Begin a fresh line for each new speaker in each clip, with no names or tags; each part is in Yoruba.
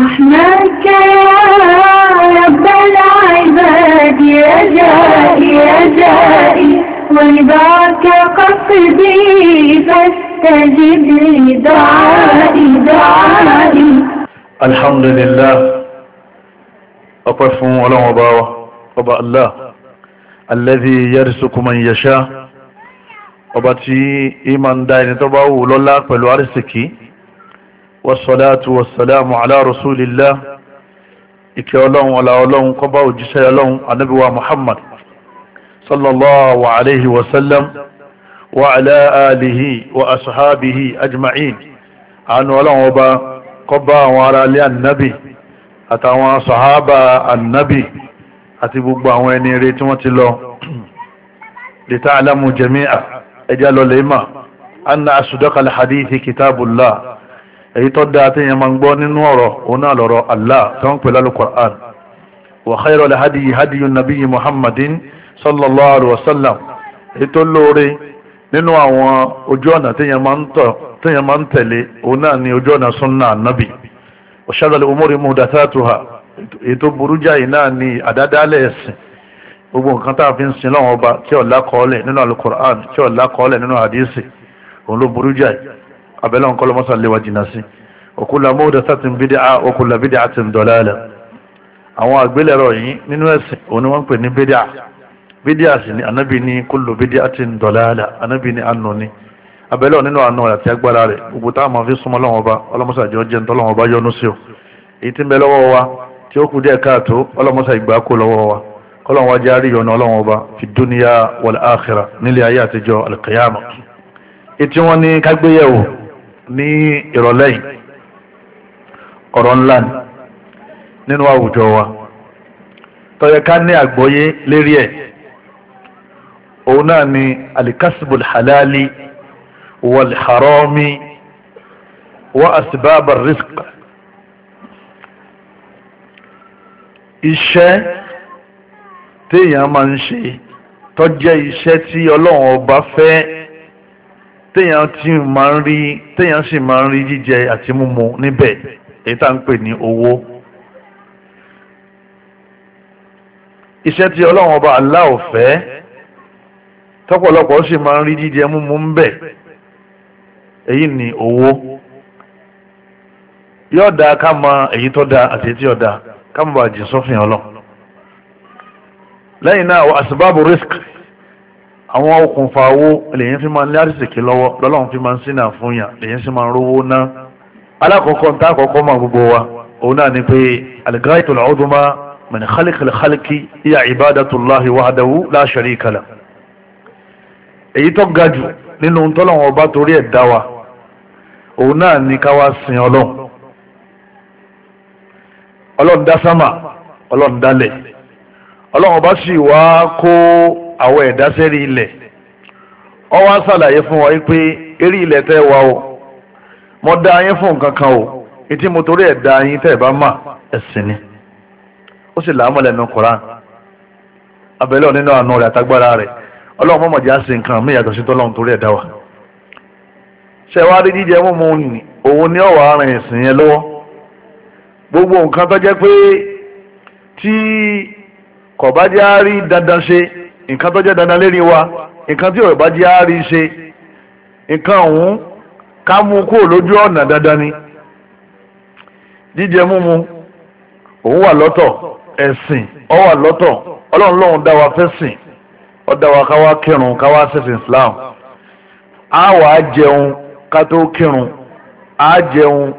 رحمتك يا رب العباد يا جائي يا قصدي فاستجب لي دعائي
الحمد لله أطفهم ولا مباوة طبع الله الذي يرزق من يشاء وباتي إيمان دائن تبعو لولاك بلوارسكي wasalaatu wasalaamu ala rasulillah ike ọlọ́run ọlá ọlọ́run kọba òjíṣẹ́ ọlọ́run anabiwa muhammad sallallahu alayhi wa sallam wa ala alihi wa ashabihi ajma'in àánú ọlọ́run ọba kọba àwọn ará ilé annabi àtàwọn sahaba annabi àti gbogbo àwọn ẹni rere tí wọ́n ti lọ lita'lamu jami'a ẹjá lọ lè mà anna asudaka alhadithi kitabullah èyí tó dáa tí yẹn máa ń gbọ́ nínú ọ̀rọ̀ òun náà lọ́rọ̀ Allah tó ń pè lálùkọ̀án wa khayrul hadiyi hadiyu nabiyyi muhammadin sallallahu alayhi wa sallam èyí tó lóore nínú àwọn ojú ọ̀nà tí yẹn máa ń tẹ̀lé òun náà ni ojú ọ̀nà sunna nabi wa sharrul umuri muhdathatuha èyí tó burú jáì náà ni àdádálẹ̀ ẹ̀sìn gbogbo nǹkan tá a fi ń sin lọ́wọ́ ọba tí ọ̀la kọ́ọ́lẹ̀ nínú alukọ̀án tí ọ̀la kọ́ọ́lẹ̀ nínú hadisi òun ló burú jáì abẹ́lẹ́ wọn kọ́lọ́ mọ́sán léwájú náà sí òkúlà mọ́ọ̀dà sátìm bídí à òkúlà bídí à ti ń dọ̀lá ẹ̀lẹ̀ àwọn àgbélẹ̀rọ yìí nínú ẹ̀sìn òun ni wọ́n ń pè ní bídí à bídí à sì ni anábì ní kúlò bídí à ti ń dọ̀lá ẹ̀lẹ̀ anábì ní ànú ni abẹ́lẹ́ wọn nínú àánú àti agbára rẹ̀ gbogbo táwọn máa fi súnmọ́ lọ́wọ́ ọba ọlọ́mọsà jẹ́ ọjẹ́ ntọ́lọ́wọ́ ọba yọ́nú ní ìrọ̀lẹ́ yìí ọ̀rọ̀ ńlá ni nínú àwùjọ wa tó yẹ ká ní àgbọ́yé lérí ẹ̀ òun náà ni alikasibul halali wal wa asibabar risk iṣẹ́ téèyàn máa ń ṣe tó iṣẹ́ tí ọlọ́run ọba fẹ́ téèyàn ti máa ń rí téèyàn sì máa ń rí jíjẹ àti mímu níbẹ̀ èyí tá à ń pè ní owó. iṣẹ́ tí ọlọ́run ọba Allah ò fẹ́ tọ́pọ̀lọpọ̀ sì máa ń rí jíjẹ mímu ń bẹ̀ èyí ni owó yóò da ká mọ èyí tó da àti èyí tí yóò da ká mọ bàjẹ́ sófin ọlọ́run lẹ́yìn náà wà risk àwọn okùnfà owó lèyìn fi máa ń lárìsìkì lọ́wọ́ lọ́lọ́run fi máa ń sínà fún yàn lèyìn sì máa ń rówó ná alákọ̀ọ́kọ́ tá àkọ́kọ́ máa gbogbo wa òun náà ni pé al-ghāyatul 'udmā min khaliqil khalqi hiya ibādatullāhi wahdahu lā sharīka lah èyí tó ga jù nínú tọ́lọ́run ọba torí ẹ̀ dá wa òun náà ni ká wá sin ọlọ́run ọlọ́run dá sámà ọlọ́run dálẹ̀ ọlọ́run ọba sì wá kó àwọn ẹ̀dá sẹ́rí ilẹ̀ ọ wá fún wa pé eré ilẹ̀ tẹ́ wa o mo dá yín fún nǹkan kan o etí mo torí ẹ̀ dá yín tẹ́ bá mà ẹ̀sìn ni ó sì làámọ̀ lẹ́nu koran abẹ́lẹ́ nínú àánú rẹ̀ àtagbára rẹ̀ ọlọ́run nǹkan mí sí tọ́lọ́run torí ẹ̀ dá wa ṣẹ̀wárí jíjẹ mímu òun ni ọ̀wà arìn ẹ̀sìn yẹn lọ́wọ́ gbogbo nǹkan tó jẹ́ pé tí nǹkan tó jẹ́ dandan lérí wa nǹkan tí ò bá jẹ́ á rí ṣe nǹkan ọ̀hún ká mú kúrò lójú ọ̀nà dandan ni jíjẹ múmu òun wà lọ́tọ̀ ẹ̀sìn ọ wà lọ́tọ̀ ọlọ́run lọ́hún dá wa fẹ́ sìn ọ dá wa ká wá kírun ká wá ṣẹ̀sìn Islam á wà á jẹun ká tó kírun á jẹun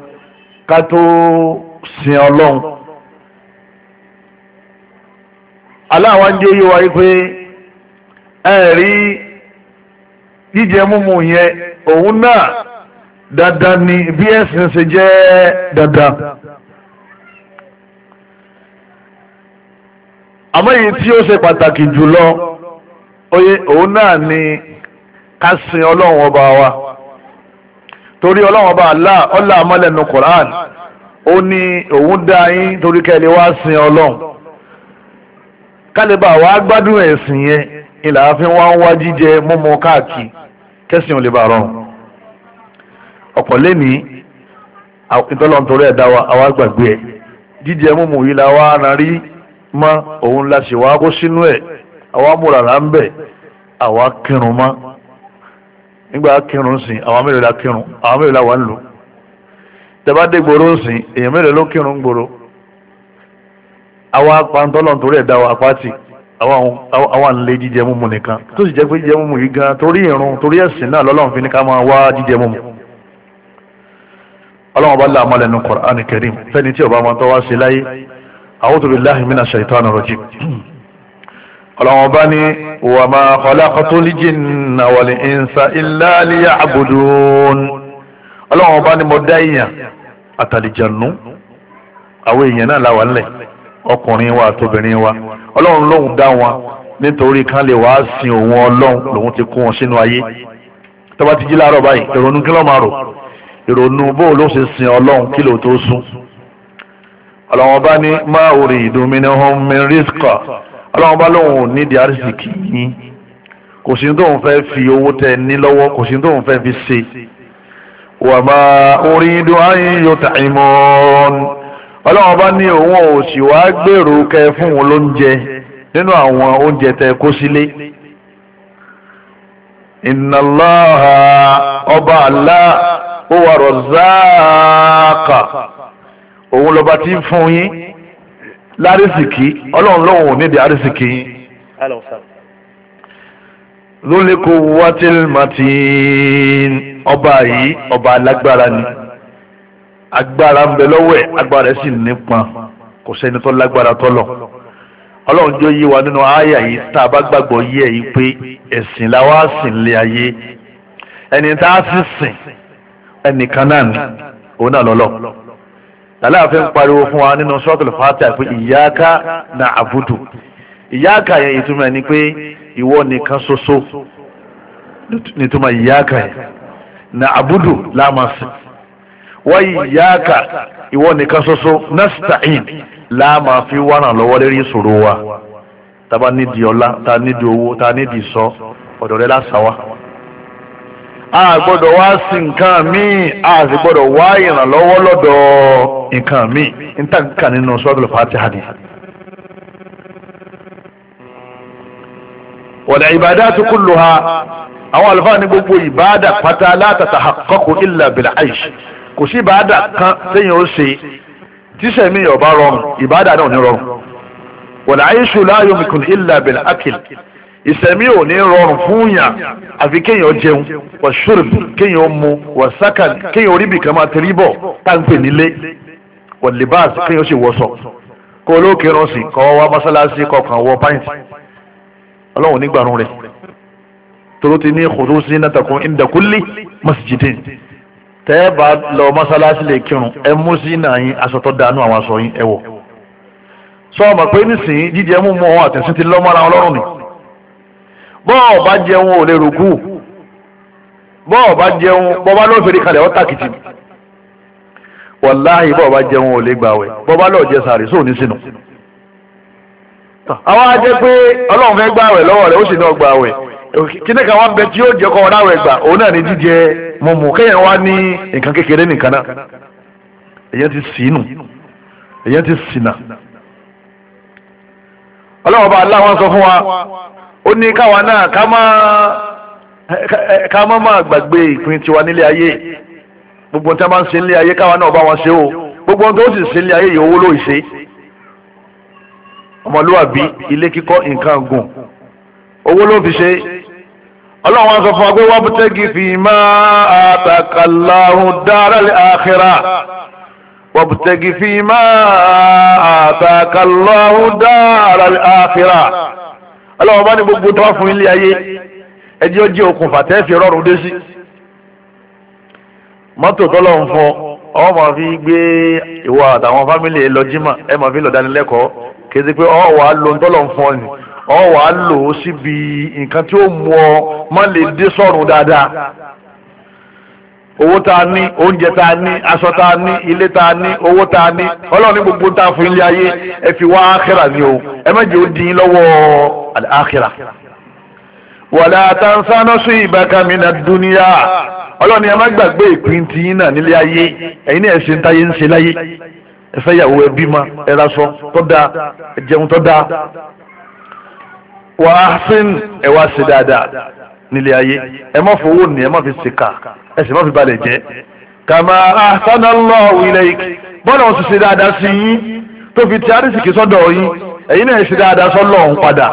ká tó sìn ọlọ́run aláwa ń jẹ́ yíwa pé ẹ̀rí jíjẹ múmu yẹn òun náà dandan ni bí ẹ̀sìn ṣe jẹ́ dandan. àmọ́ èyí tí ó ṣe pàtàkì jùlọ oye òun náà ni ká sin ọlọ́run ọba wa torí ọlọ́run ọba Allah ọlá amọ́lẹ́nu Quran ó ní òun dá yín torí kẹ́lẹ́ wá sin ọlọ́run kálíbà wàá gbádùn ẹ̀sìn yẹn ìlà àfin wá ń wá jíjẹ mímu káàkiri kẹsìn ò lè bàa rọrùn ọ̀pọ̀ lẹ́ni ìtọ́lọ́ntorí ẹ̀dá wa àwa gbàgbé ẹ̀ jíjẹ yìí la wá ara mọ́ òun la ṣe wá kó sínú ẹ̀ àwa múra là ń bẹ̀ àwa kírun mọ́ nígbà kírun sìn àwa mélòó la kírun àwa mélòó la wà ń àwa ń lé jíjẹ múmu nìkan tó sì jẹ́ pé jíjẹ múmu yìí gan torí ìrun torí ẹ̀sìn náà lọ́lọ́run fi ní ká máa wá jíjẹ múmu ọlọ́run bá láàmú lẹ́nu Qur'an Karim fẹ́ni tí ọba máa tọ́ wá sí láyé a'udhu billahi minash shaitani rajim ọlọ́run bá ní wa ma khalaqtul jinna wal insa illa liya'budun ọlọ́run bá ní mo dá èèyàn àtàlìjànú àwọn èèyàn náà láwà ọkùnrin wa àtobìnrin wa ọlọ́run lòun dá wọn nítorí kan lè wá sin òun ọlọ́run lòun ti kó wọn sínú ayé
tó ti jí láàárọ̀ báyìí ìrònú kí ló máa rò
ìrònú bó ló ṣe sin ọlọ́run kí ló tó sùn ọlọ́run bá ní máa orí ìdómìnà homi rizqa ọlọ́run bá lòun nídìí àrísìkì yín kò sí tóun fẹ́ fi owó tẹ ní lọ́wọ́ kò sí tóun fẹ́ fi ṣe wàmà orí ìdó ayé yóò tà ìmọ̀ ọ́n ọlọ́run bá ní òun ò sì wá gbèrò kẹ fún òun lóúnjẹ nínú àwọn oúnjẹ tẹ kó sílé ìnàláha ọba àlá
ó wà rọ̀záàkà
òun lọ́ba tí ń fún yín lárísìkí ọlọ́run lọ́wọ́ ò nídìí àrísìkí yín. lólékòwò wátìlmàtìn ọba yìí ọba alágbára ni. agbára ń bẹ lọ́wọ́ ẹ̀ agbára ẹ̀ sì nípọn kò sẹ́ni tó lágbára tọ́lọ̀ ọlọ́run jó yé wa nínú àyà yìí tá a bá gbàgbọ́ yé ẹ̀ yìí pé ẹ̀sìn làwa sìn lé ayé ẹni tá a sì sìn ẹnìkan náà ni òun náà lọ́lọ́ làlàáfẹ́ ń pariwo fún wa nínú sọ́ọ̀tù ni pé ìwọ nìkan la sìn. wáyé yáàkà ìwọ nìkan ṣoṣo nasta'in láàmà fi wárán lọ́wọ́ lérí ìṣòro wa taba nídìí ọlá ta nídìí owó ta nídìí sọ ọ̀dọ̀ rẹ lásàwá. a gbọ́dọ̀ wá sí nǹkan míì a sì gbọ́dọ̀ wá ìrànlọ́wọ́ lọ́dọ̀ nǹkan míì níta nǹkan nínú suratul Fatiha ni. wal ibadatu kulluha àwọn àlùfáà ní gbogbo ìbáàdà pátá la tatahaqqaqu illa bil aish kò sí ìbáàdà kan téèyàn ó ṣe tíṣẹ̀mí ọ̀bá rọrùn ìbáàdà náà ò ní rọrùn wal aishu la yumkin illa bil akil ìsẹ̀mí ò ní rọrùn fún yàn àfi kéèyàn jẹun wà ṣùrùb kéèyàn mu wà sákà kéèyàn orí bìkan máa tẹ̀lé bọ̀ táǹpẹ̀ nílé wà lìbáàsì kéèyàn sì wọ̀sọ̀ kó olóòkè rán sí kọ́ wá mọ́sálásí kọkàn wọ pàǹtì ọlọ́run nígbàrún rẹ̀ tóró ní khudusi natakum inda kulli masjidin tẹ́ ẹ bá lọ mọ́sálásí lè kírun ẹ mú sí náà yín aṣọ tó dánú àwọn aṣọ yín ẹ wọ̀ sọ ma pé nísìnyí jíjẹ mú mọ àtẹ̀sìn ti lọ́mọ́ra ọlọ́run ni bọ́ọ̀ bá jẹun ò lè rògbò bọ́ọ̀ bá jẹun bọ́ọ̀ bá lọ́ọ̀fẹ́rẹ́ kalẹ̀ ọ́ tàkìtì wàláhì bọ́ọ̀ bá jẹun ò lè gbàwẹ̀ bọ́ọ̀ bá lọ́ọ̀ jẹ sàrè sóò ní sínú. àwọn ajẹ́ pé ọlọ́run fẹ́ gbàwẹ̀ lọ́wọ́ rẹ̀ ó sì náà gbàwẹ̀ kíní kan wá bẹ tí yóò jẹ kọ ọ̀rá rẹ̀ gbà òun náà ní jíjẹ mọ̀mọ́ kéèyàn wá ní nǹkan kékeré nìkan náà èyàn ti sínú èyàn ti ṣìnà ọlọ́wọ́ bá aláwọ̀ sọ fún wa ó ní káwa náà ká má ká má má gbàgbé ìpín tiwa nílé ayé gbogbo nǹkan máa ń ṣe nílé ayé káwa náà bá wọn ṣe o gbogbo nǹkan ó sì ṣe nílé ayé yìí owó ló ṣe ọmọlúwàbí ilé kíkọ́ nǹkan gùn owó ló fi ṣe ọlọ́run wọn sọ fún wa pé wọ́n bùtẹ́gì fi má àtàkàláhùn dárẹ́ àkírà wọ́n bùtẹ́gì fi má àtàkàláhùn dárẹ́ àkírà ọlọ́run bá ní gbogbo tó wá fún ilé ayé ẹjẹ́ ó jẹ́ okùnfà tẹ́ fi rọrùn dé sí mọ́tò tọ́lọ̀ ń fọ ọ máa fi gbé ìwọ àtàwọn fámìlì ẹ lọ jímọ̀ ẹ máa fi lọ dánilẹ́kọ̀ọ́ kì í ṣe pé ọ wàá lo ń tọ́lọ̀ ń fọ ni ọ wà á lò ó síbi nǹkan tí ó mú ọ má lè dé sọ̀rùn dáadáa owó tá a ní oúnjẹ tá a ní aṣọ tá a ní ilé tá a ní owó tá a ní ọlọ́run ní gbogbo tá a fún ilé ayé ẹ fi wá ákẹ́rà ni o ẹ má ó dín lọ́wọ́ ákẹ́rà wàlá àtàǹsánà sún ìbáka mi nà dúníyà ọlọ́ni ẹ má gbàgbé ìpín tí yín náà nílé ayé ẹ̀yin náà ẹ̀sìn táyé ń ṣe láyé ẹ fẹ́ yàwó ẹ bímọ ẹ raṣọ tó dáa ẹ jẹun tó dáa wà á sin ẹ wá sí dáadáa nílé ayé ẹ má fowó ní ẹ má fi sìkà ẹ sì má fi balẹ̀ jẹ́ kàmá ahsana Allahu ilayk bọ́dọ̀ wọn sì ṣe dáadáa sí yín tó fi ti arísìkì sọ́dọ̀ yín ẹ̀yin náà ṣe dáadáa sọ́lọ̀ ń padà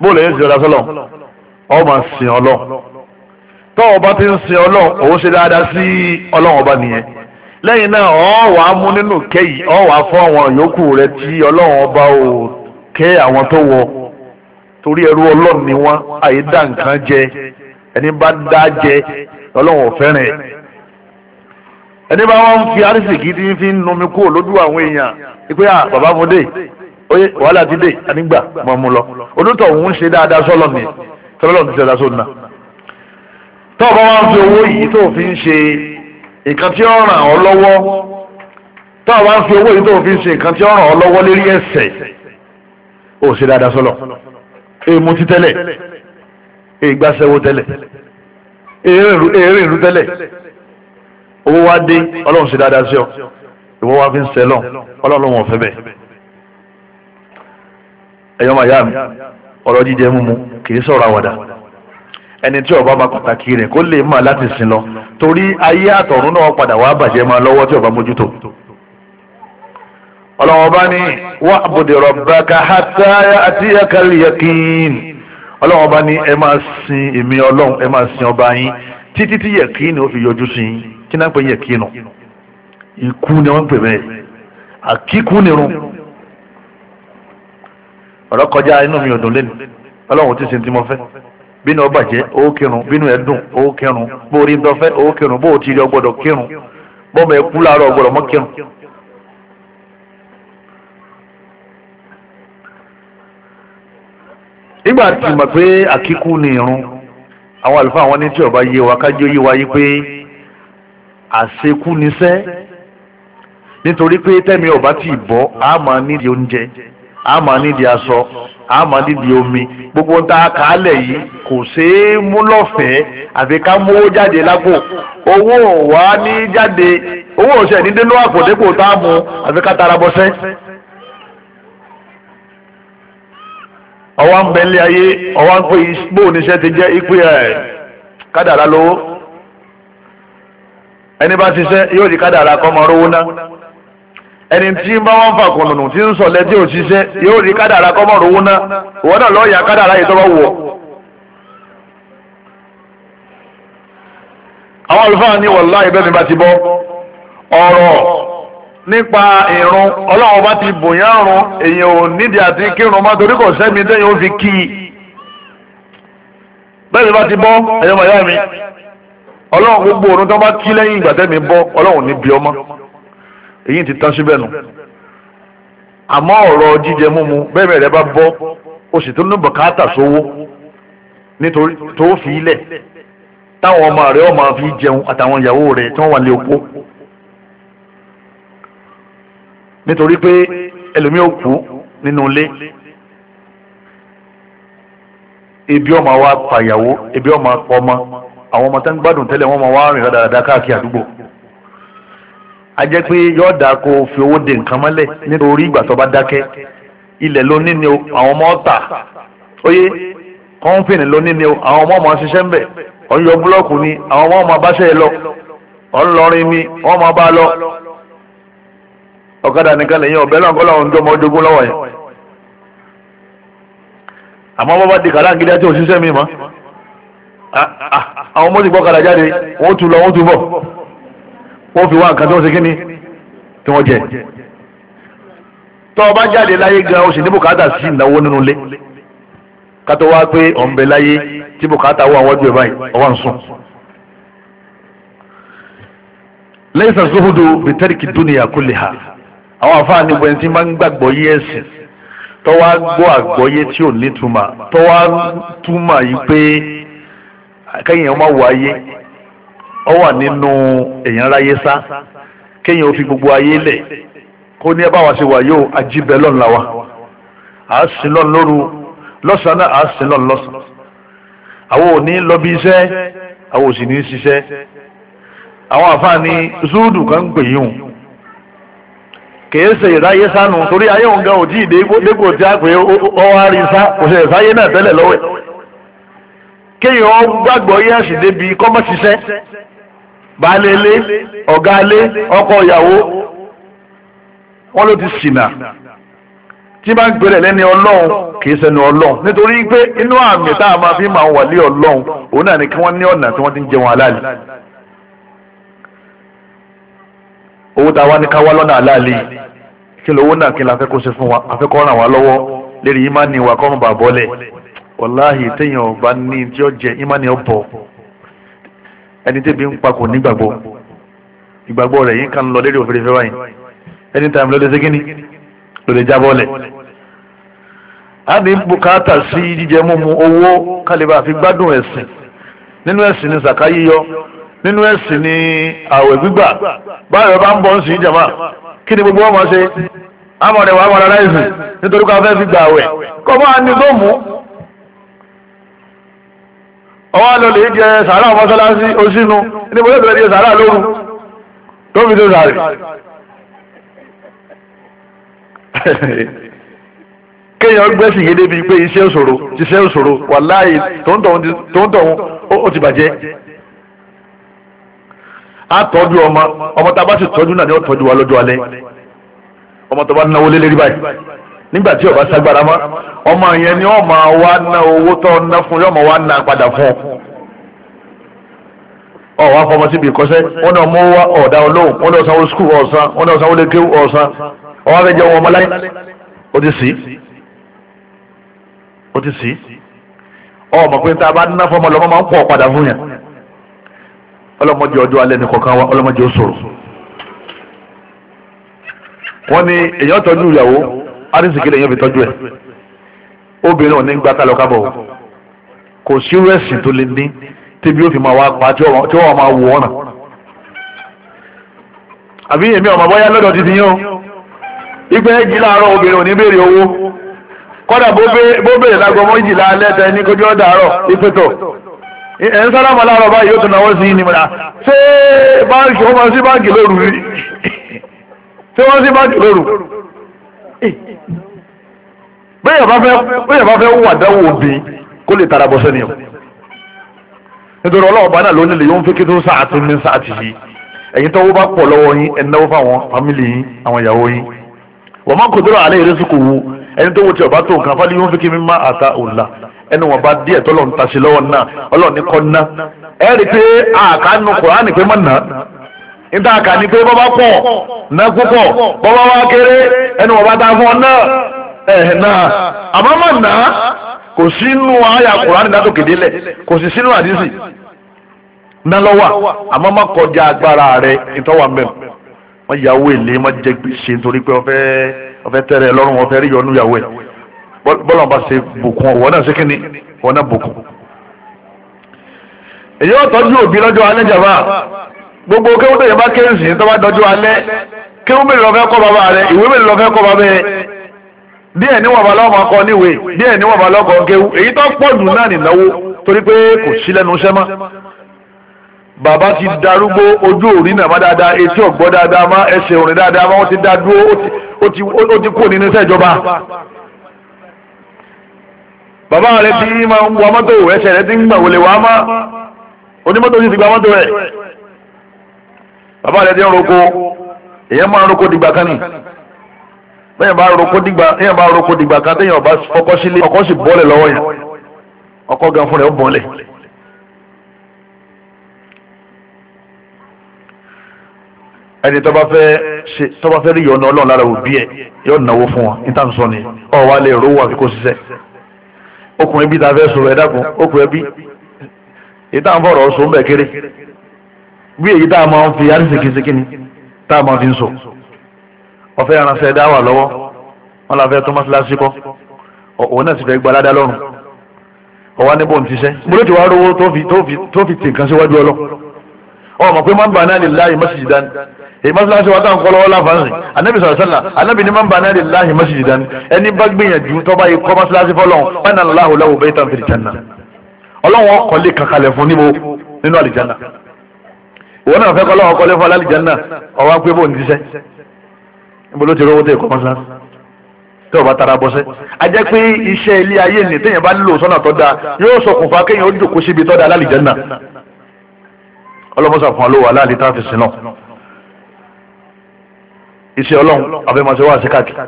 bóòlù ẹ̀yin ṣe dáadáa sọ́lọ̀ ọmọ sìn ọlọ́ tó ọba ti ń sìn ọlọ́ òun ṣe dáadáa sí ọlọ́run ọba nìyẹn lẹ́yìn náà ọ̀ wàá mú nínú kẹ́yì ọ̀ wàá fọ́ àwọn yòókù rẹ tí ọlọ́run ọba ò kẹ́ àwọn tó wọ torí ẹrú ọlọ́run ni wọ́n àyè dá nǹkan jẹ
ẹni bá dá jẹ ọlọ́run ò fẹ́ràn ẹ̀
ẹni bá wọn fi arísìkì tí fi ń nomi kúrò lójú àwọn èèyàn ìpè à bàbá mo dé oye wàhálà ti dé ànígbà mo mú lọ onútọ̀ òun ń ṣe dáadáa sọ́lọ̀ ni sọ́lọ̀ ti ṣẹ̀dá sóun náà tọ́ bá wọn fi owó yìí tó fi ń ṣe nǹkan tí ó ràn lọ́wọ́ tọ́ bá fi owó yìí tó fi ń ṣe nǹkan tí ó ràn lọ́wọ́ lérí ẹ̀ṣẹ̀ ó ṣe dáadáa sọlọ èè mutí tẹ́lẹ̀ èè gbàṣẹ́wó tẹ́lẹ̀ èè rìn ìlú tẹ́lẹ̀ owó wa dé ọlọ́run ṣe dáadáa sí ọ ìwọ wa fi ń sẹ́lọ̀ ọlọ́run wọn fẹ́ bẹ́ẹ̀ ẹ̀yọ́ màá yá mi ọ̀rọ̀ jíjẹ mímu kì í sọ̀rọ̀ àwàdà ẹni tí ọba máa pàtàkì rẹ̀ kó lè máa láti sin lọ torí ayé àtọ̀run náà padà wàá bàjẹ́ máa lọ́wọ́ tí ọba mójútó ọlọ́wọ́n bá ní wa'bud rabbaka hatta ya'tiyaka al-yaqin ọlọ́wọ́n bá ní ẹ máa sin èmi ọlọ́run ẹ máa sin ọba yín títí tí yẹ̀kín ó fi yọjú sí yín kí náà pé yẹ̀kín nù ikú ni wọ́n ń pè bẹ́ẹ̀ àkíkú nìrun ọ̀rọ̀ kọjá inú mi ò dùn lẹ́nu ọlọ́run ti sin tí mo fẹ́ bínú ọba jẹ́ ó kírun bínú ẹ dùn ó kírun bó rí ń tọ́fẹ́ ó kírun bó ti rí ọgbọ́dọ̀ kírun bọ́ọ̀mù ẹ kú láàárọ̀ ọgbọ́dọ̀ mọ́ kírun. nígbà tí mọ̀ pé àkíkú ni irun àwọn àlùfáà wọn ní tí ọba yé wa kájọ yé wa yí pé àṣekú niṣẹ́ nítorí pé tẹ́mi ọba ti bọ́ a máa nídìí oúnjẹ a máa nídìí aṣọ a máa nídìí omi gbogbo ń ta kàálẹ̀ yìí kò ṣeé mú lọ́fẹ̀ẹ́ àfi ká mówó jáde lágbo owó wa ní jáde owó òṣèlú dénú àpò tá a mú àfi ká tara bọ́sẹ́. ọwọ́ ń bẹ ayé ọwọ́ ń pè onye oníṣẹ́ ti jẹ ipe ẹ̀ kádàrá lówó ẹni bá ṣiṣẹ́ yóò di kádàrá kọ ọmọ rówó ná ẹni tí ń bá wọn fà kùnùnù tí ń sọ̀lẹ́ tí ò yóò di kádàrá kọ́ ọmọ rówó ná
ìwọ náà lọ́ọ́ kádàrá yìí tó bá wù ọ́.
bẹ́ẹ̀ mi nípa ìrun ọlọ́run bá ti bòyán run èèyàn ò nídìí àti kírun má torí kò sẹ́mi téèyàn ó fi kí i bẹ́ẹ̀ ni bá ti bọ́ ẹ̀yọ́ màá yá mi ọlọ́run gbogbo òun tó bá kí lẹ́yìn ìgbà tẹ́mi bọ́ ọlọ́run ní bí ọmọ èyí ti tán síbẹ̀ nù àmọ́ ọ̀rọ̀ jíjẹ múmu bẹ́ẹ̀ mẹ́rẹ̀ bá bọ́ o sì tó ní bùkátà sówó nítorí tó fi ilẹ̀ táwọn ọmọ rẹ̀ ọmọ fi jẹun àtàwọn ìyàwó rẹ̀ tí wọ́n wà lé opó nítorí pé ẹlòmíì ò kú nínú ilé ebi ọmọ wa pàyàwó ebi ọmọ pọmọ àwọn ọmọ tó ń gbádùn tẹ́lẹ̀ wọn máa wá rìn dáadáa káàkiri àdúgbò a jẹ́ pé yóò dáa kó o fi owó de nǹkan mọ́lẹ̀ nítorí ìgbà tó bá dákẹ́ ilẹ̀ ló ní ni o àwọn ọmọ ọ̀tà oyè kọ́ńpìnì ló ní ni o àwọn ọmọ ọmọ ṣiṣẹ́ ń bẹ̀ ọ̀n búlọ́ọ̀kù ni àwọn ọmọ ọmọ abáṣẹ́ yẹn lọ ọ̀n lọrin mi wọ́n máa bá lọ ọ̀kadà nìkan lèyìn ọ̀bẹ náà kọ́lá òun jọmọ ojogun lọ́wọ́ yẹn àmọ́ bọ́ bá di kàrá ngídá tí ò ṣiṣẹ́ mi mọ́ àwọn ọmọ ti gbọ́ kàrá jáde wọ́n tún lọ wọ́n tún bọ̀ wọ́n fi wá nǹkan tí wọ́n ṣe kí ni tí wọ́n jẹ tọ́ ọ bá jáde láyé gan o sì ní bùkátà sí ìnáwó nínú ilé kátó wá pé ọ̀nbẹ láyé tí bùkátà wà wọ́n ju ẹ̀ báyìí ọwọ́ ń sùn. lẹ́yìn sàṣọ́hùdù bìtẹ́rìkì dúnìyà kúlìhà àwọn àfáà ní gbẹ̀ntì máa ń gbàgbọ́ yé ẹ̀sìn
tọ́wá gbọ́ àgbọ́yé
tí ò nítumọ̀ tọ́wá túmọ̀ yìí pé kẹ́yìn ọmọ wọ ayé ọ wà nínú èèyàn ráyé sá kẹ́yìn ó fi gbogbo ayé lẹ̀ kó ní ẹbá wa ṣe wà yóò ajíbẹ̀ lọ́nà wa à á sin lọ́nà lóru lọ́sàn-án náà à á sin lọ́nà lọ́sàn-án àwọn ò ní lọ bí iṣẹ́ àwọn ò sì ní ṣiṣẹ́ àwọn àfáà ní zúdù kan gbèyìn kìí ṣe ìráyé sánú torí ayé òun gan òjì ìdè dépò tí a pè ọwọ́ àríṣà kò ṣe ìsáyé náà tẹ́lẹ̀ lọ́wọ́ ẹ̀ kéèyàn gbàgbọ́ yẹ́sì débi kọ́mọ́síṣẹ́ baálé-ilé ọ̀gá-ilé ọkọ ìyàwó wọn ló ti ṣìnà tí bá ń gbèrè lẹ́ni ọlọ́run kìí ṣẹnu ọlọ́run nítorí pé inú àmì tá a máa fi máa wà lé ọlọ́run òun náà ni kí wọ́n ní ọ̀nà tí wọ́n ti ń jẹun aláàlì owó tá a wá ní ká wá lọ́nà àlàálì kí lówó náà kí n la fẹ́ kó ṣe fún wa afẹ́kọ́ ràn wá lọ́wọ́ lérí ìmánì wa kọ́run bà bọ́lẹ̀ wàláhì téèyàn ọba ní tí ó jẹ ìmánì ọ̀bọ̀ ẹni tẹ́bi ń pa kò ní gbàgbọ́ ìgbàgbọ́ rẹ̀ yín kan lọ lérí òfìrìfẹ́ wáyìn anytime lóde ségini lóde jábọ́lẹ̀ a ní bùkátà sí jíjẹ mímu owó kálíbà àfi gbádùn ẹ̀sìn nínú ẹ̀sìn ni sàkáyíyọ nínú ẹ̀sìn ni àwẹ̀ gbígbà báyọ̀ bá ń bọ̀ ń sìn jàmá kí ni gbogbo ọmọ ṣe amọ̀rẹ̀ wà wàrà láìsìn nítorí ká fẹ́ fi gbà àwẹ̀ kọ́ máa ní tó mú ọwọ́ lọ lè jẹ sàárà mọ́sálásí oṣìnú ní mo lè jẹ sàárà lóru tó fi tó sàárè kéèyàn gbẹ́sìn yé débi pé iṣẹ́ òṣòro iṣẹ́ òṣòro wàláhì tó ń tọ̀hún ó ti bàjẹ́ á tọ́jú ọmọ ọmọ tá a bá sì tọ́jú náà ni ó tọ́jú wa lọ́jọ́ alẹ́ ọmọ tó bá náwó lé lérí báyìí nígbà tí ó bá ṣagbára mọ́ ọmọ yẹn ni ó máa wá ná owó tó ná fún yọmọ wá ná padà fún ọ wá fọmọ síbi ìkọsẹ̀ wọn náà mú wá ọ̀dà olóhùn wọn náà sanwó skul ọ̀sán wọn náà sanwó lékè ọ̀sán ọwọ́ akẹ́jẹ́ wọn ọmọ láyé ó ti sí ó ti sí ọ mọ̀ pé tá a bá ná fọmọ lọ́mọ máa ń pọ̀ padà fún yẹn. ọlọ́mọdé ọjọ́ alẹ́ ní kọ̀ọ̀kan wa ọlọ́mọdé ó sòrò wọ́n ní tọ́jú ìyàwó arísìkí lèèyàn fi tọ́jú ẹ̀ obìnrin ò ní gbá kálọ̀ kábọ̀ kò tó lè ní tíbi ó fi máa wá pa tí wọ́n máa àbí èmi ọ̀mọ̀ bọ́yá lọ́dọ̀ ti ti o ìgbẹ́ jí láàárọ̀ obìnrin ò ní béèrè owó kọ́dà bó béèrè lágọmọ́ ìjìlá alẹ́ tẹ ní kójú ẹ̀ ń sálámà láàárọ̀ báyìí yóò tún náwó sí ní mìíràn ṣé báńkì wọ́n máa sí báńkì lóru rí ṣé wọ́n sí báńkì lóru bẹ́ẹ̀ bá fẹ́ wà dáwọ́ òbí kó lè tara bọ́ sẹ́ni o nítorí ọlọ́ọ̀bá náà lónìí lè yóò ń fi kí tó sáà tó ní sáà ti yìí ẹ̀yin tọ́wọ́ bá pọ̀ lọ́wọ́ yín ẹ̀ náwó fáwọn fámìlì yín àwọn ìyàwó yín wọ́n má kò dúró àlẹ́ ìrẹsì kò wu ẹni tó wo ti ọ̀bá tó nǹkan fálẹ́ yóò ń fi kí mi má àta òǹlà ẹnu wọn bá díẹ̀ tọ́lọ̀ ń tasí lọ́wọ́ náà ọlọ́run ní kọ́ ná ẹ rí i pé àkànú kùránì pé mọ̀ ná níta àkà ni pé bọ́bá pọ̀ ná púpọ̀ bọ́bá wá kéré ẹnu wọn bá dá fún ọ náà ẹ̀ náà àmọ́ mọ̀ ná kò sínú àyà kùránì látò kéde lẹ̀ kò sì sínú àdísì ná lọ́wọ́ àmọ́ má kọjá agbára rẹ ìtọ́wà mẹ́rin wọ́n yàwó èlé má jẹ gbèsè nítorí pé ọ fẹ́ tẹ́rẹ̀ lọ́rùn ọ fẹ́ rí yọnu bọ́lá bá ṣe bùkún wọn náà ṣe kí ni wọn náà bùkún. èyí ó tọ́jú òbí lọ́jọ́ alẹ́ jàmbá gbogbo kéwú tó yẹ bá kéwú sí tó bá dọ́jú alẹ́ kéwú mélòó lọ fẹ́ kọ́ bàbá rẹ ìwé mélòó lọ fẹ́ kọ́ bàbá rẹ díẹ̀ ní wàbá lọ́kọ̀ kọ níwèé díẹ̀ ní wàbá lọ́kọ̀ kéwú èyí tó pọ̀ jù náà nìnáwó torí pé kò sí lẹ́nu iṣẹ́ mọ́ bàbá ti darúgbó ojú òrí náà má dáadáa etí ọ̀gbọ́ dáadáa má ẹsẹ̀ òrìn dáadáa má wọ́n ti dá dúró ó ti kú nínú iṣẹ́ ìjọba bàbá rẹ̀ tí máa ń wa mọ́tò ẹsẹ̀ rẹ̀ tí ń gbà wọlé wàá má onímọ́tò sì ti gba mọ́tò rẹ̀ bàbá rẹ̀ tí ń roko èèyàn máa ń roko dìgbà kan ni bẹ́ẹ̀ bá roko dìgbà èèyàn bá roko dìgbà kan téèyàn bá fọkọ́ sílé ọkọ́ sì bọ́lẹ̀ lọ́wọ́ yẹn ọkọ́ gan fún rẹ̀ ó bọ́lẹ̀. ẹni tó bá fẹ́ ṣe tó bá fẹ́ rí yọ̀ọ̀nà ọlọ́run lára òbí ẹ̀ yóò náwó fún wọn níta sọ ni ọ̀ wá lè rówó àfikún ṣiṣẹ́ okùnrin bí ta fẹ́ sọ̀rọ̀ ẹ̀dàkùn okùnrin bí èyí tá à ń fọ̀rọ̀ sọ ń bẹ̀ kéré bí èyí tá a máa ń fi arísìkísìkí ni tá a máa fi ń sọ ọ̀fẹ́ aránṣẹ́ ẹ̀dá wà lọ́wọ́ wọn là fẹ́ tó mọ́síláṣí kọ́ òun náà sì fẹ́ gba aládá lọ́rùn ọ̀wá níbo ń tiṣẹ́ gbọ́dọ̀ tí wàá rówó tó fi tì nǹkan síwájú ọlọ́ ọ mọ̀ pé má ń bà náà lè láàyè mọ́síjì dání èyí mọ́sálásí wa táwọn kọ́lọ́wọ́ láfàánsì anábì sọ̀rọ̀ sẹ́là anábì ní mọ́nbà náà lè láàyè masjidan ẹni bá gbìyànjú tọ́ba yìí kọ́ mọ́sálásí fọlọ́n báyìí náà láhùn láhùn bẹ́ẹ̀ tàn fìdí jẹ́nà ọlọ́wọ́ kọ́lé kankalẹ̀ fún níbo nínú àlìjánà ìwọ́n náà fẹ́ kọ́lọ́wọ́ kọ́lé fún alálìjánà ọwọ́ pé bò ń diṣẹ́ níbo ló ti rówó tẹ̀ kọ́ mọ́sálásí tẹ́ ò bá tara bọ́sẹ́ a jẹ́ pé iṣẹ́ ilé ayé ni téèyàn bá lò sọ́nà tó dáa yóò ṣokùnfà kéèyàn ó jòkó síbi tó dáa alálìjánà ọlọ́mọ́sà fún wa ló wà láàlítà fi sin náà iṣẹ́ ọlọ́run àfẹ́mọ̀ṣẹ́ wà sí káàkiri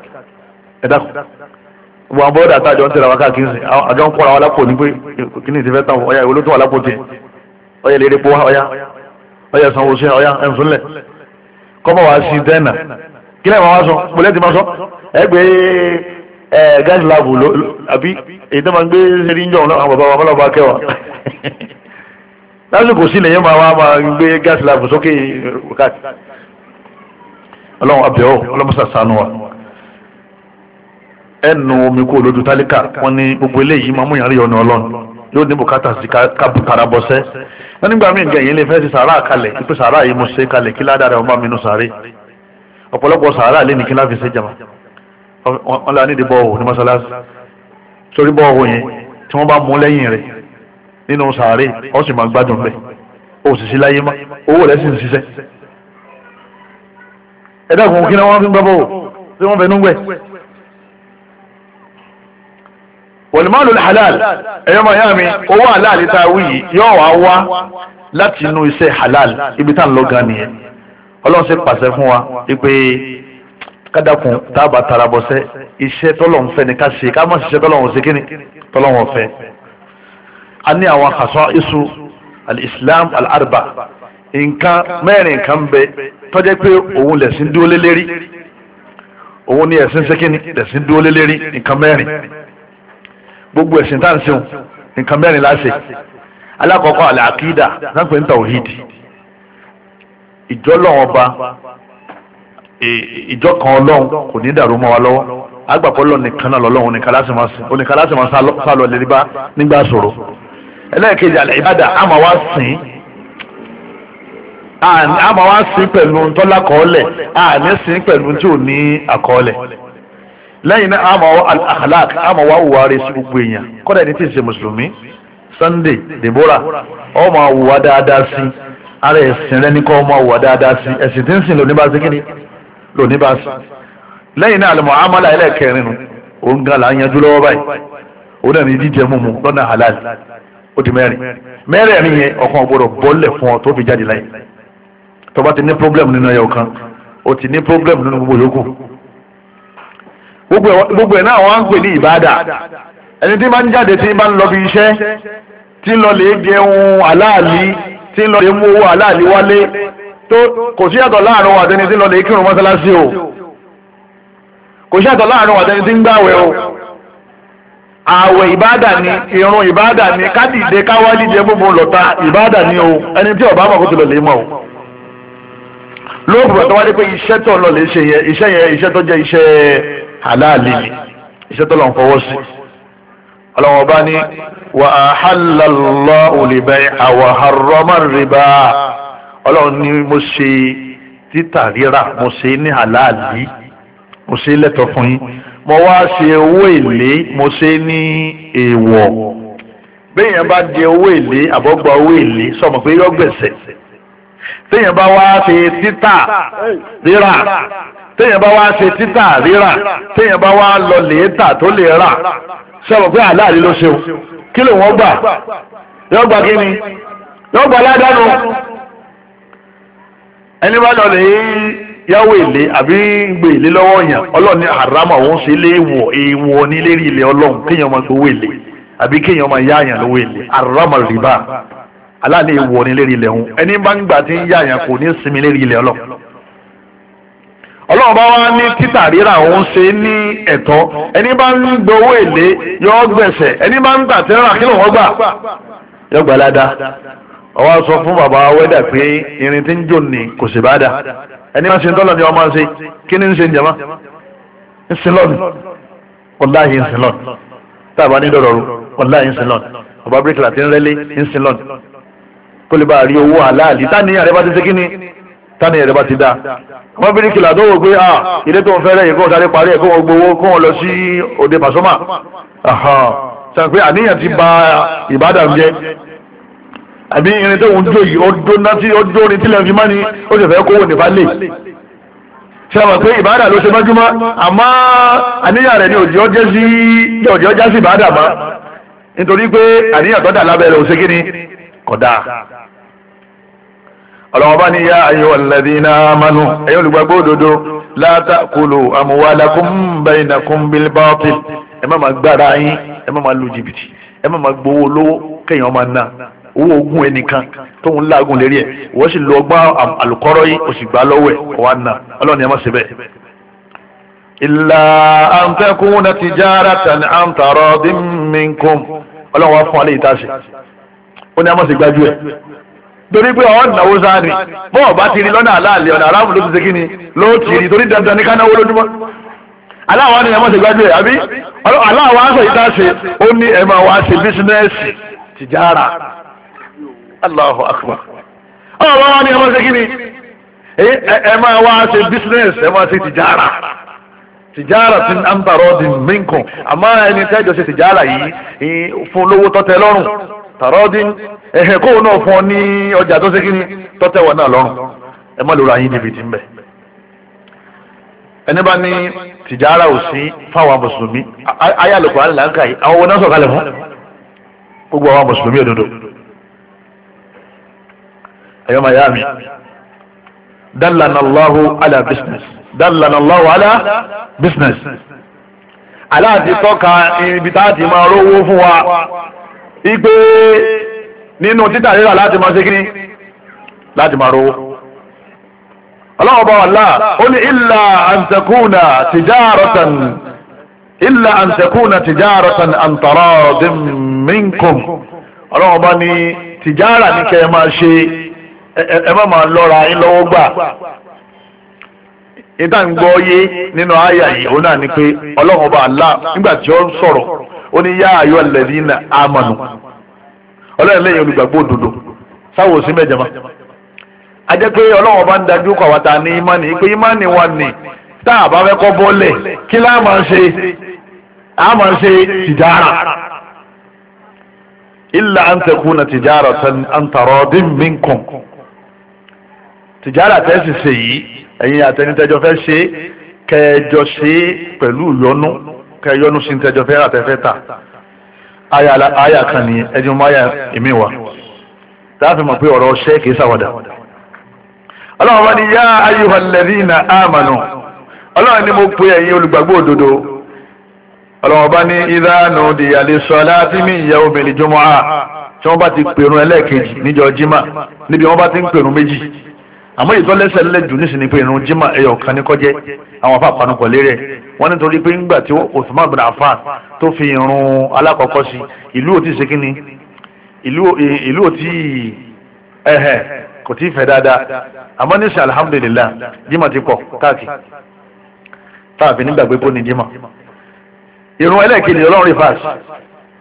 ẹ̀dákù gbogbo àwọn bọ́ọ̀dà àtàjọ ń tẹ̀lé àwọn káàkiri sí àjọ ń kọ́ra àwọn alápò ní pé kí ni ìtìfẹ́ tán ọya ìwé ló tún wà lápò tiẹ̀ ọya ìlérí po ọya ọya ìsanwó sí ọya ẹ̀mùsùnlẹ̀ kọ́mọ̀ wá sí dẹ́nà kí lẹ́yìn máa wá sọ pọ̀lẹ́ ti máa sọ ẹ gbé ẹ gáàsì láàbù àbí èyí tó máa ń gbé sẹ́rí ń jọ lásìkò sí lẹ́yìn máa wá máa gbé gáàsì láàbù sókè káàkiri ọlọ́run abẹ́ọ́ ọlọ́mọṣà sànù wa ẹnu omi kó olódù tálíkà wọn ni gbogbo eléyìí máa mú yàrá ìyọnu ọlọ́run yóò ní bùkátà sí kábùkárà bọ́sẹ́ wọn nígbà míì nǹkan èyí lè fẹ́ sí sàárà kalẹ̀ pípé sàárà yìí mo ṣe kalẹ̀ kí ládàá rẹ̀ wọ́n bá mi nù sàárè ọ̀pọ̀lọpọ̀ sàárà lé ní kí láfi ṣe jàmá wọn lọ nídìí bọ́ọ̀hù ní mọ́ṣáláṣí torí bọ́ọ̀hù yẹn tí wọ́n bá mú lẹ́yìn rẹ̀ nínú sàárè ó máa gbádùn bẹ́ẹ̀ ó láyé má owó rẹ̀ sì ń ṣiṣẹ́ ẹ̀dá òkùnkùn kí ni wọ́n fi ń gbọ́bọ̀ tí wọ́n fẹnu gbẹ. wọ̀lùmọ́lù halal ẹ̀yọ́ máa yá mi owó halal ta wí yìí yóò wá wá láti inú iṣẹ́ halal ibi tá à ń lọ gan nìyẹn ọlọ́run ṣe pàṣẹ fún wa pé kádàkùn táàbà tara bọ́sẹ́ iṣẹ́ tọ́lọ̀ fẹ́ ni ká ṣe ká má ṣiṣẹ́ tọ́lọ̀ ṣe kíni tọ́lọ̀ fẹ́ a ní àwọn àṣọ isu al-islam nǹkan mẹ́rin kan bẹ
tọ́jẹ́ pé òun lẹ̀sìn dúró lé lérí
òun ni ẹ̀sìn sẹ́kìnì lẹ̀sìn dúró gbogbo ẹ̀sìn tá à ń sìn nǹkan mẹ́rin láṣẹ alákọ̀ọ́kọ́ àlàkídà náà pé ń ìjọ lọ́wọ́ ba e, ìjọ kan ọlọ́run kò ní dàrú mọ́ wa lọ́wọ́ agbàpọ̀ lọ nìkan náà lọ́lọ́run nìkan máa wa sìn àmọ́ ah, wá sí pẹ̀lú tọ́lá kọ́ọ́lẹ̀ àní sí pẹ̀lú tí ò ní àkọọ́lẹ̀ lẹ́yìn náà àmọ́ al-akhlaq àmọ́ wá wùwá rẹ̀ sí gbogbo èèyàn kọ́dà ní tí ṣe mùsùlùmí Sunday Deborah ọmọ àwùwá dáadáa sí ara ẹ̀sìn rẹ ní kọ́ ọmọ àwùwá dáadáa sí ẹ̀sìn tí ń sìn lóní bá sí kíni lóní bá sí lẹ́yìn náà àlùmọ̀ àmàlà ẹlẹ́ẹ̀kẹrin nu òun gan la yanjú lọ́wọ́ báyìí òun náà ní jíjẹ mímu halal ó di mẹ́rin mẹ́rin yẹn ọkàn gbọ́dọ̀ bọ́lẹ̀ tó bá ti ní problem nínú ẹyọ kan o ti ní problem nínú gbogbo yòókù gbogbo ẹ̀ náà wọ́n ń pè ní ìbáàdà ẹni tí máa ń jáde tí máa ń lọ bí iṣẹ́ tí ń lọ lè jẹun aláàlí tí ń lọ lè mú owó aláàlí wálé tó kò sí yàtọ̀ láàrin wa àtẹni tí ń lọ lè kírun mọ́sálásí o kò sí yàtọ̀ láàrin wa àtẹni tí ń gbàwẹ̀ o àwẹ̀ ìbáàdà ni ìrun ìbáàdà ni kádìdé káwá jíjẹ gbogbo lọ́ta ìbáàdà ni o ẹni tí ọ̀bá mọ̀ kó ti lọ lè mọ̀ o lóògùn àti wáyé pé iṣẹ́ tó lọ lè ṣe yẹn iṣẹ́ yẹn iṣẹ́ tó jẹ́ iṣẹ́ halali ni iṣẹ́ tó lọ ń fọwọ́ sí. ọlọ́wọ́n bá ní wa ahalla Allahu al-bay'a wa ọlọ́run ní mo ṣe títà rírà mo ṣe ní halali mo ṣe lẹ́tọ̀ fún yín mo wá ṣe owó èlé mo ṣe ní èèwọ̀ bẹ́ẹ̀ yẹn bá di owó èlé àbọ̀gbà owó èlé sọ̀mọ̀ pé yọ gbèsè téèyàn bá wá ṣe títà rírà téèyàn bá wá ṣe títà rírà téèyàn bá wá lọ lèétà tó lè rà sọ̀rọ̀ pé àláàrí ló ṣeun kí ló wọ́n gbà yóò gbà kí ni yóò gbà ládánù ẹni bá lọ lè yáwó èlé àbí gbé èlé lọ́wọ́ yàn ọlọ́ọ̀ni àràmà òun ṣe lé wọ̀ èèwọ̀ ní lérí ilẹ̀ ọlọ́run kéèyàn máa gbowó èlé àbí kéèyàn máa yá àyàn lówó èlé àràmà rìbá aláàlẹ́ ìwọ ni lérí ilẹ̀ ọ̀hún ẹni bá ń gbà tí ń yáyàn kò ní sinmi lérí ilẹ̀ ọlọ́ ọlọ́run bá wá ní títà rírà òun ṣe ní ẹ̀tọ́ ẹni bá ń gbowó èlé yọ gbẹ̀sẹ̀ ẹni bá ń tàtẹ́rà kí lòun gbà yọ gbà ládàá ọwọ́ sọ fún bàbá wẹ́dà pé irin tí ń jò ní kò sì bá dà
ẹni máa ń ṣe tọ́lọ̀ ni ọmọ ṣe kí ni ń ṣe ń sin lọ́nù
ń sin lọ́nù táàbà ń sin lọ́nù kó lè bá rí owó àláàlì tani àrẹ bá ti ṣe kíni tani àrẹ bá ti dá wọn bí kìlà tó wò pé à ah, ilé tó ń fẹ́rẹ̀ yìí kó wọn sáré parí ẹ̀ kó wọn gbowó kó wọn lọ sí òde pàṣọ́mà sàn pé àníyàn ti ba ìbádàn jẹ́ àbí irin tó ń jó yìí ọdún náà tí ọdún orin tílẹ̀ fi máa ní ó sì fẹ́ kówó nípa lè ṣàmà pé ìbádà ló ṣe mọ́júmọ́ àmọ́ àníyàn rẹ̀ ni òjì ọjẹ́ sí òjì ọjá sí ìbádà mọ́ nítorí pé àníyàn tó dà lábẹ́ rẹ̀ ò ṣe kí ni ọlọ́wọ́n bá ní yá ayyuhal ladhina amanu ẹ̀yin olùgbàgbọ́ òdodo la ta'kulu amwalakum bainakum bil batil ẹ má máa gbára yín ẹ má máa lu jìbìtì ẹ má máa gbowó lówó kéèyàn máa ná owó ogún ẹnìkan tóun láàgùn lérí ẹ wọ́n sì lọ gbá àlùkọ́rọ́ yìí o sì lọ́wọ́ ẹ̀ wà ná ọlọ́run yẹn má ṣe bẹ́ẹ̀. illa an takuna tijaratan an taradin minkum ọlọ́run wá fún alẹ́ ìtaṣe ó ní torí pé ọ̀ náwó sáré bọ́ ọ̀bá ti rí lọ́nà aláàlẹ́ ọ̀nà aráàmù ló ti ṣe kí ni ló ti rí torí dandan ní kánáwó lójúmọ́ aláwa ni ẹ máa ṣe gbájú ẹ àbí aláwa sọ yìí dáṣe ó ní ẹ máa wá ṣe bísínẹ́sì tìjára Allahu akbar
ọ̀bá wa ni ẹ máa ṣe kí ni
ẹ máa wá ṣe bísínẹ́sì ẹ máa ṣe tìjára tìjára tí ń bàrọ̀ dín mí tàrọ́dín ẹ̀hẹ̀ kóun náà fún ọ ní ọjà tó ṣe kí tọ́tẹ̀wọ̀ náà lọ́rùn ẹ má lóra yín níbi tí ẹni bá ní tìjára ò sí fáwọn mùsùlùmí ayé àlùkò yìí àwọn owó náà sọ̀kalẹ̀ fún gbogbo àwọn mùsùlùmí òdodo. ala business dallana ala business aláàtì tọ́ka ibi tá a ti máa rówó fún wa. ipe nínú títà rírà láti máa ṣe kiri láti máa rówó ọlọ́wọ́ bá wà láà ó ní ìlà àǹtẹ̀kùnà tìjáàrọ̀tàn ìlà àǹtẹ̀kùnà tìjáàrọ̀tàn àǹtọ̀rọ̀dín minkum ọlọ́wọ́ bá ní tìjáàrà ní kẹ́ ẹ máa ṣe ẹ má máa lọ́ra yín lọ́wọ́ gbà ìtàn gbọ́ yé nínú àyà yìí òun náà ni pé ọlọ́wọ́ bá láà nígbà tí ó ń sọ̀rọ̀ ó ní yá ayọ́ alladhina amanu ọlọ́run lẹ́yìn olùgbàgbọ́ òdodo sáwọ́ òsín mẹ́jẹ̀má ajẹ́ pé ọlọ́run bá ń dájú kọ́ àwọn ta ní ìmánì pé ìmánì wa nì tá a bá fẹ́ kọ́ bọ́lẹ̀ kí lá máa ń ṣe
á máa ń ṣe tìjára
illa an takuna tijaratan an taradin minkum tìjára tẹ́sí ṣèyí ẹ̀yin àtẹnitẹ́jọ fẹ́ ṣe kẹjọ ṣe pẹ̀lú ìyọnu kẹyọnu sí tẹjọ fẹ́ àtẹfẹ́ ta àyà kan ní ẹjọ́ mọ́ àyà ìmí wa láti mọ̀ pé ọ̀rọ̀ ṣẹ́ kìí sàwádà ọlọ́run bá ní yá ayyuhal ladhina amanu ọlọ́run ni mo pe ẹ̀yin olùgbàgbọ́ òdodo ọlọ́run bá ní idha nudiya lissalati min yawmil jumu'ah tí wọ́n bá ti pèrún ẹlẹ́ẹ̀kejì níjọ́ jimá níbi wọ́n bá ti ń pèrún méjì àmọ́ ìtọ́ lẹ́sẹ̀ lẹ́jù nísìnyí pé irun jimá ẹyọ kan ní kọjẹ́ àwọn afa àpanupọ̀ lérẹ̀ wọ́n nítorí pé ńgbà tí Usman bin Affan tó fi irun alákọ̀ọ́kọ́ sí ìlú òtí ṣe kínni ìlú òtí ẹ̀hẹ̀ kò tí ì dáadáa àmọ́ nísìnyí alhamdulillah jimá ti pọ̀ káàkiri táàfin nígbàgbé bó ni jimá irun ẹlẹ́ẹ̀kejì ọlọ́run rí fàásì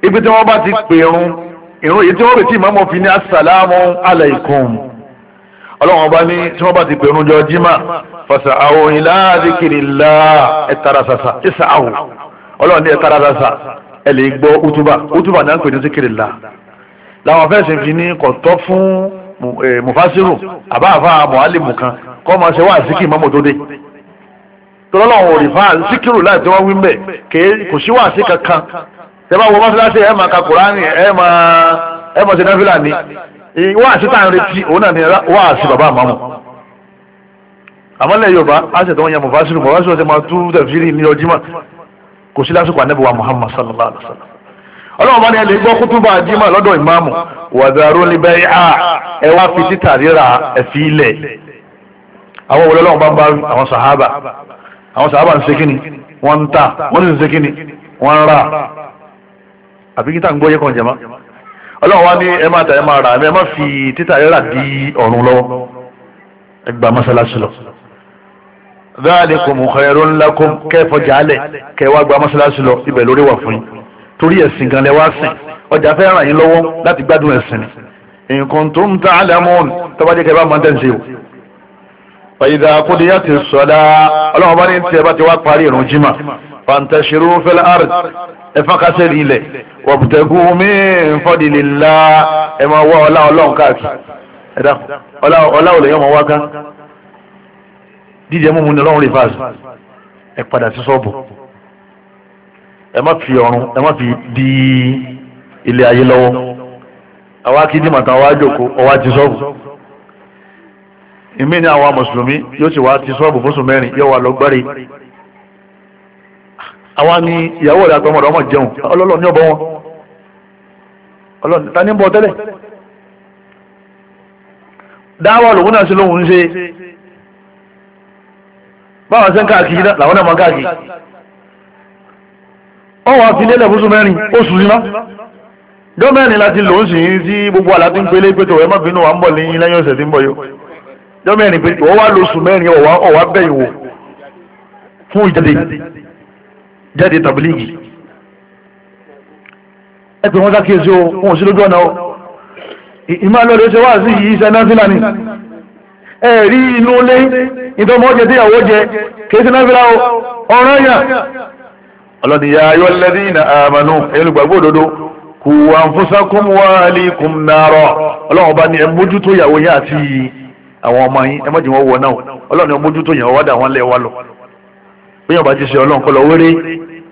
ibi tí wọ́n bá ti pè irun irun èyí tí wọ́n alaikum ọlọ́run ọba ní tí wọ́n bá ti pèrún jọ jimá fasa àwọn ilá àdìkìrìlá ẹ̀tara sàṣà ẹ̀sà àwọn ọlọ́run ní ẹ̀tara sàṣà ẹ̀ lè gbọ́ utuba utuba náà ń pè ní síkìrìlá làwọn afẹ́sẹ̀ fi ní kọ̀tọ́ fún mufasiru àbáàfà mọ̀álìmù kan kọ́ máa ṣe wá síkì mọ́mọ́ tó dé tọ́lọ́wọ̀n òrìfà síkìrù láì tí wọ́n wí ń bẹ̀ kò sí wá sí kankan tẹ́ bá wọ mọ́sálásí ẹ̀ máa ka kùránì ẹ̀ máa ṣe náfìlà ni wáàsí tá à ń retí òun náà ni wáàsí bàbá àmàmù àmọ́lẹ̀ yorùbá àṣẹ tó wọ́n yan mufasiru mufasiru ọ̀sẹ̀ máa tú tẹ̀fìrì ní ọjímọ̀ kò sí lásìkò wa muhammad sallallahu ala wa sallam ọlọ́run bá ní ẹlẹ́ gbọ́ kútúbà àjímọ̀ lọ́dọ̀ ìmáàmù wàdàrú ní bẹ́ẹ̀ à ẹ wá fi títà ríra ẹ̀fí ilẹ̀
àwọn ọlọ́run bá ń bá àwọn sàhábà àwọn sàhábà ń wọ́n ń ta wọ́n
sì ń ọlọ́run wá ní ẹ máa tà ẹ máa rà ẹ má fi títà rírà di ọ̀run lọ́wọ́ ẹ gba mọ́sálásí lọ. dhalikum khairun lakum kẹ́ẹ̀fọ́ jàálẹ̀ kẹ́ẹ̀ wá gba mọ́sálásí lọ ibẹ̀ lórí wà fún yín torí ẹ̀sìn gan lẹ wá sìn ọjà fẹ́ ràn yín lọ́wọ́ láti gbádùn ẹ̀sìn ni in kuntum ta'lamun tọ́bajẹ́ kẹ́ bá mọ́ tẹ́ ń ṣe o. fa idha qudiyatis salah ọlọ́run bá ní tiẹ̀ bá ti wá parí ìrun jimá fantashiru fil ard ẹ fọ́nkásẹ̀ nílẹ̀ wabtagu min fadlillah ẹ máa wá ọlá ọlọ́run káàkiri ẹ dákun
ọlá òlẹ̀ yọmọ wá gán
dídì mú mu ní ọlọ́run rivers ẹ padà sí sọ́ọ̀bù ẹ má fi ọrùn ẹ má fi di ilé ayé lọ́wọ́ àwa kí dì màtá wá jòkó ọwá ti sọ́ọ̀bù ìmí ni àwa mùsùlùmí yóò sì wá ti sọ́ọ̀bù fóṣù mẹ́rin yóò wá lọ gbárí àwa ni ìyàwó rẹ̀ àtọmọ rẹ̀ ọmọ jẹun ọlọ́lọ́ ní ọbọ wọn ọlọ́ni ta ní bọ́ tẹ́lẹ̀ dáwọ́ lòun náà sí lóhun ń ṣe báwọn ṣe ń káàkiri náà làwọn náà máa káàkiri ọwọ́ àti ilé ẹlẹ́fúnṣu mẹ́rin oṣù síná jọ́mẹ́rin láti lòun sì ń sí gbogbo àlá tí ń pélé pé tòwẹ́ má bínú wa ń bọ̀ lẹ́yìn lẹ́yìn ọ̀sẹ̀ tí ń bọ̀ yó jọ́mẹ́rin pé ìwọ́ wá lóṣù mẹ́rin ọ̀wá bẹ̀yìn wò fún ìjáde jáde tàbílíìgì ẹ pé wọ́n sákèsí o wọn ò sí lójú ọ̀nà o ìmọ̀ lọ́dọ̀ ṣe wá sí yìí sẹ́nà sílá ni ẹ rí inú ilé ìtọ́mọ́ jẹ tíyàwó jẹ kìí sẹ́nà sílá o ọ̀ràn yà ọlọ́dìyà ayọ́ lẹ́dí ìnà àmànú ẹlùgbàgbọ́ òdodo kù àǹfọ́sákùn wà líkùn nàárọ̀ ọlọ́run bá ní ẹ mójútó ìyàwó yẹn àti àwọn ọmọ yín ẹ mọ́jì wọn wọ náà ọlọ́run ẹ mójútó ìyàwó wádà wọn lẹ́ wa lọ bí yàn bá ti ṣe ọlọ́run kọ́ lọ wéré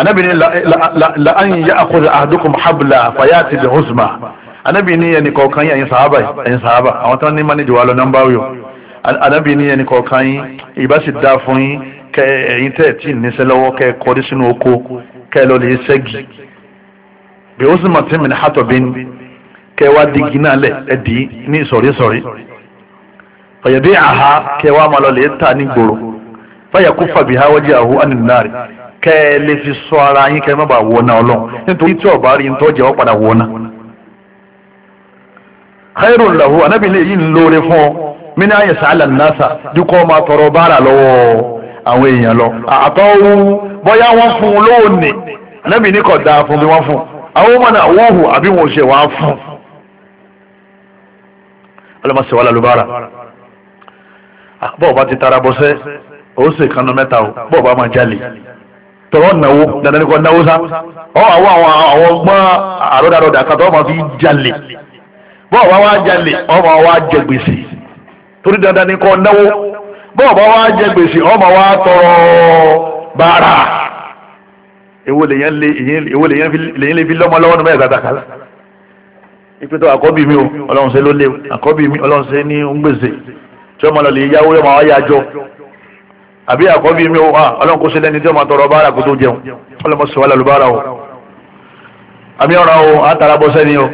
anabi ni la an ya akuza ahadukum habla fayati bi huzma anabi ni ẹni kọ̀ọ̀kan yín ẹ̀yin sahaba ẹ̀yin sahaba àwọn tán ní mani jùwà lọ nọmba yò anabi ni ẹni kọ̀ọ̀kan yín ìbá sì dá fún yín kẹ ẹ̀yin tẹ tí níṣẹ́ lọ́wọ́ kẹ kọrí sínú oko kẹ lọ lè ṣẹgi bi huzma tí mìíràn hàtọ bí kẹ wá di gínà lẹ ẹ dì í ní ìsọ̀rí sọ̀rí fàyẹ̀dé àhá kẹ wá ta ní gbòòrò fàyẹ̀kú fàbíhá wájú àhó ànínú kẹ ẹ lè fi sọ ara yín kẹ ẹ má bàa wọná ọlọ́run nítorí tí ọba rí nítorí jẹ́ ọ padà wọná. khairu lahu anabi lè yí lóore fún ọ mini ayé sàálà nàásà dúkọ́ máa tọrọ báárà lọ́wọ́ àwọn èèyàn lọ. àtọ́wò bóyá wọ́n fún un lóòní anabi ní kò dáa fún bí wọ́n fún àwọn ọmọ náà wọ́n hù àbí wọn ṣe wàá fún. ọlọ́mọṣẹ́ wàhálà ló bára ah, bọ́ọ̀ bá ti tara bọ́sẹ́ òun sì kanu mẹ́ta o bọ́ọ̀ bá máa jalè tọrọ náwó dandan kọ náwó sá ọ àwọn àwọn àwọn ọgbọ́n àrọ́dàrọ́dà kan tó máa fi jalè bọ́ọ̀ bá wá jalè ọ máa wá jẹ gbèsè torí dandan kọ náwó bọ́ọ̀ bá wá jẹ gbèsè ọ máa wá tọrọ bàrà èwo lèyàn lè èwo lèyàn lè fi lọ́mọ lọ́wọ́ nínú ẹ̀ka dàkàlà ìpẹ́tọ́ àkọ́bí mi o ọlọ́run ṣe ló léwu àkọ́bí mi ọlọ́run ṣe ní ń gbèsè tí ọmọ lọ lè yáwó yọmọ wáyà jọ àbí àkọ́bí mi ò ah, hàn ọlọ́run kó ṣe lẹ́ni tí ó máa tọrọ báárà kó tó jẹun ọlọ́mọ sọ wàhálà lùbáárà o àmì ọ̀ràn o àtàrà bọ́ sẹ́ni o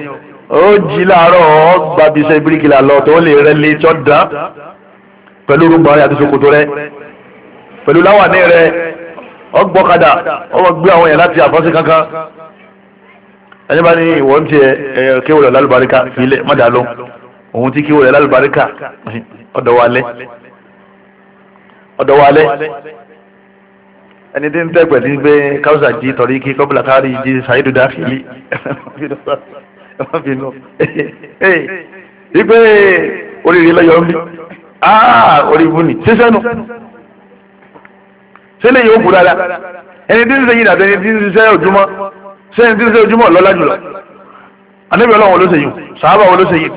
ó jí láàárọ̀ ọ́ gbàbí iṣẹ́ bíríkìlà lọ tó lè rẹ lé tí ó dán pẹ̀lú orúkọ rẹ àti ṣòkòtò rẹ
pẹ̀lú láwàní rẹ
ọ́ gbọ́kadà ọ́ wọ́n gbé àwọn èèyàn láti àfọ́sí kankan ẹni bá ní ìwọ́n ti ẹ kéwòrán lálùbáríkà ilé mọ́dàlú
òun ti kéwòrán lálùbáríkà ọ̀dọ̀ wa lẹ́
ọ̀dọ̀ wa lẹ́ ẹni tí ń tẹ́ pẹ̀lú pé káwùsà jí tọ̀rí kí kọ́bùlà kárí jí ṣàyẹ̀dù dáfìlì ẹ̀fọ́fínú wípé oríire lọ́yọ̀ ń bí orí ibú ni sísẹ́nu sílẹ̀ yóò kú dáadáa ẹni tí ń ṣe yìí dàbí ẹni tí ń ṣiṣẹ́ ojúmọ́ ṣé ẹni tí ń ṣe ojúmọ́ lọ́lá jùlọ anábìọ́lọ́wọ́ ló ṣe yìí sàábà wọ́n ló ṣe yìí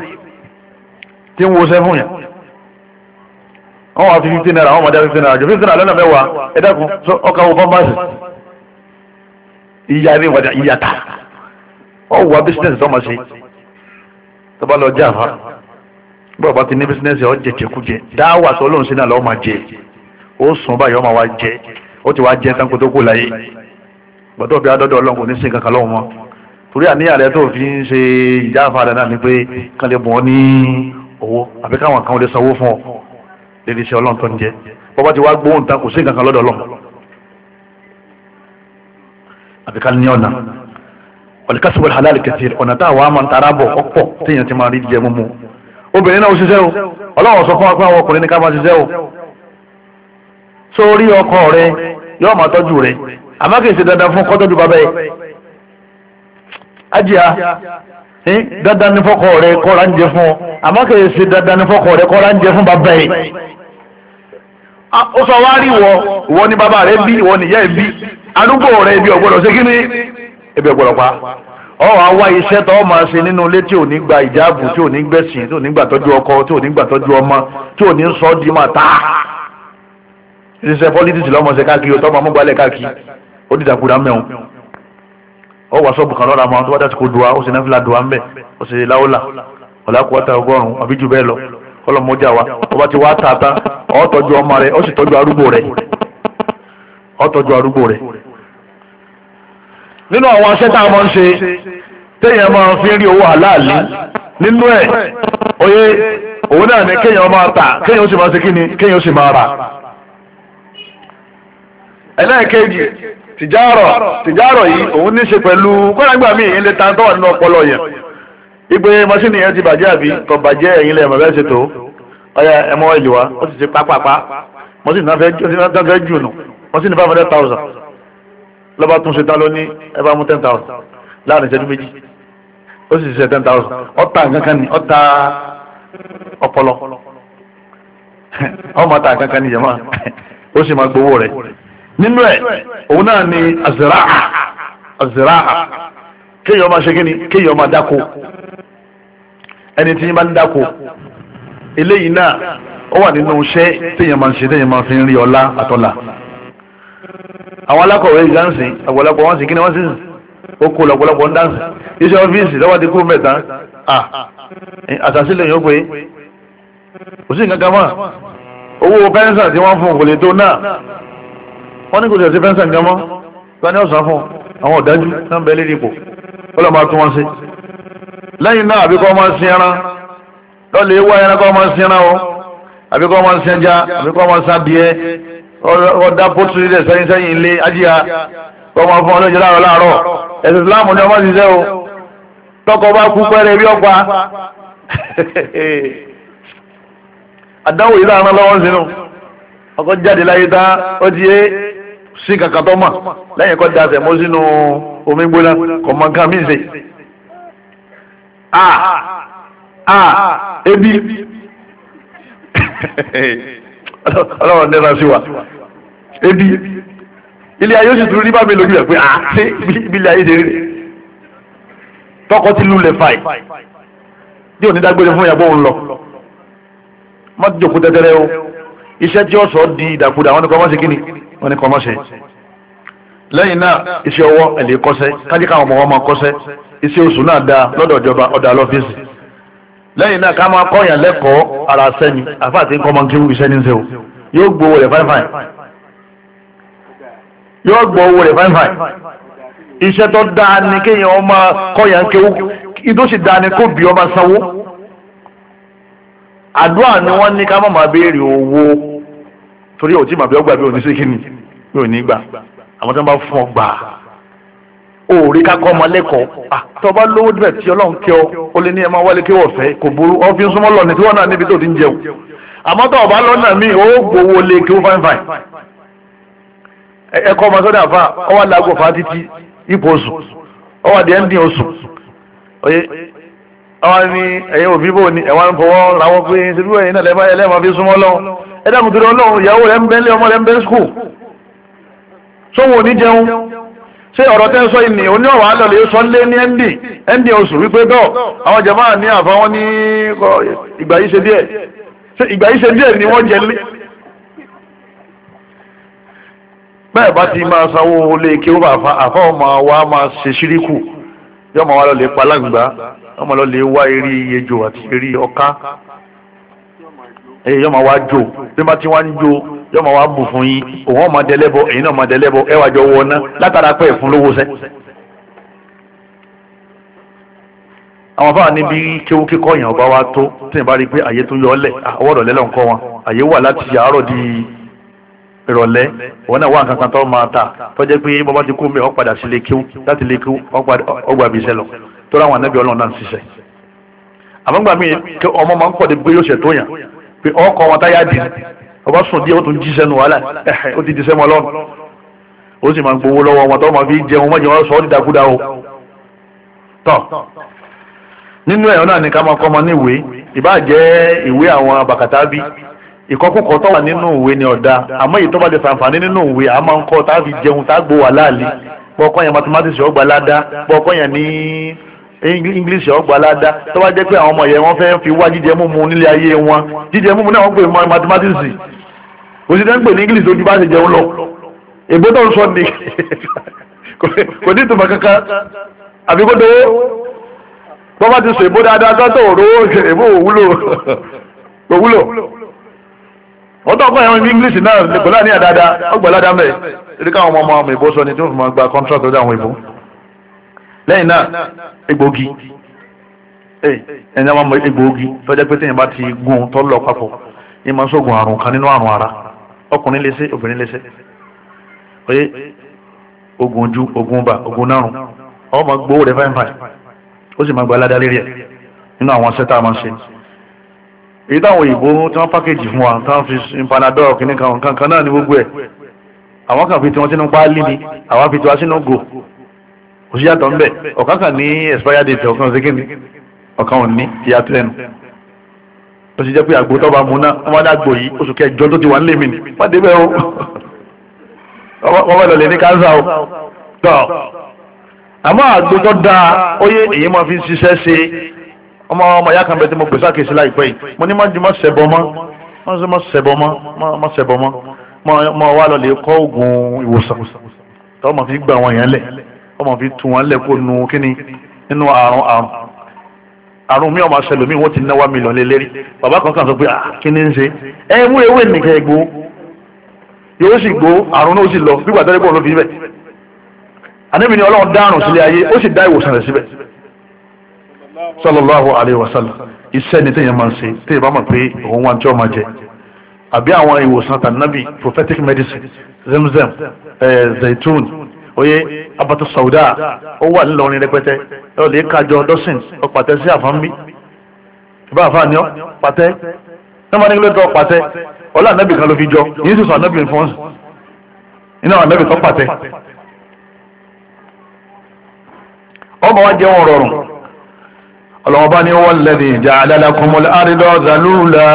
tí ń wo ṣẹ́ fún yẹn wọ́n wá fi fifteen naira wọ́n máa dá fifteen naira jù fifteen naira lọ́nà mẹ́wàá ẹ dákun ọkà wo pampas ìyá ní ìwádìí ìyá ta ọ̀wọ́ wa business tó máa ṣe tó bá lọ jẹ́ àfa bọ́ọ̀ bá ti ní business ọ̀ jẹ jẹkújẹ dáwà tó lóun sí náà lọ́ọ́ máa jẹ ó sùn báyìí ọ̀ máa wá jẹ ó ti wá jẹ tán tó kó láyé gbọ́dọ̀ bí adọ́dọ̀ ọlọ́run kò ní sin lérí iṣẹ́ ọlọ́run tó ń jẹ bọ́bá ti wá gbóhùn ta kò sí nǹkan kan lọ́dọ̀ ọlọ́run àbí ká ní ọ̀nà ọ̀lẹ́kásíwò halal kẹsìrì ọ̀nà tá àwọn àmọ́ tara bọ̀ ọ̀pọ̀ téèyàn ti máa rí jẹ mú mu obìnrin náà ó ṣiṣẹ́ o ọlọ́run sọ fún wa pé àwọn ọkùnrin ní ká máa ṣiṣẹ́ o sórí ọkọ rẹ yóò máa tọ́jú rẹ àmọ́ kì í ṣe dandan fún kọ́tọ́jú bàbá yẹ ajíya dandan ní fọ́kọ rẹ kọ́ra ń jẹ fún ọ àmọ́ kì í ṣe dandan ní fọ́kọ rẹ kọ́ra ń jẹ fún bàbá yẹ ó sọ wá rí wọ ìwọ ni bàbá rẹ bí ìwọ nìyá ẹ bí arúgbó rẹ ibi ọ̀gbọ́dọ̀ ṣe kí ni ibi ọ̀gbọ́dọ̀ pa ọwọ́ àwa iṣẹ́ tó máa ṣe nínú ilé tí ò ní gba ìjáàbù tí ò ní gbẹ̀sìn tí ò ní gbàtọ́jú ọkọ tí ò ní gbàtọ́jú ọmọ tí ò ní sọ ọ́ di máa ta ṣiṣẹ́ pọ́lítíìsì lọ́mọ ṣe káàkiri ọ̀tọ́ máa mú gbalẹ̀ káàkiri ó dìdàkudà mẹ́wọ̀n ọ wà sọ́ọ̀bù kan lọ́ra àwọn tó bá dàsìkò dùwà ó ṣe náfìlà dùwà ńbẹ ó ṣe láwọ́là ọ̀làkùwàtà ọgọ́rùn-ún àbí jù bẹ́ẹ̀ lọ ọlọ́mọdé wa ọba ti wá tààtà ó tọ́jú ọmọ rẹ̀ ó sì tọ́jú arúgbó rẹ̀ ó tọ́jú arúgbó rẹ̀. nínú àwọn aṣẹ́ tá a máa ń ṣe
téèyàn máa fi rí owó àláàlí nínú ẹ̀ oyè òun náà ni kéèyàn máa tà kéèyàn ó sì máa ṣe kíni kéèyàn ó sì máa rà. ẹlẹ́ẹ̀kejì
tìjárọ̀ tìjárọ̀ yìí òun ní í ṣe pẹ̀lú kọ́ńtàgbà míì ń lè ta tọ́wọ̀ nínú ọpọlọ yẹn ìpè mọ́ṣínì yẹn ti bàjẹ́ àbí kò bàjẹ́ ẹ̀yin lẹ́yìn bàbá ẹ̀ṣẹ̀ tó ọ̀yà ẹ̀mọ́ ìlú wa ó sì ṣe pápápá mọ́ṣínì náà fẹ́ jù nù mọ́ṣínì five hundred thousand lọ́ba tún ṣe tán ló ní ẹ bá mú ten thousand láàrin ìṣẹ́jú méjì ó sì ṣe ten thousand ọ̀tá kankan ni ọ̀tá ọpọlọ ọmọ ọ̀tá kankan ni jẹ̀mọ́ ó sì máa gbowó rẹ̀ nínú ẹ̀
òun náà ni aziraha
aziraha kéèyàn máa ṣe kí ni kéèyàn máa dáko ẹni tí yín bá ń dáko eléyìí náà ó wà nínú iṣẹ́ téèyàn máa ń ṣe téèyàn máa fi ń rí ọlá àtọ́là àwọn alákọ̀wé ìdánsì ọ̀pọ̀lọpọ̀ wọn sì kí ni wọ́n sì sìn ó kó lọ̀pọ̀lọpọ̀ ń dánsì iṣẹ́ ọ́fíìsì lọ́wọ́ ti kó mẹ́ta àtàsílẹ̀ yóò pé kò sí nǹkan kan mọ́ owó pẹ́ńsà tí wọ́n fún kò lè tó náà wọ́n ní kò tẹ̀sí pẹ́ńsà nǹkan mọ́ tani ọ̀sán fún àwọn ọ̀dájú náà bẹ́ẹ̀ lérí lẹ́yìn náà àbíkọ́ máa ń sin ẹran lọ́lẹ̀ ewa ẹran kọ́ máa ń sin ẹran o àbíkọ́ máa ń sin ẹja àbíkọ́ máa ń sin adìẹ ọ̀dà pọ́tù rẹ̀ sẹ́yìn sẹ́yìn ilé ajíya
kọ́ máa fún ọlọ́jọ́ láàrọ̀ láàrọ̀ ẹ̀sìn Ìsìláàmù ni ọmọ ti sẹ́ o tọkọ bá kú pẹ́rẹ́ bí ọ̀pá
àdáwò yìí láàrin lọ́wọ́ sínú ọkọ̀ jáde láyé tá ó ti yé sí kàkàtọ́ mà lẹ́yìn kọ́ da àtẹ̀mọ́ sínú omi gbóná kọ̀ mọ̀ nǹkan mí
Ah, ah, ebi
ọlọ́run nẹ́ra sí wa ebi ilé ayé oṣù tuntun níbàmí lójú ẹ̀ pé a ṣe ibi ilé ayé ṣe rí tọkọ ti lulẹ̀ fàì tí ò ní dágbére fún ìyàgbọ́ òun lọ má jòkó tẹ́tẹ́rẹ́ o iṣẹ́ tí ó sọ di ìdàkudà wọn ni kọ́ mọ́ ṣe kí ni wọn ni kọ́ mọ́ ṣe lẹ́yìn náà iṣẹ́ ọwọ́ ẹ̀ lè kọ́ṣẹ́ kájí ọmọ wọn máa kọ́ṣẹ́ iṣẹ́ oṣù náà da lọ́dọ̀ ìjọba ọ̀dà lọ́fíìsì lẹ́yìn náà ká máa kọ́yàn lẹ́kọ̀ọ́ ara sẹ́ni àfáà tí ń kọ́ máa ń kí iṣẹ́ ní ṣe o yóò gbowó rẹ̀ fáìfáì yóò gbowó rẹ̀ fáìfáì iṣẹ́ tó dáa ni kéèyàn ọmọ kọ́yàn kéwú idó sì dáa ni kó bí ọmọ sanwó àdúrà ni wọ́n ní ká má máa béèrè owó torí òtí màbí ọgbà bí òní sí kíni bí òní gbà àwọn tó ń bá fún ọ òòrí kakọ́ ọmọ lẹ́kọ̀ọ́ tọba lówó dibẹ̀ tí ọlọ́run kẹ́ ọ ó lé ní ẹ máa wálé kí wọ́n fẹ́ kò burú ọ fi ń súnmọ́ lọ ní tí wọ́n náà níbi tó ti ń jẹun àmọ́ tọ́ ọba lọ́nà mi ó gbowó lé kí ó fáin fáin ọmọ sọ́dọ̀ àfa ọwọ́ làágùn fa títí ipò oṣù ọwọ́ àdìẹ ń dín oṣù oye àwọn ni ẹ̀yin òbí bò ní ẹ̀wọ̀n fọwọ́ làwọn pé ṣe bí wọ́n náà ẹlẹ́mọ̀ fi súnmọ́ lọ ẹ dákun torí ọlọ́run ìyàwó rẹ̀ ń bẹ́ńlẹ̀ ọmọ rẹ̀ ń bẹ́ sùkúù sọ́wọ́n ò ní jẹun ṣé ọ̀rọ̀ tẹ́ ń sọ ìní oní ọ̀wà alọ́lẹ̀ yóò sọ lé ní md md oṣù wípé tọ́ àwọn jàmá ní àfáwọn ní ìgbà yìí ṣe díẹ̀ ni wọ́n jẹ lé bẹ́ẹ̀ bá ti máa sanwó olè kí ó bá ma ọmọ wa máa ṣe yọmọ wa lọ pa ọmọ lọ lè wá eré àti ẹ yọ ma wá jó bí ma ti wá ń jó yọ ma wá bù fún yín òun ọmọ dẹlẹbọ èyí náà ọmọ dẹlẹbọ ẹ wà jọ wọ ná látara pé ẹfun lówó sẹ. àwọn afáà níbi kéwú kíkọ́ yẹn ọba wa tó tí n bá rí i pé àyè tó yọ ọlẹ̀ ọwọ́dọ̀ lẹ́lọ́ nǹkan wọn àyè wà láti àárọ̀ di ìrọ̀lẹ́ òun náà wà nǹkan kan tó máa ta tọ́jẹ́ pé bọ́bá ti kú mi ó padà sí ilé kéwú láti ilé kéwú ó gbà bí lọ tó ráwọn anábì ọlọ́run náà ń ṣiṣẹ́ àmọ́gbà mi kí ọmọ máa ń pọ̀ de pé yóò ṣètò yàn pé ọkọ̀ wọn táyà dì ọba sùn díẹ̀ ó tún jí sẹ́nu wàhálà ẹ̀hẹ̀ ó ti di sẹ́mu ọlọ́run ó sì máa ń gbowó lọ́wọ́ wọn tó máa fi jẹun mọ́jọ wọn sọ ọ́ dídakúdá o tọ́ nínú ẹ̀yọ́ náà ni ká máa kọ́ ọmọ ní ìwé ìbá jẹ́ ìwé àwọn bàkàtà bí ìkọkúkọ tó wà nínú ìwé ni ọ̀dà àmọ́ èyí tó bá lè ṣàǹfààní nínú ìwé a máa ń kọ́ tá a fi jẹun tá a gbowó àláàlì bọ́ọ̀kọ́ yẹn mathematics ọgbà ládàá bọ́ọ̀kọ́ yẹn ní english ọgbà aládá tó bá jẹ́ pé àwọn ọmọ yẹn wọ́n fẹ́ fi wá jíjẹ múmu nílé ayé wọn jíjẹ múmu náà wọ́n pè mọ́ mathematics kò sí dẹ́n pè ní english ojú bá ṣe jẹun lọ ègbé tó ń sọ ni kò ní ìtumọ̀ kankan àfi kó dowó tó bá ti sọ èbó dáadáa tó tó òró èbó òwúlò òwúlò ọ̀tọ̀ ọkọ yẹn english náà kò láàní àdáadáa ọgbà aládá mẹ́ẹ̀ erika àwọn ọmọ ọmọ ìbò sọ ni tí wọ́n fi máa gba contract lọ́dọ̀ àwọn ìbò lẹ́yìn náà egbògi ẹ̀yìn àwọn egbògi tọ́jà pé téèyàn bá ti gun tọ́ lọ papọ̀ ní ma sógun àrùn kan nínú àrùn ara ọkùnrin lè ṣe obìnrin lè ṣe oye ogun ojú ogun ọba ogun nárùn ọ ma gbowó rẹ fáin fáin ó sì ma gba aládàá lérí ẹ nínú àwọn ṣẹ́ tá a máa ń ṣe èyí táwọn òyìnbó tí wọ́n pákéjì fún wa tí wọ́n fi panadol kìnnìkan kankan náà ní gbogbo ẹ̀ àwọn kan fi tiwọn sínú páálí ni àwọn fi tiwa sínú gò kò sí yàtọ̀ ńbẹ ọ̀kan kan ní expired date ọ̀kan ṣe kíni ọ̀kan ò ní ìyàtọ̀ ẹnu ó ti jẹ́ pé àgbo tọ́ba mu náà wọ́n dá àgbo yìí oṣù kẹjọ tó ti wà nílé mi ni wọ́n dé bẹ́ẹ̀ o wọ́n bá lọlé ní kánsá o tọ́ àmọ́ àgbo tó dáa ó yé èyí máa fi ṣiṣẹ́ ṣe ọmọ ọmọ ìyá kan bẹ tí mo gbèsè àkèsí láìpẹ́ yìí mo ní má ṣẹbọ mọ́ má ṣe má ṣẹbọ mọ́ má ṣẹbọ mọ́ mọ́ wá lọ lè kọ́ oògùn ìwòsàn tọ́ mọ̀ fi gbà wọn yẹn lẹ̀ ọmọ fi tún wọn lẹ́kọ̀ọ́ nu kínní nínú àrùn àrùn àrùn mi ọmọ aṣẹlẹ̀ mi wọ́n ti náwó mílíọ̀n lé bàbá kan kàn sọ pé ah kí ń ṣe ẹ mú ewé nìkan ẹ gbó yóò sì gbó àrùn náà ó sì lọ bí gbàdá ẹgbẹ́ olófin bẹ̀ àníbi ni ọlọ́run dá àrùn sílé ayé ó sì dá ìwòsàn rẹ̀ síbẹ̀ sallallahu alayhi wa sallam iṣẹ́ ni téèyàn máa ń ṣe téèyàn bá mọ̀ pé òun wá ń tí ó máa jẹ àbí àwọn ìwòsàn tànàbí prophetic medicine zemzem ẹ̀ eh, zaitun oye abatu sauda ó wà nílọrin rẹpẹtẹ ẹ ò lè kájọ dọ́sìn ọ pàtẹ sí àfọ̀nbí ìbá àfààní ọ pàtẹ náà wọn ní kílódé ọ pàtẹ ọlá ànábì kan ló fi jọ yìí sì sọ ànábì fún iná ànábì kan pàtẹ ọmọ wa jẹun rọrùn ọlọ́wọ́n bá ní wọ́n lẹ́ni zalula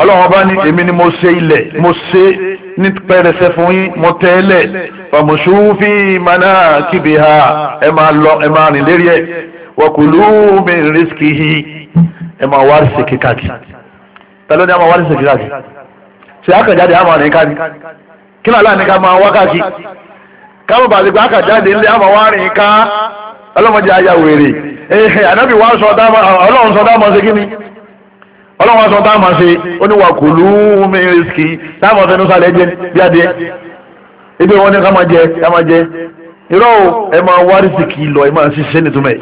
ọlọ́wọ́n bá ní ni mo ṣe ilẹ̀ mo ṣe ní pẹrẹsẹ fún yín mo tẹ́lẹ̀ fàmùsùnfì màná kíbi ha ẹ máa lọ ẹ máa rìn lérí ẹ wọkùlù mi rìsíkì hi ẹ máa wá rìsíkì káàkiri tẹ́lẹ̀ ní a máa wá rìsíkì káàkiri ṣe àkàjáde a máa rìn káàkiri kí ló aláàní ká máa wá káàkiri káwọn bàbá àgbà àkàjáde ńlẹ a máa wá rìn ká ọlọ́mọdé ayáwèrè ẹ̀ ẹ̀ ànábì wá sọ ọlọ́run sọ dáàmọ́ ṣe kí ni ọlọ́wọ́n sọ táwọn máa ṣe oníwà kò lú mi rìsíkì táwọn máa fẹnu sálẹ̀ jẹ bí adìẹ ebi wọn ní ká máa jẹ ká máa jẹ irọ́ o ẹ máa wá rìsíkì lọ ẹ máa ṣiṣẹ́ nítumẹ̀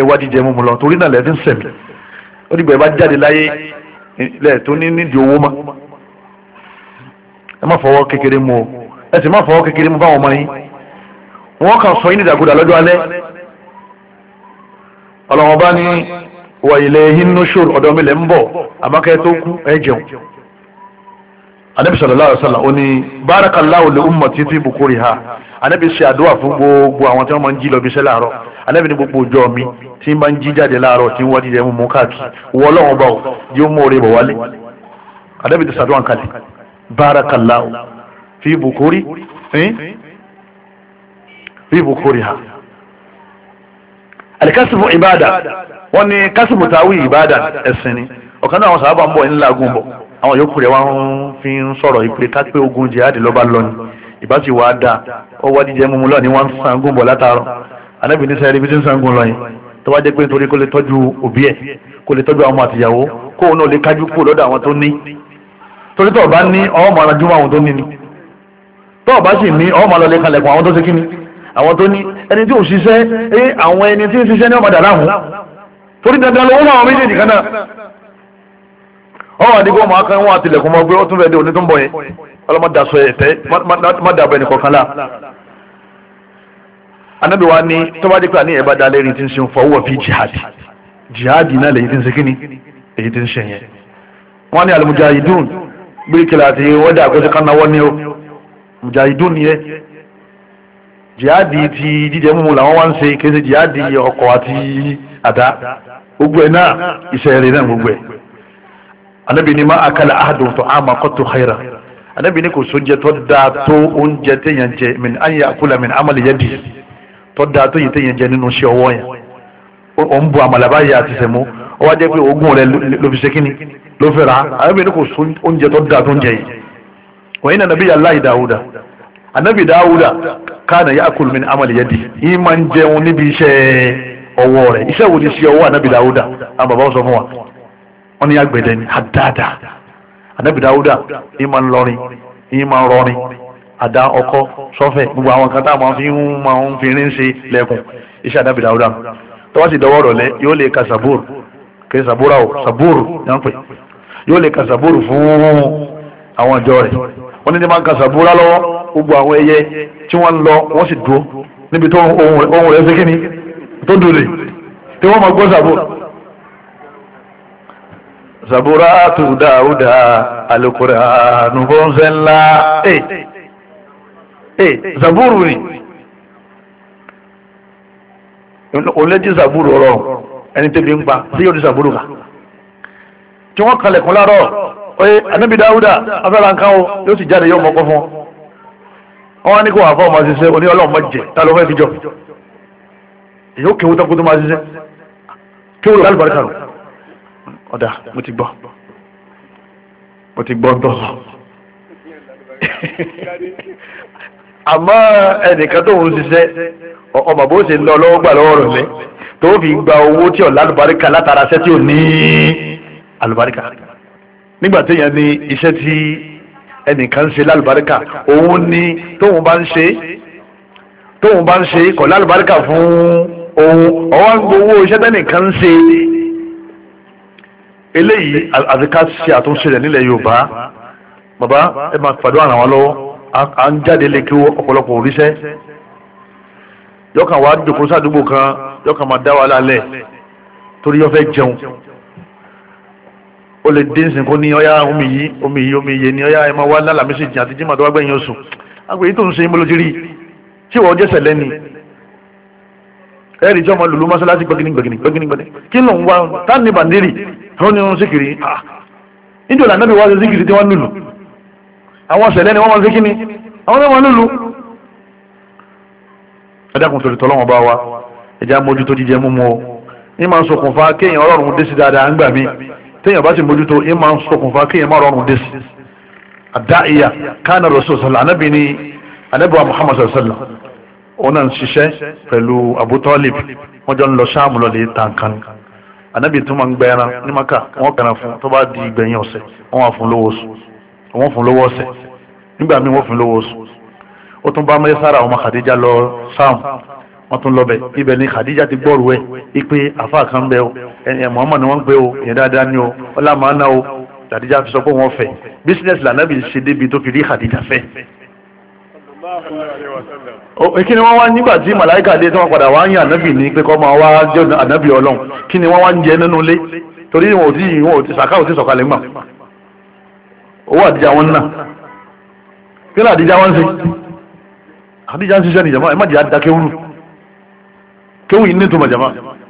ẹ wá jíjẹ mímu lọ torí náà lẹ́sìn sẹ̀mí ó dìgbà ẹ bá jáde láyé lẹ̀ tó ní nídìí owó má ẹ má fọwọ́ kékeré mu o ẹ sì má fọwọ́ kékeré mu fáwọn ọmọ yín wọ́n kàn sọ yín nídàgúdà lọ́jọ́ alẹ́ ọlọ́wọ́n bá ní wà ilẹ̀ hinnúṣòro ọ̀dọ̀ mi lẹ̀ ń bọ̀ àmọ́kẹ́ tó kú ẹ jẹun anabi sallallahu alaihi wasallam ó ní barakallahu li ummati fi bukuriha anabi ṣe àdúrà fún gbogbo àwọn tí wọ́n máa ń jí lọ bí iṣẹ́ láàárọ̀ anabi ní gbogbo ọjọ́ mi tí n bá ń jí jáde láàárọ̀ tí n wá jíjẹ mú káàkiri wọ Ọlọ́run bá o yóò mú oore bọ̀ wálé anabi ti ṣàdúrà kalẹ̀ barakallahu fi bukuri eh? fi alikasibu ibada wọn ni kasibu tawi ibada ẹsìn ni ọ̀kan náà àwọn sábà ń bọ̀ ní làágùn bọ̀ àwọn yòókù rẹ̀ wọ́n fi ń sọ̀rọ̀ ìpè kápẹ́ ogun jihadi lọ́ba lọ́ni ìbá ti wàá da ó wá jíjẹ mímu lọ́ni wọ́n ń sangun bọ̀ látàárọ̀ anábì ní sẹ́yìn ibi tí ń sangun lọ́yìn tó wá jẹ́ pé nítorí kó lè tọ́jú òbí ẹ̀ kó lè tọ́jú àwọn àtìyàwó kó òun náà lè kájú kú lọ́dọ̀ àwọn tó ní torí tó bá ni tó bá sì ní ọmọ ni àwọn tó ní ẹni tí ò ṣiṣẹ́ ẹ àwọn ẹni tí ń ṣiṣẹ́ ní ọmọdà láhùn torí dandan lọ́wọ́ àwọn méjèèjì kan náà ọwọ́ àdìgbò ọmọ akẹ́ wọn àtìlẹ̀kùn ọmọ gbé ọtún rẹ̀ dé òní tó ń bọ̀ yẹn ọlọ́mọdà sọ ẹ̀tẹ́ má dàbọ̀ ẹnì kọ̀ọ̀kan lá anábì wa ní tó bá dé pé àníyàn bá dá lẹ́rìn tí ń ṣe ń fọwọ́ fi jihadi jihadi náà lẹ́yìn tí ń ṣe kíni èyí tí ń ṣe yẹn wọ́n ní al-mujahidun àti wọ́dà àkọsí kan náwó ní o mujahidun yẹn jihadi ti jíjẹ mímu làwọn wá ń ṣe kése jihadi ọkọ àti àdá gbogbo ẹ náà ìṣẹ̀lẹ̀ náà gbogbo ẹ anabi ni ma akala ahadun tó ama kọtò xayira anabi ni kò sóúnjẹ tó dáa tó oúnjẹ téèyàn jẹ min an yà kula min amali yẹ bi tó dáa tó yẹ téèyàn jẹ nínú iṣẹ́ ọwọ́ yẹn o ń bu amalaba yẹ àti sẹmu ó wá jẹ pé oògùn rẹ ló fi sekini ló fẹ́ anabi ni kò sóúnjẹ tó dáa tó ń jẹ yìí wọ́n nana bí yàrá ìdáwó dáa anabi dawuda kana yakul min amali yadi yìí máa ń jẹun níbi iṣẹ́ ọwọ́ rẹ̀ iṣẹ́ wo ni iṣẹ́ ọwọ́ anabi dawuda àwọn bàbá sọ fún wa wọ́n ní agbẹ̀dẹ ni àdáadáa anabi dawuda yìí máa ń lọrin yìí máa ń rọrin àdá ọkọ sọfẹ gbogbo àwọn kan tá a fi ń máa ń fi rin ṣe lẹkùn iṣẹ́ anabi dawuda tọ́wọ́ sì dọwọ́ rọ̀lẹ́ yóò lè ka sabur kì í sabura o sabur yàn pé yóò lè ka sabur fún àwọn ìjọ rẹ̀ wọ́n ní ní ka sabura lọ́wọ́ gbogbo àwọn ẹyẹ tí wọ́n lọ wọ́n sì dúró níbi tó ohun rẹ̀ ṣe tó dùn tí wọ́n máa gbọ́ sàbò. Zaburatu Dawuda Alukuranu Bonzela ee eh, ee eh, Zaburu ni olóòjì Zaburu ọ̀rọ̀ ẹni tẹ́bi ń pa sí yóò di Zaburu kà tí wọ́n kalẹ̀kùn láàárọ̀ oye Anabi Dawuda afẹ́ra nǹkan o yóò sì jáde yóò mọ̀kọ́ fún ọ wọ́n ní kó wà fọ́ ọmọ ṣiṣẹ́ oní ọlọ́mọ jẹ ta ló fẹ́ fi jọ èyí ó kéwú tán kó tó máa ṣiṣẹ́ kéwú lọ́wọ́ àlùbáríkà rò ọ̀dà mo ti gbọ́ mo ti gbọ́ ń tọ́ àmọ́ ẹnìkan tó ń ṣiṣẹ́ ọmọ bó ṣe lọ lọ́wọ́ gbà lọ́wọ́ rẹ̀ tó fi gba owó tí ọ̀la àlùbáríkà látara ṣẹ́ tí ò ní àlùbáríkà nígbà téèyàn ní iṣẹ́ tí ẹnìkan ṣe lálùbáríkà òun ni tóun bá ń ṣe tóun bá ń ṣe kọ̀ lálùbáríkà fún òun ọwọ́ ń gbowó iṣẹ́ tẹ́nìkan ń ṣe eléyìí àti ká ṣe àtúnṣe rẹ̀ nílẹ̀ Yorùbá bàbá ẹ máa pàdé àràn wọn lọ́wọ́ à ń jáde lè kí ọ̀pọ̀lọpọ̀ oríṣẹ́ yọkàn wàá dòkó sádùúgbò kan yọkàn máa dá wàhálà lẹ̀ torí yọ fẹ́ jẹun ó lè dé nsìn kó ní ọyá omi yìí omi yìí omi yìí ní ọyá ẹ máa wá lálàmísì jìn àti jìmọ̀ tó wá gbẹ̀yìn oṣù àgbẹ̀ yìí tó ń ṣe ibo rí tí ìwọ jẹ́sẹ̀ lẹ́ni ẹ̀rì tí ọmọ lùlù mọ́sálásí gbẹ̀gìnì gbẹ̀gìnì gbẹ̀gìnì gbẹ̀gìnì kí ló ń wá tani bàndírì ó ní oorun síkìrì ah níjọ lànà bí wọ́n ṣe síkìrì tí wọ́n lùlù àwọn ṣẹlẹ̀ ni wọ́n máa ń síkìrì àwọn náà máa lùlù. ẹ dákun torí tọ́lọ́wọ́n bá wa ẹ já mójútó jíjẹ múmu o ní máa ń kéèyàn ọlọ́run dé sí dáadáa ń gbà mí téèyàn bá ti mójútó yín máa ń ṣokùnfà kéèyàn má rọrùn dé sí àdáìyà kánà rasul sallallahu anábì ní anábìwá muhammad sallallahu alaihi wasallam òun náà ń ṣiṣẹ́ pẹ̀lú abu talib wọ́n jọ ń lọ ṣáàmù lọ lè anábì tó máa ń gbẹ ní maka wọ́n kàn fún tó bá di ìgbẹ̀yìn ọ̀sẹ̀ wọ́n fún lówó ọ̀sẹ̀ nígbà míì wọ́n fún lówó oṣù ó tún bá mẹ́sára àwọn Khadija lọ ṣáàmù wọ́n tún lọ́bẹ̀ ibẹ̀ ni Khadija ti gbọ́rù ẹ̀ ipe àfa kan bẹ o ẹ̀yìn Muhammad ni wọ́n ń o ìyẹn dáadáa ni o ọlá màá ná o Khadija fi sọ pé wọ́n fẹ́ business lànàbì ṣe débi tó fi rí Khadija fẹ́. kí ni wọ́n wá nígbà tí màláìka dé tí wọ́n padà wá ń yàn ànábì ní pé kọ́ máa wá jẹ́ ànábì ọlọ́run kí ni wọ́n wá ń jẹ nínú ilé torí wọn ò tí wọn ò tí sàkà ò tí sọ̀kalẹ̀ mọ̀ owó àdìjà wọn náà kí ni àdìjà wọn ń ṣe àdìjà ń ṣiṣẹ́ nìjàmọ́ ẹ má jẹ́ àdàkẹ́ kéwì ní tó mọ̀jàmá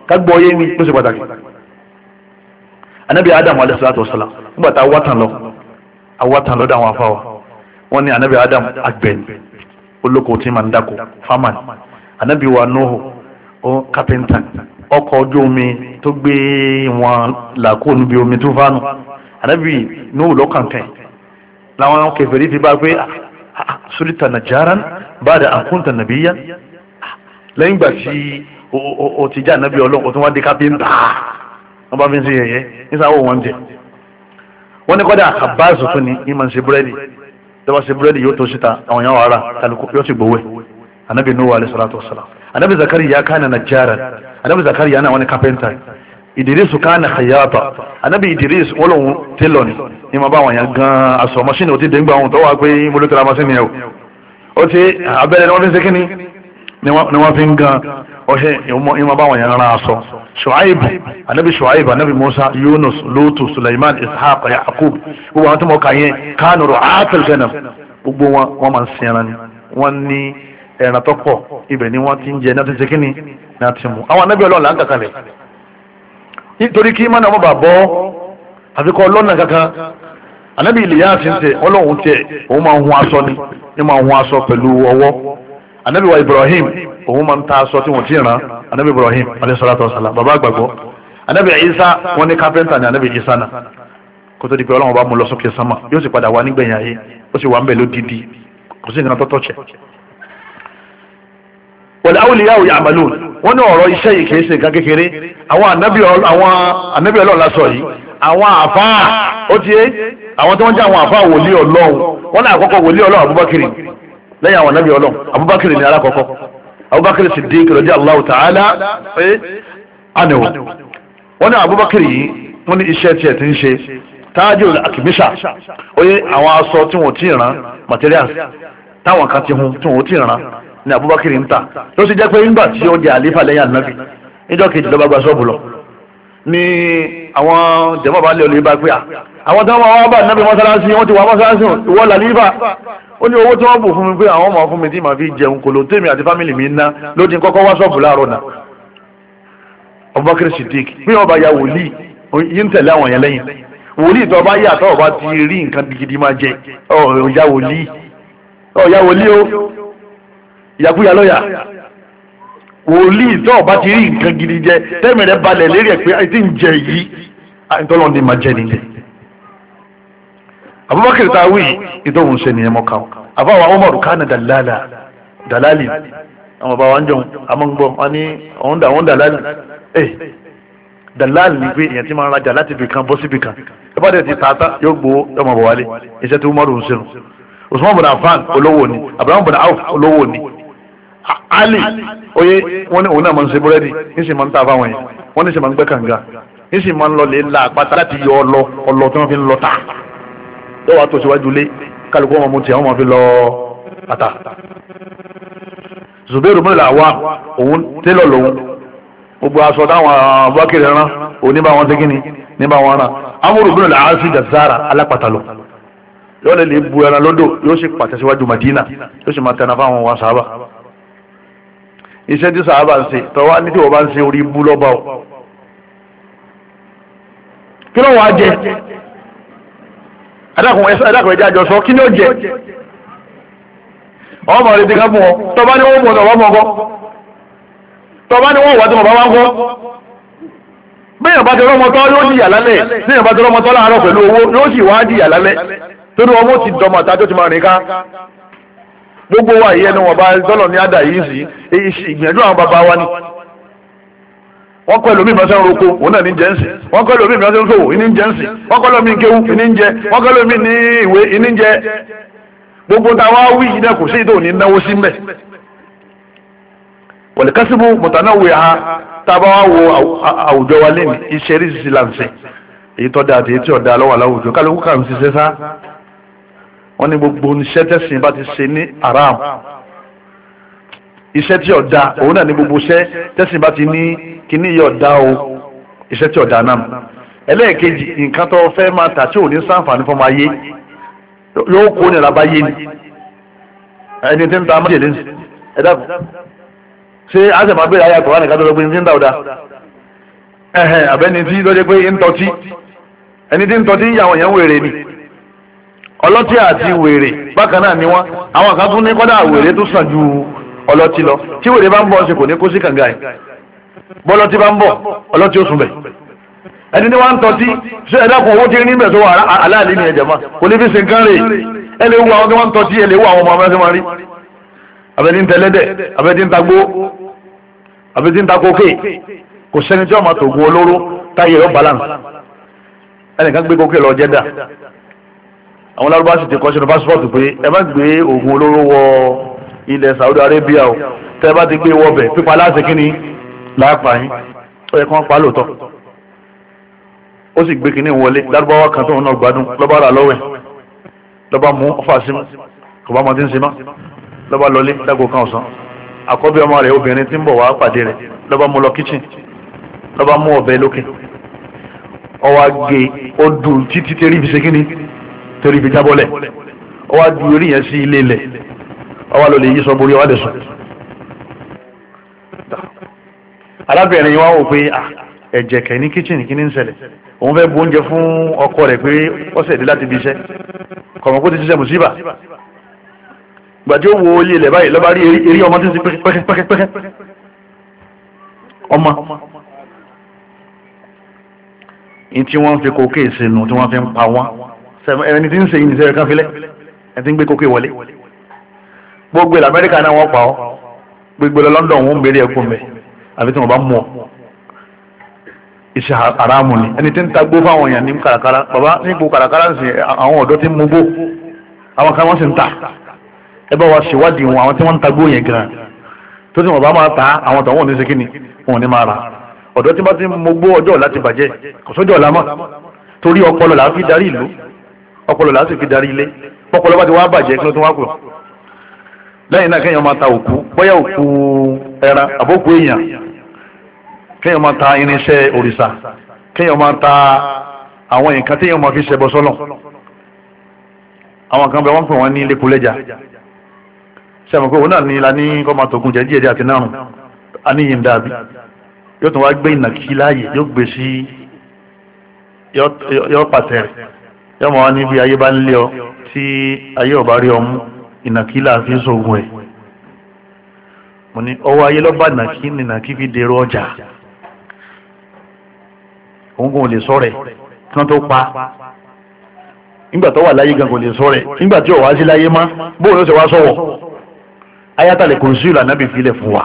kágbọ́ ọyẹ́ ní ló ṣe pàtàkì anabi adam alayhi salatu wasalam nígbà tá a wá tán lọ a wá tán lọ́dọ̀ àwọn afáwa wọ́n ní anabi adam agbẹ̀ni olóko tí ma ń dáko farmer anabi wa nuhu ó carpenter ọkọ̀ ojú omi tó gbé wọn làkó níbi omi tó fánù anabi nuhu lọ́kàntẹ̀ làwọn kèfèrí fi bá pé ah, ah, ah, sulita najaran bada ankunta nabiya lẹ́yìn gbà tí o ti já ànábì ọlọ́run o tún wá di kápẹ́ńtà wọ́n bá fi ń ṣe yẹ̀yẹ́ nísàwọ̀ wọn jẹ wọ́n ní kọ́dà Abbas tún ni ìmọ̀ ń ṣe búrẹ́dì tẹ́wọ́ ṣe búrẹ́dì yóò tó síta àwọn yàn wàrà kálukú yóò sì gbowó ẹ̀ Nuhu alayhi salatu wasalam ànábì Zakariya kana najjaran ànábì Zakariya náà wọ́n ní kápẹ́ńtà Idris kana khayyata anabi Idris wọlọhun télọ̀ ni ni ma bá wọn yẹn gan aṣọ mọṣíìnì ò ti dé ń gba ohun tó wà pé mo ló tẹ̀lé o ti abẹ́rẹ́ ni wọ́n fi ń ṣe ni wọ́n fi gan ohe ìmọ̀ báwọn asọ rán aṣọ ṣùáìb anabi ṣùáìb anabi musa yunus lutu suleiman ishaq yaqub gbogbo àwọn tó mọ̀ ká yẹn kánú rọ̀ gbogbo wọn wọn máa ń ni wọn ní ẹran tó ni ti ń jẹ anabi là ń nítorí kí ọmọ anabi yára ti ń tẹ tẹ òun ni ní máa ń hun aṣọ pẹ̀lú anabi wa ibrahim òun ma ń ta aṣọ tí ti ràn anabi ibrahim alayhisalatu wasalam baba agbagbọ anabi isa wọ́n ní kápẹ́ntà anabi isa kó tó di pé ọlọ́run bá mú lọ sókè sánmà yóò sì padà wá nígbẹ̀yìn ayé ó sì wà ń bẹ̀ lódìdí kò sí nǹkan tọ́tọ́ jẹ́. wal wọ́n ní ọ̀rọ̀ iṣẹ́ yìí kìí ṣe nǹkan kékeré àwọn anabi ọlọ́run lásọ yìí àwọn ó ti yé àwọn tí wọ́n jẹ́ àwọn lẹ́yìn àwọn anábì ọlọ́run abubakar ní alákọ̀ọ́kọ́ abubakar siddiq radi Allahu ta'ala ẹ́ ànẹ̀wò wọ́n ní abubakar yìí wọ́n ní iṣẹ́ tiẹ̀ ti ń ṣe táájú akimisa oye àwọn aṣọ tí wọ́n ti materials táwọn kan ti hun tí wọ́n abubakar ń ta ló sì jẹ́ pé nígbà tí ó jẹ́ àlífà lẹ́yìn anábì níjọ́ kejì lọ́ba gba ṣọ́ọ̀bù lọ ni àwọn jẹ̀mọ́ lé olè bá pé à ah, àwọn wọ́n ó ní owó tí wọ́n bù fún mi pé àwọn ọmọ fún mi tí màá fi jẹun kò ló tèmi àti fámìlì mi ná ló kọ́kọ́ wá ṣọ́ọ̀bù láàárọ̀ náà Abubakar Siddiq bí wọ́n bá ya wòlíì yìí ń tẹ̀lé àwọn yẹn lẹ́yìn wòlíì tó bá yà tó ti rí nǹkan gidi máa jẹ ọ̀ya wòlíì ọ̀ya o ìyàkúyà lọ́yà wòlíì tó ti rí nǹkan gidi jẹ balẹ̀ lérí ẹ̀ pé ń jẹ yìí abubakar ta wí ìdóhùn ṣe nìyẹn mọ́ká àbáwá umaru kánà dàlálà dàlálì àwọn bàbá wa ń jọun amọ́ngbọ́n wọn ní òun dà òun dàlálì ẹ̀ eh, dàlálì ni pé èèyàn ti máa ń rajà láti ibì kan bọ́ sí ibì kan ẹ bá dẹ̀ ti tààtà yóò gbowó ọmọ bọ̀ wálé iṣẹ́ tí umaru ń ṣe nù usman bin afan olówó ni abraham bin auf olówó ni ali oye wọn ní òun náà máa ń ṣe búrẹ́dì ní sì máa ń ta fáwọn yẹn wọn ní sì máa ń gbẹ́ kànga ní sì máa lọ lè la àpáta láti yọ ọlọ ọlọ tí wọ́n fi ń lọ ta yóò wá tó síwájú lé kálukú wọn mú tiẹ̀ wọn máa fi lọ ata zubairu bin lawa òun télọ lòun gbogbo aṣọ táwọn abúkiri ran òní bá wọn tẹ́kínni ní bá wọn ran amúrú bin laasi jazara alápàtàlọ yóò lè lè bu ẹran lódò yóò sì pàtẹ síwájú madina yóò sì máa tẹnà fáwọn wa sábà iṣẹ́ tí sábà ń ṣe tọ́wọ́ ní tí wọ́n bá ń ṣe orí ibú lọ́ba o kí ló wàá jẹ adákùnrin ẹjẹ àjọsọ kí ni ó jẹ ọmọ rẹ dìkan fún ọ tọba ni wọn mọ ọdọ wọn mọ tọba ni wọn wà tí wọn bá wá ń kọ bẹ́ẹ̀ bá tọrọ ọmọ tọ́ yóò jìyà lálẹ́ bẹ́ẹ̀ bá tọrọ ọmọ tọ́ láàárọ̀ pẹ̀lú owó yóò sì wá jìyà lálẹ́ torí ọmọ ti dọmọ àtàjọ ti máa rìn ká gbogbo wa yìí ẹnu wọn bá dọ́lọ̀ ní àdá yìí sí ìgbìyànjú àwọn bàbá wa ni wọ́n kọ́ ẹlòmíì mọ́sẹ́ roko òun náà ní jẹ́ ńsì wọ́n kọ́ ẹlòmíì mọ́sẹ́ nsòwò ìní jẹ́ ńsì wọ́n kọ́ ẹlòmíì kéwú ìní jẹ́ wọ́n kọ́ ẹlòmíì ní ìwé ìní jẹ́ gbogbo táwa wí yìí náà kò sí ìdóò ní náwó sí mbẹ́. wọ̀lẹ̀kásíbù mọ̀tànáwó ya tábà wá wo àwùjọ wa lẹ́nu iṣẹ́ rí sisi lànṣẹ́ èyí tọ́ da àti èyí tí ọ̀ da lọ́wọ́ aláwùjọ kálukú kà ń ṣiṣẹ́ sá iṣẹ́ tí ọ̀ da òun náà ní gbogbo iṣẹ́ tẹ̀sìn bá ti ní kíní yọ̀ dá o iṣẹ́ tí ọ̀dà náà ẹlẹ́ẹ̀kejì nǹkan tó fẹ́ máa tà tí ò ní sáǹfààní fún ọmọ ayé yóò kó nira bá yé ni ẹni tí ń ta májèlé ẹ dàpọ̀ ṣé àṣẹmọ abẹ́rẹ́ ayé àkọ́rọ́ nìkan tó lọ pé ní ti ń ta ọ̀dà ẹ̀hẹ̀ àbẹ́ni tí lọ́jọ́ pé ń tọ́tí ẹni tí ń tọ́tí ìyàwó yẹn wèrè ni ọlọ́tí àti wèrè bákan náà ni wọ́n àwọn kan tún ní kọ́dà wèrè tó sàn ju ọlọ́tí lọ tí wèrè bá ń bọ́ ṣe bọ́lọ́tí bá ń bọ̀ ọlọ́tí ó sùn bẹ̀ ẹni tí wọ́n ń tọ́tí ṣé ẹ̀dá kan owó tí ní bẹ̀ tó wà aláàlí ni ẹ̀jẹ̀ máa kò ní fi ṣe nǹkan rè
ẹ lè wo àwọn tí wọ́n ń tọ́tí ẹ lè wo àwọn ọmọ amẹ́sẹ̀ máa rí
abẹ́tí ń tẹlẹ́dẹ̀ abẹ́tí ń tagbó abẹ́tí ń takókè kò sẹ́ni tí wọ́n máa tògùn olóró táyé ọ balance ẹnìkan gbé kókè lọ jẹ́dà àwọn olóró Saudi Arabia o
tẹ́ bá ti gbé wọ bẹ̀ pípa
láti láàpáyín ó yẹ kí wọ́n pa lóòótọ́ ó sì gbé kínní wọlé lárúbáwá kan tóun náà gbádùn lọ́ba rà lọ́wẹ̀ lọ́ba mú ọfà símú kò bá mọtí ń simá lọ́ba lọlé dágò kan ọ̀sán àkọ́bí ọmọ rẹ̀ obìnrin tí ń bọ̀ wá pàdé rẹ̀ lọ́ba mú lọ kíchìn lọ́ba mú ọ̀bẹ lókè ọwọ́ agé ó dùn títí tẹ́rí fi ṣe kínní tẹ́rí fi jábọ́lẹ̀ ọwọ́ adu orí yẹn sí ilé ilẹ̀ ọwọ́ lọ lè yí sọ borí ọwọ́ lè sùn arábìnrin yìí wá wò pé ah, ẹ̀jẹ̀ kẹ̀ ní kíchìnì kí ní ń ṣẹlẹ̀ òun fẹ́ bu oúnjẹ fún ọkọ rẹ̀ pé ọ̀sẹ̀ dé láti bí iṣẹ́ kọ̀mọ̀ kó ti ṣiṣẹ́ mùsíbà gbàtí ó wo ilé ilẹ̀ báyìí lọ́ba rí eré ọmọ tó ti pẹ́kẹ́pẹ́kẹ́ ọmọ ní tí wọ́n fi kókè sínú tí wọ́n fi ń pa
wọ́n
ẹni tí ń ṣe yìí kan filẹ̀ ẹni tí ń gbé kókè wọlé gbogbo ilẹ̀ Amẹ́ríkà náà wọ́n pa ọ́ gbogbo ilẹ̀ London wọ́n ń bèrè ẹkùn bẹ́ẹ̀ àfi tí wọ́n bá mú ọ iṣẹ́ haramu ni ẹni tí ń ta gbó fáwọn èèyàn ní kàràkàrà bàbá nípò kàràkàrà ń sìn àwọn ọ̀dọ́ tí ń mú gbó àwọn kan wọ́n sì ń ta ẹ bá wa ṣèwádìí wọn àwọn tí wọ́n ń ta gbó yẹn gan tó tí wọ́n bá máa ta àwọn tó wọn ò ní ṣe kíni wọn ní máa rà ọ̀dọ́ tí wọ́n ti mú gbó ọjọ́ ọ̀la ti bàjẹ́ kò sójọ́ ọ̀la mọ́ torí ọpọlọ là fi darí ìlú ọpọlọ là sì fi darí ilé ọpọlọ bá ti wá bàjẹ́ kí ló ti wá kù lẹ́yìn náà kéèyàn máa ta òkú bóyá òkú ẹran àbókù èèyàn kéèyàn máa ta irinṣẹ́ òrìṣà kéèyàn máa ta àwọn nǹkan téèyàn máa fi ṣẹbọ sọ́lọ̀ àwọn kan bẹ wọ́n pè wọ́n ní lẹ́kùlẹ́jà sẹ́wọ̀n pé òun náà ní la ní kọ́ máa tògùn jẹ́jẹ́ ẹ̀dẹ́ àti nárùn a ní yìí dàbí yóò tún wá gbé ìnàkí láàyè yóò gbé sí yọ pàtẹ rẹ̀ yọ mọ̀ wá ní ayé bá ń lé ọ tí ayé ọ̀bá rí ọmú ìnàkí láàfin sóògùn ẹ̀ mo ní ọwọ́ ayé lọ́ba ìnàkí nìnàkí fi dèrò ọjà òun kò lè sọ rẹ̀
tí wọ́n tó pa
nígbà tó wà láyé gan kò lè sọ rẹ̀ nígbà tí ò wá sí láyé mọ́ bóun ló ṣe wá sọ̀wọ̀ ayatollah kò sí ìlànà bí filẹ̀ fún wa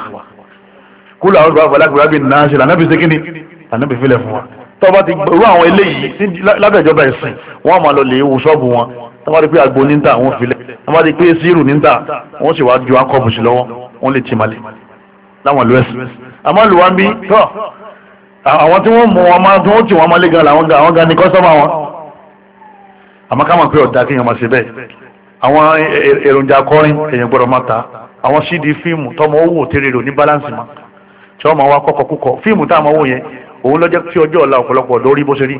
kúlọ̀ àwọn ìgbà àgbàlagbà rábì náà ṣe ìlànà bí ṣe kíni ìlànà bí filẹ̀ fún wa tọ́ba ti rú àwọn eléyìí lábẹ́jọba ẹ̀sìn wọ́n máa lọ lè wo ṣọ́ọ̀bù wọn tọ́ba ti pé agbo ní ta àwọn filẹ̀ tọ́ba ti pé síìrù ní ta wọ́n sì wá ju akọ́bù sí lọ́wọ́ wọ́n lè tì àwọn tí wọ́n mú wọn máa tún ó tì wọ́n máa lé gan làwọn gan àwọn gan ni kọ́sọ́mà wọn àmọ́ ká mọ̀ pé ọ̀dà kéèyàn máa ṣe bẹ́ẹ̀ àwọn èròjà akọrin èèyàn gbọ́dọ̀ máa ta àwọn cd fíìmù tọmọ owó tèrè rò ní balance ma tí wọ́n máa wá kọ́kọ́ kúkọ fíìmù tá a máa wò yẹn òun lọ́jọ́ tí ọjọ́ ọ̀la ọ̀pọ̀lọpọ̀ lórí bó ṣe rí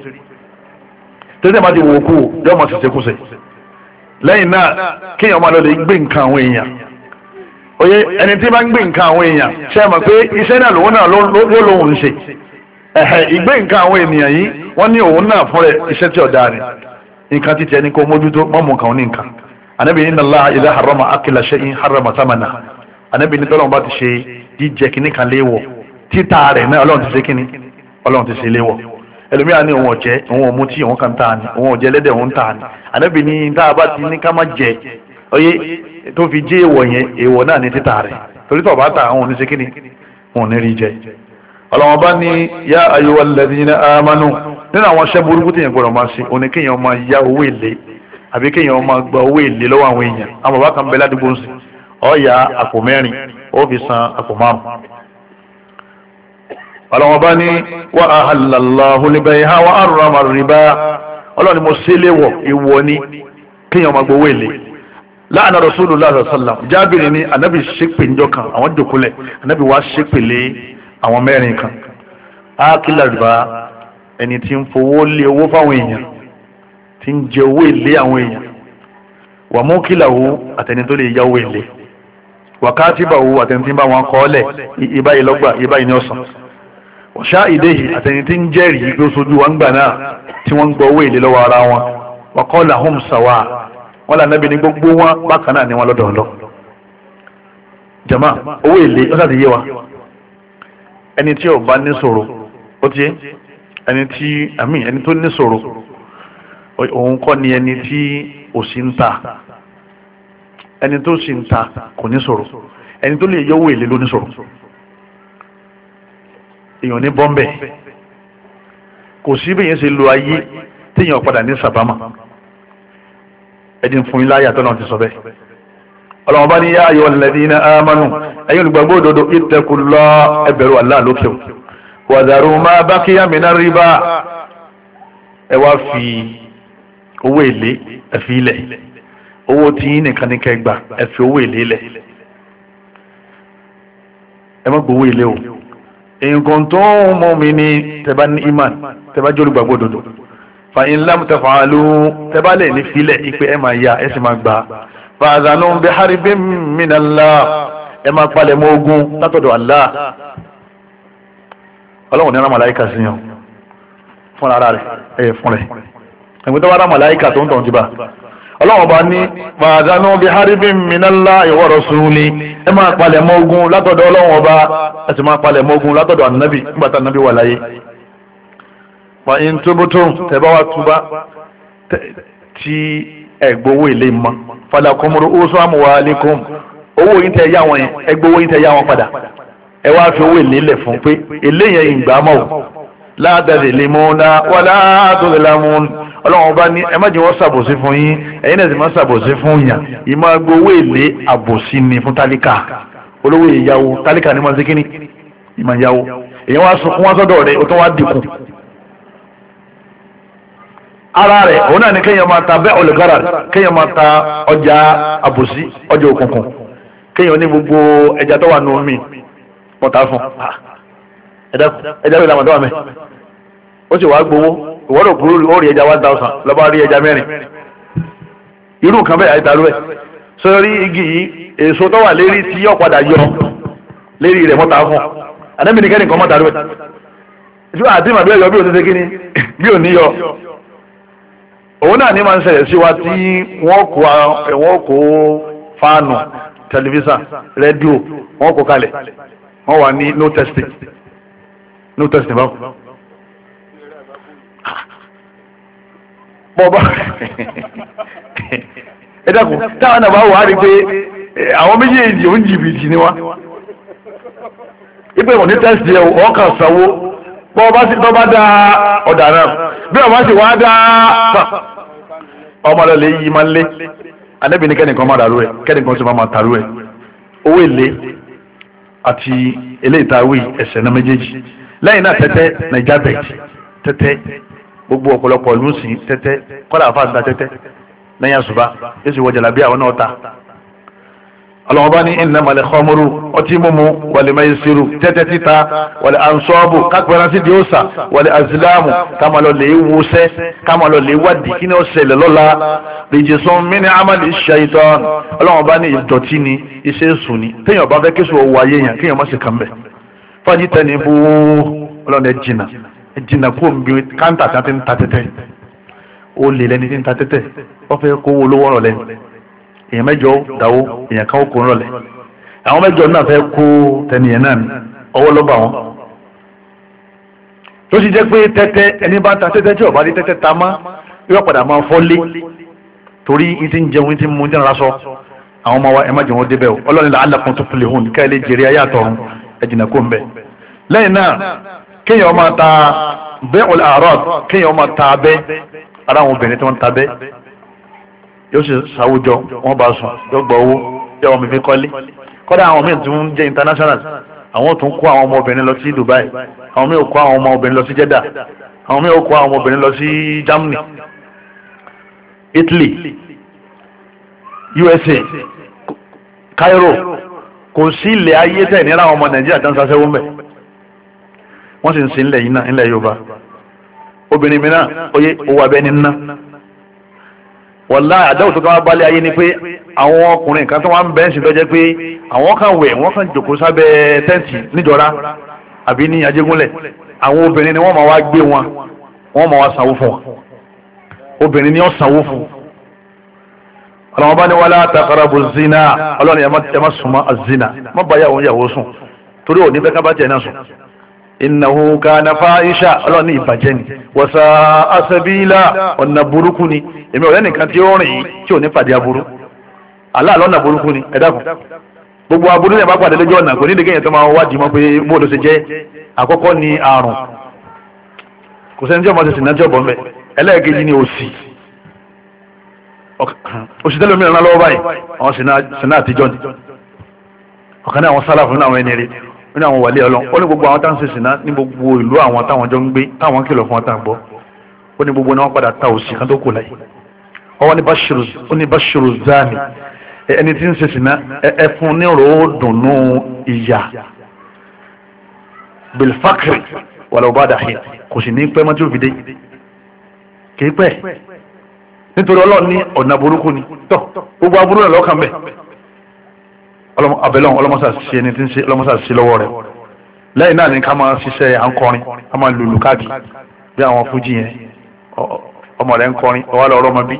tẹ́lẹ̀ máa di wò oye ẹni tí bá ń gbé nǹkan àwọn èèyàn ṣe é mọ̀ pé iṣẹ́ náà ẹ̀hẹ̀ ìgbé nǹkan àwọn ènìyàn yìí wọ́n ní òun náà fún rẹ̀ iṣẹ́ tí ọ̀dà rẹ̀ nǹkan títí ẹni kó mójútó mọ́mú nǹkan òní nǹkan anabi inna allah idha harama akila shay'in harama thamana anabi ní tọ́lọ́mù bá ti ṣe jíjẹ kínní kan léwọ̀ títà rẹ̀ náà ọlọ́run ti ṣe kínní ọlọ́run ti ṣe léwọ̀ ẹlòmíà ní òun ọ̀jẹ́ òun ò mutí òun kan tà ní òun ọ̀jẹ́ lẹ́dẹ̀ òun tà ní anabi ní tá a bá ti ní ká má jẹ oyé tó fi jẹ́ èèwọ̀ yẹn èèwọ̀ náà ní títà rẹ̀ torí bá tà òun ní ṣe kínní òun ní rí jẹ ọlọ́wọ́n bá ní yá ayuwa alladhina amanu nínú àwọn aṣẹ́ burúkú tèèyàn gbọ́dọ̀ máa ṣe òní kéèyàn máa ya owó èlé àbí kéèyàn máa gba owó èlé lọ́wọ́ àwọn èèyàn àwọn bàbá kan bẹ ládùúgbò ń sìn ọ ya àpò mẹ́rin ó fi san àpò márùn. ọlọ́wọ́n bá ní wa ahallallahu al-bay'a wa harrama ar-riba ọlọ́ni mo ṣe léwọ̀ ìwọ ni kéèyàn máa gba owó èlé láàánú rasulullah sallallahu jábìrin ni anabi ṣépè ńjọ́ kan àwọn jòkólẹ̀ anabi wa ṣépè lé àwọn mẹ́rin kan ákílà rìbá ẹni tí ń fowó lé owó fáwọn èèyàn tí ń jẹ owó èlé àwọn èèyàn wà mú kílàwó àtẹni tó lè yá owó èlé wàkátìbàwó àtẹni tí ń bá wọn kọ́ ọ́lẹ̀ ibà ìlọ́gbà ibà ìníọ̀sán ọ̀ṣá ìdéhì àtẹni tí ń jẹ́rìí pé sojú wa gbà náà tí wọ́n ń gbọ́ owó èlé lọ́wọ́ ara wọn wàkọ́ làhùn sàwà wọn là nábì ní gbogbo wọn bákan náà ni wọn lọ́dọọlọ́ jama owó èlé ó sàtìyé wa ẹni tí ó bá ní sọ̀rọ̀ ó ti ẹni tí àmì ẹni tó ní sọ̀rọ̀ òun kọ́ ni ẹni tí òṣì ń ta ẹni tó sì ń ta kò ní sọ̀rọ̀ ẹni tó lè yọwọ́ èlé ló ní sọ̀rọ̀ èèyàn ní bọ́m̀bẹ̀ kò sí bẹ́yẹn ṣe lo ayé téèyàn padà ní sàbámà ẹni fún yín láyà tó náà ti sọ bẹ́ẹ̀ ọlọ́wọ́n bá ní yá ayọ̀ alladhina amanu ẹ̀yin olùgbàgbọ́ òdodo ìtẹ̀kùlọ́ ẹbẹ̀rù Allah lókè wàdàrú máa bá kíyà mí náà rí bá ẹ wá fi owó èlé ẹ fi ilẹ̀ owó tí yín nìkan ní kẹgbà ẹ fi owó èlé lẹ̀ ẹ má gbowó èlé o nǹkan tó ń mú mi ní tẹ́bá ní iman tẹ́bá jẹ́ olùgbàgbọ́ òdodo fa in lam tẹ́bá lè ní filẹ̀ ipe ẹ máa ya ẹ sì máa gbà á fàzánù bí mina minallah ẹ máa palẹ̀ mọ́ ogun látọ̀dọ̀ Allah ọlọ́run ní ara màláìka sí yan fún ara rẹ̀ ẹ̀yẹ fún rẹ̀ ẹ̀gbẹ́ tó bá ara màláìka tó ń tọ̀ ti bá ọlọ́run bá ní fàzánù bí haribin minallah wa rasuli ẹ máa palẹ̀ mọ́ ogun látọ̀dọ̀ ọlọ́run ọba ẹ sì máa palẹ̀ mọ́ ogun látọ̀dọ̀ ànábì nígbà tá ànábì wà láyé wà ní tóbótó tẹ̀ bá wa túbá tí ẹ̀gbowó ilé mọ́ falakumuru usamu walikum owó yín tẹ yá wọn yẹn ẹgbẹ owó yín tẹ yá wọn padà ẹ wá fi owó èlé lẹ fún pé èlé yẹn ìgbà mọ o láàdàdì limuna wàlá àdúgbòlámù ọlọ́run bá ní ẹ má jẹ́ wọ́n ṣàbòsí fún yín ẹ̀yin náà sì má ṣàbòsí fún yàn ìmọ̀ agbo owó èlé àbòsí ni fún tálíkà olówó ìyàwó tálíkà ni wọ́n ṣe kíní ìmọ̀ ìyàwó èyàn wá sunkún wá sọ́dọ̀ rẹ̀ ó tún wá dínkù ara rẹ̀ òun náà ni kéèyàn máa ta bẹ́ẹ̀ olùgárà kéèyàn máa ta ọjà àbòsí ọjà òkùnkùn kéèyàn ní gbogbo ẹja tó wà nù mí wọ́n fún ẹja pẹ̀lú àmọ́tọ́ àmẹ́ ó sì wá gbowó ìwọ́dọ̀ kúrú ó rí ẹja one thousand lọ́ba rí ẹja mẹ́rin irú bẹ́ẹ̀ àìtàlú ẹ̀ igi yìí èso tó wà lérí tí yóò padà yọ lérí rẹ̀ mọ́ta fún mọ́ta òun náà ní ń sí wa tí wọ́n kó eh, wọ́n kó fáànù redio rédíò wọ́n kó kalẹ̀ wọ́n wà ní no testing no testing báwo. bọ́ọ̀bá ẹ dákun táwọn náà bá wà á rí i pé eh, àwọn méjèèjì jìbìtì ni ipe ní test yẹ bọ́ bá sì tọ́ba dá ọ̀dà náà bí ọba sì wá dá ọmọ rẹ̀ lè yí máa ń lé anẹ́bí ni kẹ́nìkan máa dàrú ẹ̀ kẹ́nìkan sì máa máa tàrú ẹ̀ owó èlé àti eléyìí tá a wí ẹ̀sẹ̀ náà méjèèjì lẹ́yìn náà tẹ́tẹ́ naija bet tẹ́tẹ́ gbogbo ọ̀pọ̀lọpọ̀ lùsìn tẹ́tẹ́ kọ́lá àfáàsì tẹ́tẹ́ lẹ́yìn àṣùbà yóò sì wọ jàlábí àwọn náà ta ọlọ́wọ́n bá ní ìnàmà lè xọ́múrú ọtí mímu wàlẹ̀ mẹ́sìrú tẹ́tẹ́ títa wàlẹ̀ ansọ́ọ̀bù kápẹ́ránsì di ọ̀sà wàlẹ̀ azilamu kàmàlọ́ lè wusẹ́ kàmàlọ́ lè wádìí kí ni ó ṣẹlẹ̀ lọ́la rìjìsùn mini amali ṣayitán ọlọ́wọ́n bá ní ìdọ̀tí ni iṣẹ́ sùn ni téèyàn bá fẹ́ kéṣù ọwọ́ ayé yẹn kéèyàn má ṣe kàn bẹ̀ fani tẹni bú ọlọ́run ẹ jìnnà èèyàn mẹ́jọ dáwó èèyàn kan ó kó ńlọlẹ̀ àwọn mẹ́jọ náà fẹ́ kó tẹnìyàn náà ní ọwọ́ lọ́ba wọn tó ti jẹ́ pé tẹ́tẹ́ ẹni bá ta tẹ́tẹ́ tí ọ̀bá dé tẹ́tẹ́ ta má yóò padà máa fọ́lé torí n ti ń jẹun n ti ń mu n ti ń raṣọ àwọn ọmọ wa ẹ má jẹ wọn débẹ̀ o ọlọ́run la'allakum tuflihun ká ẹ lè jèrè ayé àtọ̀run ẹ jìnnà kó ń lẹ́yìn náà
kéèyàn máa ta bẹ́ẹ̀ ọ̀lẹ́ àárọ̀ kéèyàn máa ta abẹ́
ara àwọn obìnrin tí wọ́n ta abẹ́ yóò ṣe sáwùjọ wọ́n bá sùn yóò gba owó yóò wọ́n mi fi kọ́lé kọ́dà àwọn míì tún jẹ́ international àwọn tún kó àwọn ọmọbìnrin lọ sí Dubai àwọn míì kó àwọn ọmọbìnrin lọ sí Jeddah àwọn míì kó àwọn ọmọbìnrin lọ sí Germany Italy USA Cairo kò sí ilẹ̀ ayé tẹ̀ níra àwọn ọmọ Nàìjíríà tó ń sasẹ́wó mbẹ̀ wọ́n sì ń sin ilẹ̀ yìí náà ilẹ̀ Yorùbá obìnrin mi náà owó abẹ́ni ńná wọ̀lá àdáwò tó kàn balẹ̀ ayé ni pé àwọn ọkùnrin kan tó wà ń bẹ́ǹsì lọ́jẹ́ pé àwọn kan wẹ̀ wọ́n kan jòkó sábẹ́ tẹ́ǹtì níjọra àbí ní ajégúnlẹ̀ àwọn obìnrin ni wọ́n máa wá gbé wọn wọ́n máa wá sanwó fún wọn obìnrin ni wọ́n sanwó fún ọlọ́wọ́n bá ní wala taqrabu zina ọlọ́run ẹ̀ má súnmọ́ àzina má bàyà òun yàwó sùn torí òní fẹ́ ká bá tiẹ̀ náà sùn innahu na fa'isha ọlọ́run ní ìbàjẹ́ ni wọ́sà asabila ọ̀nà burúkú ni èmi ọ̀rẹ́ nìkan tí ó rìn tí ò ní pàdé aburú Allah lọ́nà burúkú ni ẹ dákun gbogbo aburú ní ìbápàdé lójú ọ̀nà kò ní ìdíkẹ́ yẹn tó máa wádìí mọ́ pé bóòdó ṣe jẹ́ àkọ́kọ́ ni àrùn kò sẹ́ni tí ọmọ ṣe sì náà tí ọ̀bọ̀ mbẹ́ ẹlẹ́ẹ̀kejì ni òsì òsì tẹ́lẹ̀ mìíràn lọ́wọ́ báyìí àwọn sinna àtijọ́ ni ọ̀kan náà àwọn sálàfù náà àwọn ẹni rẹ̀ nínú àwọn wàlẹ́ ọlọ́run ó ní gbogbo àwọn táwọn ṣèṣìn náà ní gbogbo ìlú àwọn táwọn jọ ń gbé táwọn kìlọ̀ fún ọ̀tá gbọ́ ó ní gbogbo náà wọ́n padà ta òsì kan tó kù láyé ọwọ́ ní bashiru ó ní bashiru zani ẹni tí ń ṣèṣìn náà ẹ fún ní ọ̀rọ̀ ó dùnnú ìyà bilfakri wàlẹ̀ ọba àdàhìn kò sì ní pẹ́ mọ́tí òfìdé kì nítorí ọlọ́run ní ọ̀nà burúkú ni tọ́ gbogbo aburú náà lọ́kàn bẹ́ẹ̀ abẹ́lọ́n ọlọ́mọsà sí lọ́wọ́ rẹ̀ lẹ́yìn náà ni ká máa ṣiṣẹ́ àǹkọrin ká máa lùlù káàkiri bí àwọn fújì yẹn ọmọ rẹ̀ ń kọrin ọwọ́ lọ ọmọ bí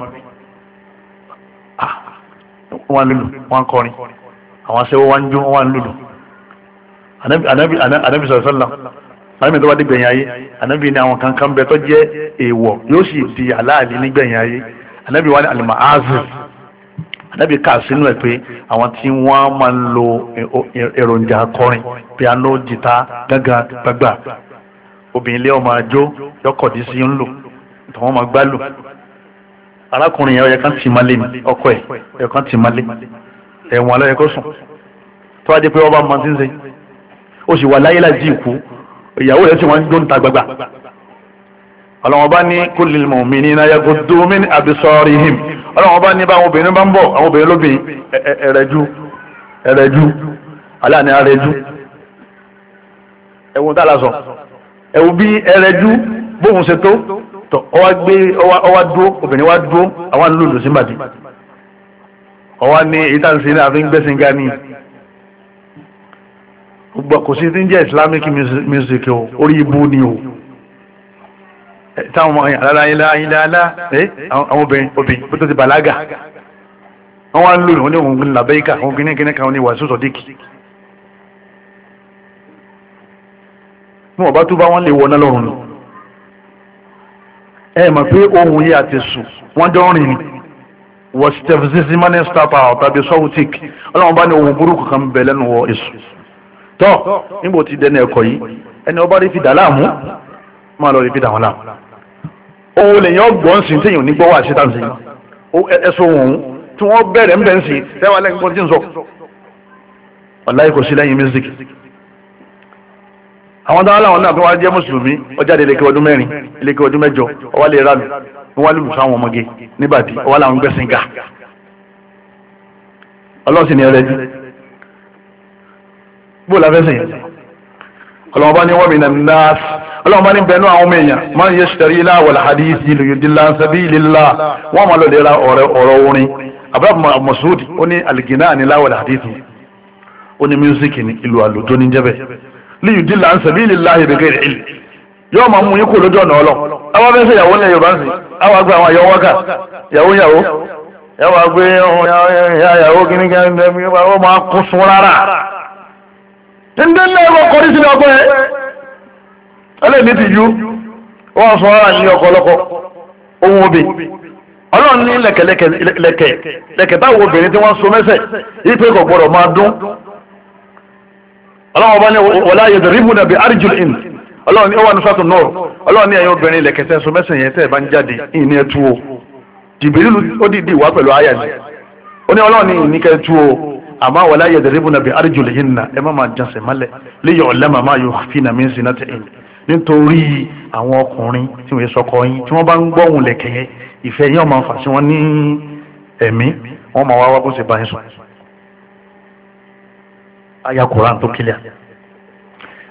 wọ́n lùlù wọ́n kọrin àwọn aṣẹ́wó wọ́n jó wọ́n lùlù anabi sọ̀rọ̀sọ̀lá anabi tó bá dé gbẹ̀yìn ayé anabi ni àwọn kankan bẹ tó jẹ́ èèwọ̀ yóò sì di aláàlí nígbẹ̀yìn ayé anabi wà ní alimọ̀ azif ànábì kà sínú ẹ̀ pé àwọn tí wọ́n máa ń lo èròjà akọrin piano jìtá
gángan gbàgbà
obìnrin ilé ọmọ àjò yọkọ̀dí sí ń lò tọ́wọ́n máa gbá lò arákùnrin yẹn ọ̀yẹ̀kan tì máa lé mi ọkọ ẹ̀ ọ̀yẹ̀kan tì máa lé ẹ̀wọ̀n alẹ́ ẹ̀kọ́ sùn tó wá dé pé ọba máa ti ń ṣe ó sì wà láyé láì dí ìyàwó rẹ̀ tí wọ́n ń gbóǹta gbàgbà ọlọ́wọ́n bá ní kullil mu'minina yaghuddu min absarihim ọlọ́wọ́n bá ní báwọn obìnrin bá ń bọ̀ àwọn obìnrin lóbìn ẹ̀rẹ̀jú ẹ̀rẹ̀jú aláàní arẹ̀jú ẹ̀wọ̀n tá a la sọ ẹ̀wọ̀n bí ẹ̀rẹ̀jú bóun ṣe tó tọ ọwá gbé ọwá dúró obìnrin wá dúró àwọn lòlù sí màdì ọwá ní èyí tá à ń ṣe ní àfihàn gbẹ̀sìn gani gbogbo kò sí ti táwọn ọmọ alára ilá ilá alá àwọn obìnrin obìnrin bó tó ti bàlágà wọ́n wá ń lò wọ́n ní òun gbin làbẹ́yíkà òun gbin kíní kan ní wàásù sọ̀díkì ní ọba tó bá wọn lè wọná lọ́rùn ni ẹ mọ̀ pé ohun yìí àti sùn wọ́n jọ rìn ni wọ́sítẹ́fù sísí mọ́ni stapa tàbí sọ́wọ́tìk ọlọ́run bá ní ohun burúkú kan bẹ̀ lẹ́nu wọ èso tọ́ níbo ti dẹnu ẹ̀kọ́ yìí ẹni ọba rí fi dà láàmú máa lọ rí bídà wọn láàmú òun lèyàn gbọ́n sí téèyàn ní gbọ́wọ́ àṣetà sí ẹ̀sùn òun tí wọ́n bẹ̀rẹ̀ ń bẹ̀ ń sí tẹ́wà lẹ́yìn kan tí ń sọ ọ̀láyé kò sí lẹ́yìn music àwọn dáhùn láwọn náà tó wá jẹ́ mùsùlùmí ọjà lè lékè ọdún mẹ́rin lékè ọdún mẹ́jọ ọwá lè rà mí wọ́n lè lùsọ àwọn ọmọge níbàdí ọwá làwọn gbẹ̀sìn ga ọlọ́sìn ni ẹrẹ́jú bó la fẹ́ sìn ọlọ́mọba ni wọ́n mi nà ń ọlọ́run bá ní bẹ̀ẹ́nu àwọn ọmọ èèyàn máa ń yẹ ṣẹ̀rí ilá wal hadith lòyìndínlá ń sẹ́bí ìlélá wọ́n máa lọ́ọ́ lè ra ọ̀rọ̀ orin abúlé Mas'ud ó ní alìgínà ànílá wal hadith ó ní mísíkì ní ìlú àlùtó ní jẹ́bẹ̀ lòyìndínlá ń sẹ́bí ìlélá ìbẹ̀gẹ̀ yóò máa mú ẹlẹ́ni ti yú wọ́n sọ ara ní ọkọ̀ ọlọ́kọ̀ ohun obì ọlọ́run ní lẹ̀kẹ̀lẹ̀kẹ̀ lẹ̀kẹ̀ táwọn obìnrin tí wọ́n so mẹ́sẹ̀ yìí pé kò gbọ́dọ̀ máa dún ọlọ́run ọba ní wọlá yẹ dẹ̀rìbù nàbí arjul in ọlọ́run ní ọwọ́ nusatu nọ́ọ̀ ọlọ́run ní ẹ̀yin obìnrin lẹ̀kẹ̀tẹ̀ so mẹ́sẹ̀ yẹn tẹ́ ẹ̀ bá ń jáde yìí ní ẹtú o jìbìrìlù ó dìdì wá pẹ̀lú àyà ni ó ní ọlọ́run ní ìníkẹ́ ẹtú o àmọ́ wọlá yẹ dẹ̀rìbù nàbí arjul in na má máa jànsẹ̀ mọ́lẹ̀ nítorí àwọn ọkùnrin tí wọ́n sọkọ yín tí wọ́n bá ń gbọ́hùn lẹ̀kẹ̀ yẹn ìfẹ́ yẹn máa ń fà sí wọn ní ẹ̀mí wọ́n máa wá wá bó ṣe bá yín sùn. aya koran tó kílẹ̀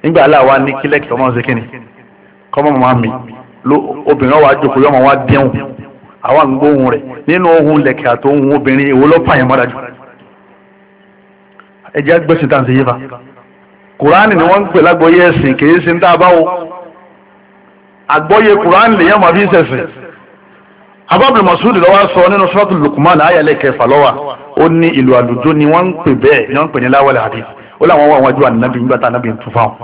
nígbà aláwa ní kílẹ̀ kí ọmọ ṣe kíni kọ́mọ máa mi obìnrin wa jókòó yọmọ wa dẹ́hùn àwa ń gbóhùn rẹ̀ nínú ohun lẹ̀kẹ̀ àti ohun obìnrin èwo lọ́pàá yẹn mọ́ra jù ẹ̀jẹ̀ gbèsè tá à ń ṣe yé fa kùránì ni wọ́n ń pè lágbóyè ẹ̀sìn kì í ṣe ń tá a bá wo àgbóyè kùránì lèyàn máa fi ṣẹ̀sìn abábìlì masud lọ́wọ́ sọ nínú sọ́ọ̀tù lukuman ayẹlẹ kẹfà lọ́wọ́ ó ní ìlú àlùjọ ni wọ́n ń pè bẹ́ẹ̀ ni wọ́n ń pè ní láwọlẹ̀ àdé ó láwọn wà wájú ànábì nígbà tá ànábì ń tún fáwọn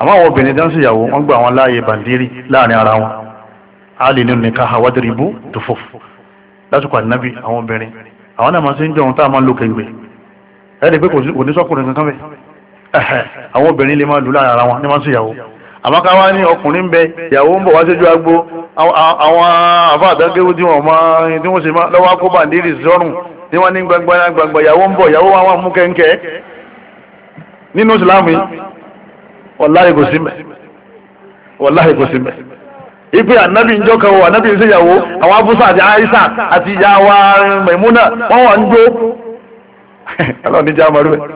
àmọ́ àwọn obìnrin dánsì ìyàwó wọ́n gba àwọn láàyè bàndírì láàrin ara wọn a lè nínú nìkan àwádìrìbú tòfò lásìkò ànábì àwọn obìnrin àwọn náà máa ṣe ń jọ tá a máa ń lo kẹgbẹ ẹ àwọn obìnrin lè máa lù lára ara wọn ní máa ń ṣèyàwó àmọ́ ká wá ní ọkùnrin agbo àwọn àfa àtàgéwò tí wọ́n máa tí wọ́n sì máa lọ́wọ́ kó bàndírì sọ́rùn tí wọ́n ní gbangba gbangba ìyàwó ń ìyàwó wa wà mú kẹ́ńkẹ́ nínú ìsìlámù wàláhì kò sí mẹ́ wàláhì kò sí mẹ́ ipe anabi njọ kan anabi àwọn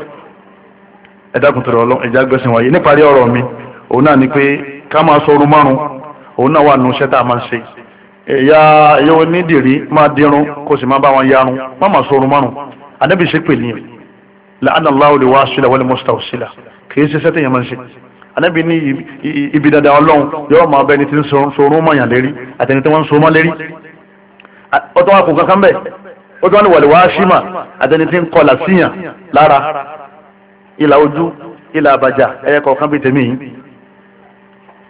ẹ̀dákun tó rọ̀ ẹ̀já gbẹ̀sìn wáyé níparí ọ̀rọ̀ mi òun náà ni pé ká máa sọ orun márùn òun náà wà nù iṣẹ́ tá a máa ṣe ẹ̀yà ẹ̀yọ́ onídìrí máa dirun kó sì máa bá wọn yarun má máa sọ orun márùn ànábì ṣe pè níyẹn la'ana Allahu lè wá sílẹ̀ wọlé mọ́sítà òsílà kì í ṣe iṣẹ́ tẹ̀yẹ̀ máa ń ṣe ànábì ní ibi dada ọlọ́run yóò máa bẹni tí ń sorun ìlà ojú ìlà àbàjá ẹyẹ kọ̀ọ̀kan bíi tèmi yìí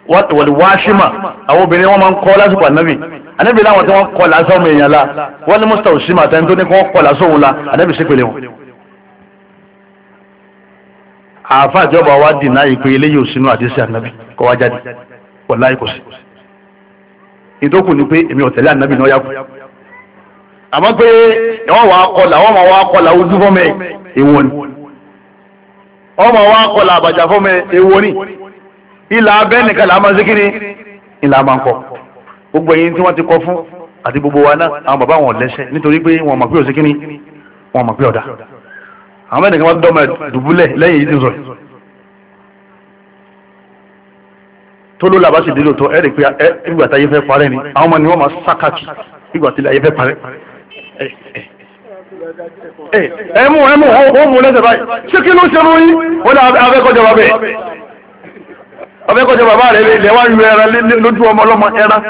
wọ́n wá ṣímà àwọn obìnrin wọn máa ń kọ́ lásìkò ànábì ànábì láwọn tí wọ́n kọ́ lásán ọmọ èèyàn la wọ́n ní mọ́sítà òṣìmà àtẹni tó ní kọ́ kọ́ lásán òun la ànábì sí pèlè wọn. àáfà ìjọba wa dì náà ìpè eléyìí òsínú àdísí ànábì kọ́ wá jáde wọ́n láì kò sí. ìdókù ni pé èmi ọ̀tẹ̀lẹ̀ ànábì náà yàgò. àmọ́ pé wọ́n wá kọlà wọ́n máa wá kọlà ojú fọ́mẹ́ ìwọ̀n ọmọ wa kọlà àbàjá fún mi èwo ni ilà abẹ́ nìkan làá máa ń síkiri ilà máa ń kọ gbogbo ẹ̀yin tí wọ́n ti kọ fún àti gbogbo wa náà àwọn bàbá wọn lẹ́sẹ̀ nítorí pé wọn mọ̀ pé òsíkiri wọn mọ̀ pé ọ̀dà àwọn mẹ́rin kan wá dọ́mọ dùbúlẹ̀ lẹ́yìn yìí ti sọ̀rọ̀ tó ló làbá sì dé lóòótọ́ ẹ̀rì pé ìgbà tí ayé fẹ́ parẹ́ ni àwọn ọmọ ni wọ́n máa sákàkì ìgbà tí ayé fẹ́ parẹ́
ẹmú ẹmú ó mú lẹ́sẹ̀ báyìí ṣé kí ló ṣe mú yín ó ní abẹ́kọ̀jọba bẹ́ẹ̀ abẹ́kọ̀jọba bá rẹ̀ ilẹ̀ wá
yú ẹran lójú ọmọ ọlọ́mọ ẹran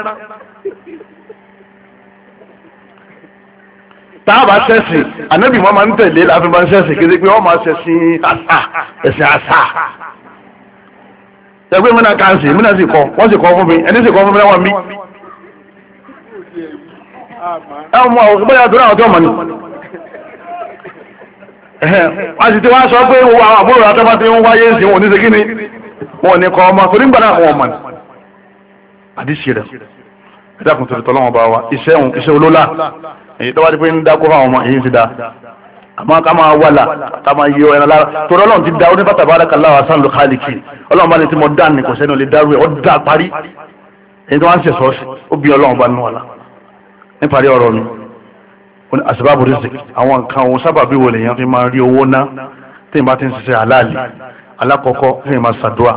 táàbà sẹ́sìn ànábì wọn máa ń tẹ̀lé láfi máa ń sẹ́sìn kéde pé wọ́n máa sẹ́sìn àṣà ẹ̀sìn àṣà ẹgbẹ́ mi náà kàn sí mi náà sì kọ́ wọ́n sì kọ́ fún mi ẹni sì kọ́ fún mi náà mi. ẹ mọ àwọn bóyá àdúrà àwọn tí wọ́n ni. wọ́n sì ti wá sọ pé wo àwọn àbúrò àtọ́mọ́ ti ń wáyé sí wọn oníṣe kíni
wọn ní kọ́ ọmọ torí ń gbàdá àwọn ọmọ ni
rẹ̀ wa iṣẹ́ òun iṣẹ́ olólà èyí di pé ń dákó fáwọn ọmọ èyí ti da àmọ́ ká máa wàlà ká máa lára torí ọlọ́run ti da onífàtà báraka láwa sàn ló kálíkì ọlọ́run bá ní tí mo dá lè dárú ẹ̀ ọ́ dá parí èyí tó wá ń ó bí ó ní àṣìbábù rísì àwọn nǹkan òun sábà bí wọlé yẹn fi máa rí owó ná tí ìbá ti ń ṣiṣẹ́ àlàálì alákọ̀ọ́kọ́ tí ìbá ṣàdúrà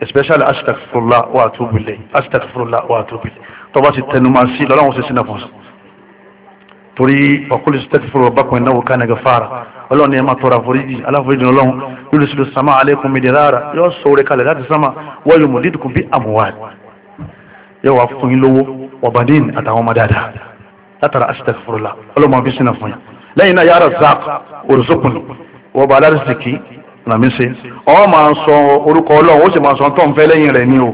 especially astaghfirullah wa atubu ilayhi astaghfirullah wa atubu ilayhi tó bá ti tẹnu máa sí lọ́lọ́run ṣe sínú fún torí ọkùnrin astaghfirullah rabbakum innahu kana ghafara ọlọ́run ni ẹ máa tọrọ àforíjì aláforíjì ọlọ́run lórí sílùú sàmà alaykum midrara yóò sọ orí kalẹ̀ láti sàmà wọ́n yóò mọ̀ dídùkú bí àmúwá yóò wá fún yín lówó wàbàdín àtàwọn ọmọ dáadáa látara astaghfirullah ọlọ́mọ bí sínú fún yà
lẹ́yìn náà ya Razzaq
orzokun wọ́n bá alárìsìkì ràmí ṣe ọ máa sọ orúkọ ọlọ́run ó sì máa sọ tó ń fẹ́ lẹ́yìn rẹ̀ ní o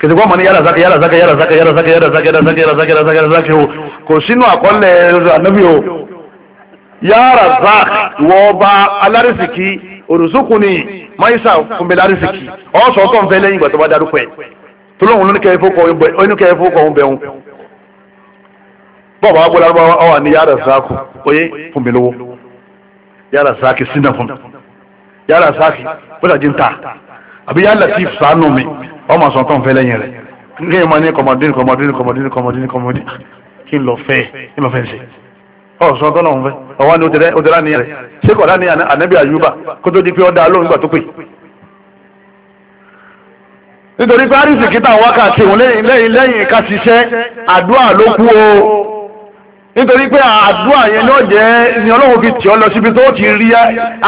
kìtì wọ́n mọ̀ ní ya Razzaq ya Razzaq ya Razzaq ya Razzaq ya Razzaq ya Razzaq ya Razzaq ya Razzaq ya Razzaq o kò sínú àkọọ́lẹ̀ ànábì o ya Razzaq wọ́n bá alárìsìkì orzokun ni maisa fún mi alárìsìkì ọ sọ tó ń fẹ́ lẹ́yìn ìgbà tó bá darúpẹ́ tó lóun ló ní kẹ́ bọ́ọ̀bù wa gbọ́dọ̀ àwọn àwọn ni yàrá sáàkù oyé fún mi lówó yàrá sáàkì sínú fún yàrá sáàkì bọ́dà jí ń ta àbí yàrá latif sànù mi ọmọ sọ tó ń fẹ́ lẹ́yìn rẹ̀ nígbà yìí máa ní kọmọdé kọmọdé kọmọdé kọmọdé kọmọdé kí n lọ fẹ́ kí n lọ fẹ́ ṣe ọ̀sán tó náà fẹ́ ọ̀wá ni ó dẹ́rẹ́ ní rẹ̀ ṣé kọ̀dá ní ànábì àyùbá kó tó di pé ó dá lóhùn nígbà tó pè. nítorí pé àrísìkí táwọn wákàtí òun lẹ́yìn lẹ́yìn ká ṣiṣẹ́ àdúrà ló kú o nítorí pé àdúrà yẹn náà jẹ́ ni ọlọ́run fi tì ọ́ lọ síbi tó ti rí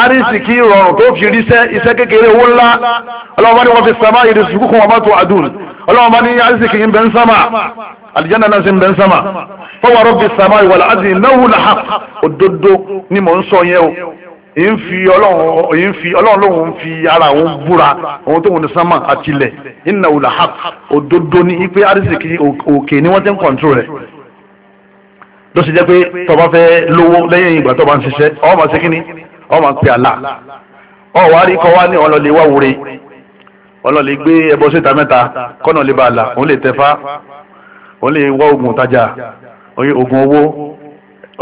àrísìkí rọrùn tó fi rí iṣẹ́ kékeré owó ńlá ọlọ́run bá ní wọ́n fi sàmá ìdí sùkúkú wọn bá tó àdùn ọlọ́run bá ní àrísìkí ń bẹ ń sàmà àlìjáná náà sì ń bẹ ń sàmà fọwọ́ rọ́bì sàmá ìwà láti náwó làhà òdodo ni mò ń sọ yẹn o èyí ń fi ọlọ́run lòun ń fi ara òun búra òun tó ní sánmà àtilẹ̀ ìnáwó làhà òdodo ni ipe àrísìkí òkè ni wọ́n ti ń kọ̀ǹtró rẹ̀ ló sì jẹ́ pé tó bá fẹ́ lówó lẹ́yìn ìgbà tó bá ń ṣiṣẹ́ ọ máa ṣe kíni ọ máa pe àlà ọ wá rí kọ́ wá ní ọlọ́lẹ̀ wá wúre ọlọ́lẹ̀ gbé ẹbọ síta mẹ́ta kọ́nà lè ba àlà òun lè tẹ̀fá òun lè wá oògùn tajà oògùn owó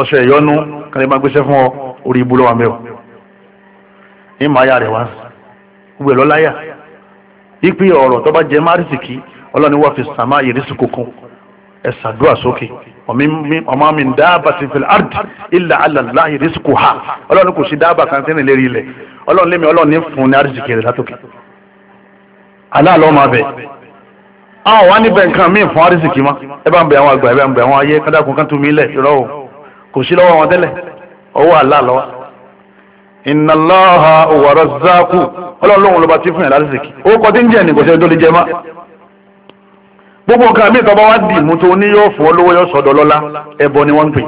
ọṣẹ ìyọnu kan máa gbéṣẹ́ fún ọ orí ibu lọ́wọ́ mẹ́wọ̀ ní màá yà rẹ̀ wá gbogbo lọ́láyà ipi ọ̀rọ̀ tó bá jẹ márìsìkì ọlọ́ni wà fi sàmá ìrísí kòkó ẹ̀ sàdúrà sókè ọmọ mi dáàbà ti fil ard illa ala Allahi rizquha ọlọ́run kò sí dáàbà kan sínú ìlérí ilẹ̀ ọlọ́run lémi ọlọ́run ní fún ní àrísìkì rẹ̀ látòkè
aláàlọ́ máa bẹ̀
àwọn wá níbẹ̀ nǹkan míì fún àrísìkì ma ẹ bá ń bẹ àwọn àgbà ẹ bá ń bẹ àwọn ayé kádàkùn kan tún mí lẹ̀ rọ́ o kò sí lọ́wọ́ wọn tẹ́lẹ̀ ọwọ́ aláàlọ́ inna Allaha huwa razzaqu ọlọ́run lọ́ba ti fún yàrá àrísìkì ó kọ́ gbogbo nǹkan mi tọ́ba wá dì mú tó ní yóò fún olówó yóò sọ̀dọ̀ lọ́la ẹ̀bọ ni wọ́n ń pè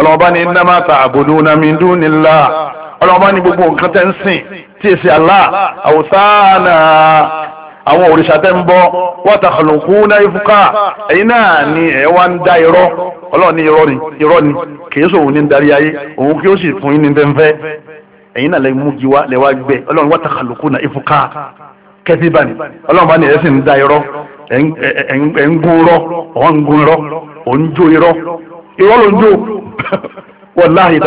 ọlọ́mọba ní iná máa ta àbòdò nami dúnilá ọlọ́mọba ní gbogbo nǹkan tẹ́ ń sìn tí èsì àlá àwòsánà àwọn òrìṣà tẹ́ ń bọ́ wọ́tà kàlùkù náà ifúkà ẹ̀yin náà ni ẹ̀ wá ń dá irọ́ ọlọ́ọ̀ni irọ́ ni irọ́ ni kìí sòwò ní darí ayé òun kí ó sì fún yín ní tẹ́ńfẹ́ ẹ̀yin náà lè mú gi wá lè wá gbẹ ọlọ́ọ̀ni wọ́tà kàlùkù náà ifúkà kẹ́fíbà ni ọlọ́ọ̀ni bá ẹ̀ sì ń dá irọ́ ẹ̀ ń gún irọ́ irọ́ ló ń ni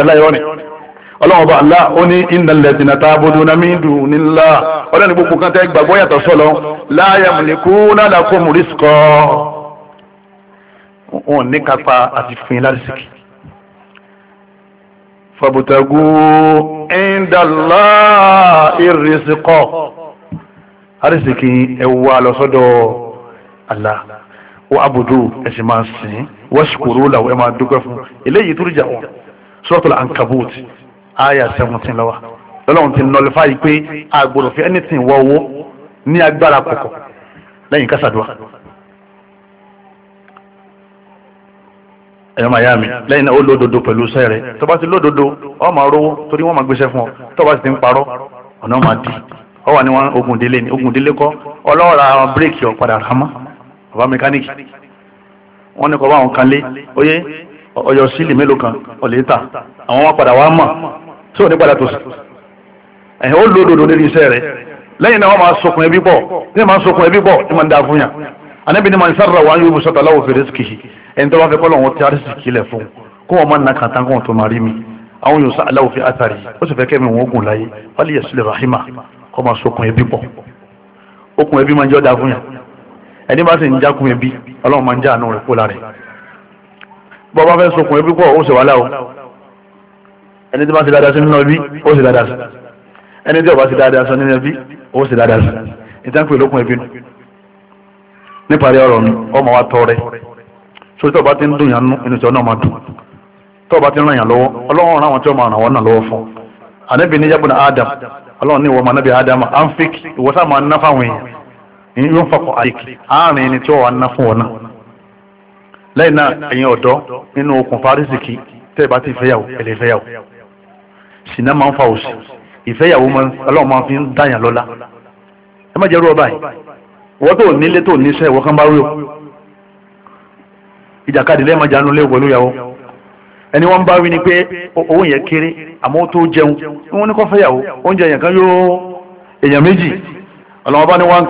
Allah ó ní ìnàlẹ̀sìn àtàbọ̀dún náà mídù nílá ọlọ́ni gbogbo kan tẹ́ gbàgbọ́ yàtọ̀ sọ́lọ́ láàyè mùlẹ̀kú nálàkó mùrísìkọ́ wọn ní kápá àti fún fàbùtàgù ìndàlá Allah wa abudu ẹ̀sìn máa sìn washkuru lahu ẹ̀ máa dúpẹ́ fún eléyìí tó rìjà wọn suratul ankabut aya seventeen lọ́wọ́ lọ́lọ́run ti nọlifá yìí pé àgbọ̀dọ̀ fi anything wọ owó ní agbára kọ̀kọ̀ lẹ́yìn kásádùá ẹ̀yọ́ màá yá mi lẹ́yìn náà ó lódodo pẹ̀lú sẹ́rẹ̀ tó bá ti lódodo ọ máa rówó torí wọ́n máa gbéṣẹ́ fún ọ tó bá ti ti ń parọ́ ọ̀nà máa di ọ wà ní wọn ogun délé ni ogun délé kọ́ ọlọ́wọ́ ra bíréèkì ọ̀ padà rámọ́ bàbá mẹkáníkì wọ́n ní kọ́ bá àwọn kan lé oyé ọyọ sílì mélòó kan ọ̀lẹ́ta àwọn wọn padà wá mọ̀ tí ò ní padà tó sí ẹ̀hìn ó lòdòdò lórí iṣẹ́ rẹ̀ lẹ́yìn náà wọ́n máa sokùn ẹbí bọ̀ ní máa sokùn ẹbí bọ̀ ní máa ń da fún yàn anábì ní máa ń sára wà ń yóò sọ̀tà láwọ̀ fèrè sí kìí ẹni tó bá fẹ́ kọ́ lọ́wọ́ tí arísì kì fún kó wọn máa ń na kàtà kó wọn tó máa rí mi àwọn yóò sá aláwọ̀ fi àtàrí ó sì fẹ́ kẹ́mi wọn ogun láyé wálé yẹ sílẹ̀ rahima kó máa sokùn ẹbí bọ̀ okùn ẹbí máa ń jọ́ da fún yàn ẹni bá sì ń jákun ẹbí ọlọ́run máa ń já àánú rẹ̀ kó lára ẹ̀ bọ́ bá fẹ́ sokùn ẹbí pọ̀ ó sì wá láwo ẹni tí bá ti dáadáa sí nínú ẹbí ó sì dáadáa sí ẹni tí ó bá ti dáadáa sí nínú ẹbí ó sì dáadáa sí ìtàn pè ẹbí nù níparí ọ̀rọ̀ mi ọmọ wa tọ́ rẹ sórí tó bá ti ń dùn yàn nú inú tí ọ náà máa dùn tó bá ti ń ràn yàn lọ́wọ́ ọlọ́run ràn wọ́n tí ó máa ràn wọ́n lọ́wọ́ fún ànábì níyàbùnà Adam ọlọ́run ní ìwọ ọmọ ànábì Adam anfik ìwọ sáà máa ná fáwọn èèyàn yóò fakọ̀ àyíkì àárín ẹni tí wọ́n wà ná fún wọn náà lẹ́yìn náà ẹ̀yin ọdọ nínú okùn farisiki tẹ́ ẹ bá ti fẹ́yàwó ẹ̀lẹ́ fẹ́yàwó ṣìnà máa ń fa òṣì ìfẹ́yàwó ọlọ́run máa fi ń dáyàn lọ́lá ẹ má ọba yìí wọ́n tó nílé tó níṣẹ́ ìwọ́n kan bá rí o ìjàkadì jánu lé ìyàwó ẹni wọ́n bá ni pé owó yẹn ọlọ́wọ́ bá ní wọ́n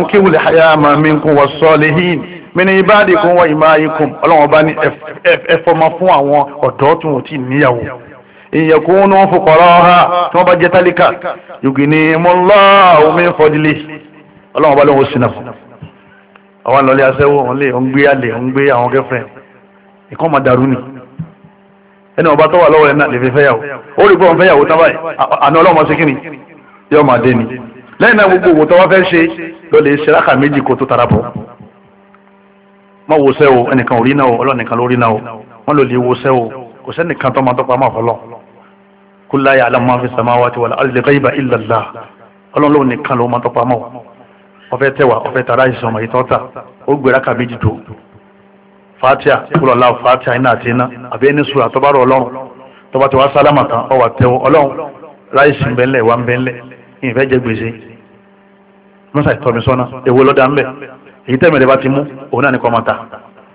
ń kí wùlẹ̀ àyàmà minkum wọ sọ́ọ̀lẹ́hìn mini ibadikum wa imaikum ọlọ́wọ́ bá ní ẹfọmọ fún àwọn ọ̀dọ́ tó wọ́n ti níyàwó ìyẹ̀kún wọn fòkọ̀rọ̀ ha tí wọ́n bá jẹ́ tálíkà yùgìní mọ́láhù min fọ́dílé ọlọ́wọ́ bá lóun sínà fún àwọn lọlé aṣẹ́wó wọn lè ń gbé àlè ń gbé àwọn kẹfẹ́ ìkọ́ máa dàrú ni ẹni ọba tó wà lọ́wọ́ ẹ̀ náà lè fi fẹ́yàwó ó rí pé òun fẹ́yàwó tábàyì àná lẹ́yìn náà gbogbo òwò tó wá fẹ́ ṣe ló lè ṣe rákà méjì kó tó tara bọ̀ má wo sẹ́ o ẹnìkan ò rí náà o ọlọ́nìkan ló rí náà o wọ́n lò lè wo sẹ́ o kò sẹ́nìkan tó máa tọ́pa máa fọlọ́ kul la ya'lamu man fi samawati wal ardi ghaiba illa Allah ọlọ́run lòun nìkan ló máa tọ́pa máa wà ọfẹ́ tẹ̀wà ọfẹ́ tara ìṣàn ọmọ ìtọ́ta ó gbé rákà méjì tó fatia kúlọ̀lá fatia iná àti iná àbí ẹni sùúrù àtọ́bárò ọlọ́run tọ́ba ti wá sálámà tán ọwà tẹ́wọ́ ọlọ́run láìsí ń bẹ́ńlẹ̀ wá ń ìfẹ́ jẹ gbèsè mọ́sá ìtọ́mi sọ́nà èwo lọ́dà ń bẹ̀ èyí tẹ́mẹ̀rẹ̀ bá ti mú òun náà ní kọ́ máa ta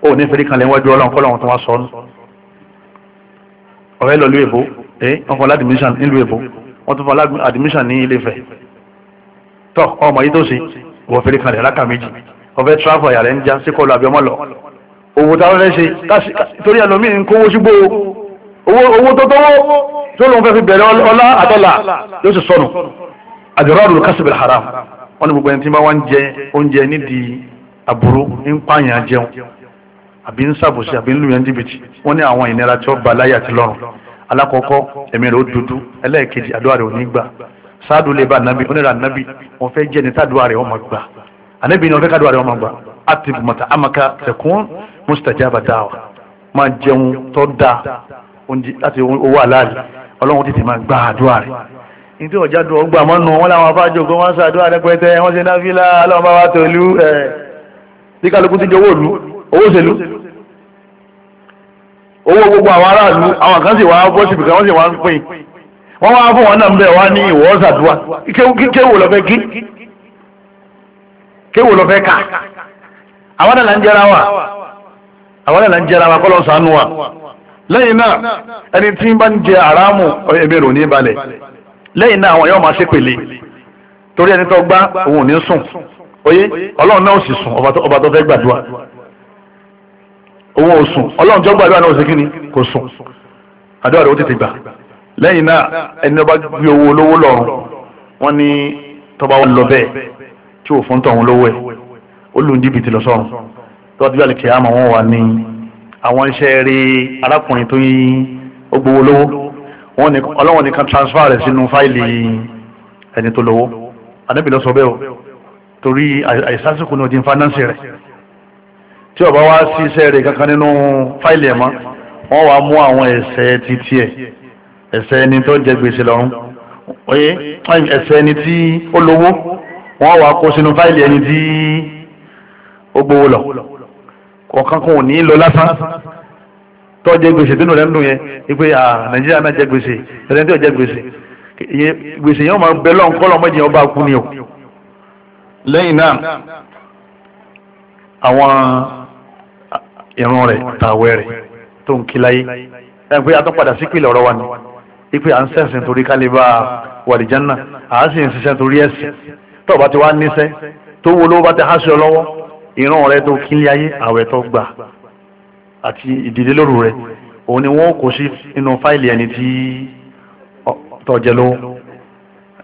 ó ní fẹ́rí kan lẹ́wọ́jú ọlọ́run kọ́ lọ́run tó wá sọ́nù ọ̀rẹ́ lọ lóyèbó ẹ wọn kọ́ ládìmíṣàn nílùú èbó wọn tún fọ́ ládìmíṣàn ní ilé Ifẹ̀ tọ́ ọmọ yìí tó ṣe wọ́n fẹ́rí kan lẹ́láka méjì ọ̀fẹ́ tíráfọ̀ yàrá ń já sí kọlu àbí ọmọ lọ owó táwọn fẹ́ ṣe torí ẹlòmíì ń kówó sígbó owó tó tówó tó lóun fẹ́ fi bẹ̀rẹ̀ ọlá àtọ́là yóò sì sọnù àdúrà kásìbì haram wọn ni gbogbo ẹni tí wọn wá ń jẹ oúnjẹ nídìí àbúrò ń pààyàn jẹun àbí ń ṣàbòsí àbí ń lu yẹn jìbìtì wọn ní àwọn ìnira tí ó ba láyé àti lọ́rùn alákọ̀ọ́kọ́ ẹ̀mí rẹ̀ ó dúdú ẹlẹ́ẹ̀kejì àdúrà rẹ̀ ò ní gbà sáàdù lè ba ànábì onírà ànábì wọn fẹ́ jẹ́ ní tàdúrà rẹ̀ ó máa gbà ànábì ni wọn fẹ́ kàdúrà rẹ̀ ó máa gbà àti mọ̀tà àmàkà tẹ̀kún mustajaba da'wa máa jẹun tó dáa láti owó àlàálì ọlọ́run tètè máa gbà àdúrà rẹ̀ e ọjà dùn ọgbà wọn làwọn afáàjò kó wọ́n ṣàdúrà rẹpẹtẹ wọ́n ṣe náfìlà ọlọ́run bá wa tòlú ẹ̀ tí ti owó owó òṣèlú owó gbogbo àwọn aráàlú àwọn kan sì wá bọ́sì bìkan wọ́n sì wá ń pín wọ́n wá fún wọn náà ń bẹ̀ wá ní ìwọ́ kéwò lọ́fẹ́ kí kéwò lọ́fẹ́ ká àwọn náà ń jẹ́ra wa àwọn náà lẹ́yìn náà àwọn yóò máa ṣe pẹ̀lẹ́ torí ẹni tó gbá òun ò ní sùn oyé ọlọ́run náà ò sì sùn ọba tó fẹ́ gbàdúrà òun ò sùn ọlọ́run tó gbàdúrà náà ò sì kí ni kò sùn àdúrà rẹ̀ ó tètè gbà lẹ́yìn náà ẹni ọba gbé owó olówó lọ́rùn wọ́n ní tọ́ba wọn lọ bẹ́ẹ̀ tí ò fún tọ̀hún lówó ẹ̀ ó lù ń jìbìtì lọ sọ́run tọ́ba tí wàlẹ̀ kìámà wọn wà ní àwọn iṣẹ́ rí arákùnrin tó yín ó gbowó lówó ọlọ́wọ́n nìkan transfer rẹ̀ sínú fáìlì ẹni tó lówó anábì lọ sọ bẹ́ẹ̀ o torí àìsásìkò náà di fánánsì rẹ̀ tí ọba wá sí iṣẹ́ rẹ̀ kankan nínú fáìlì ẹ̀ mọ́ wọ́n wá mú àwọn ẹ̀ṣẹ̀ títí ẹ̀ ẹ̀ṣẹ̀ ẹni tó jẹ gbèsè lọ́rùn oye ẹ̀ṣẹ̀ ẹni tí ó lówó wọ́n wá kó sínú fáìlì ẹni tí ó gbowó lọ kọ̀ọ̀kan kò ní lọ lásán tọ́ jẹ gbèsè tínú rẹ̀ ń dùn yẹn ipe nàìjíríà náà jẹ gbèsè ẹ̀rẹ́ tí ò jẹ gbèsè gbèsè yẹn máa bẹ lọ́n kọ́ lọ́mọdé yẹn ọba kú ni o. lẹ́yìn náà àwọn ìrun rẹ̀ tàwẹ̀ rẹ̀ tó ń kí láyé ẹ̀ pé atọ́padà sí pìlẹ̀ ọ̀rọ̀ wa ni ipe à ń sẹ̀sìn torí kálíbà wàlìjánà à ń sì ń torí ẹ̀sìn tó bá ti wá níṣẹ́ tó wo lówó bá ti há sí ọ lọ́wọ́ ìrun rẹ̀ tó kí àwẹ̀ tó gbà àti ìdílé lóru rẹ̀ òun ni wọ́n kò sí inú fáìlì ẹni tí tọ̀jẹ̀ ló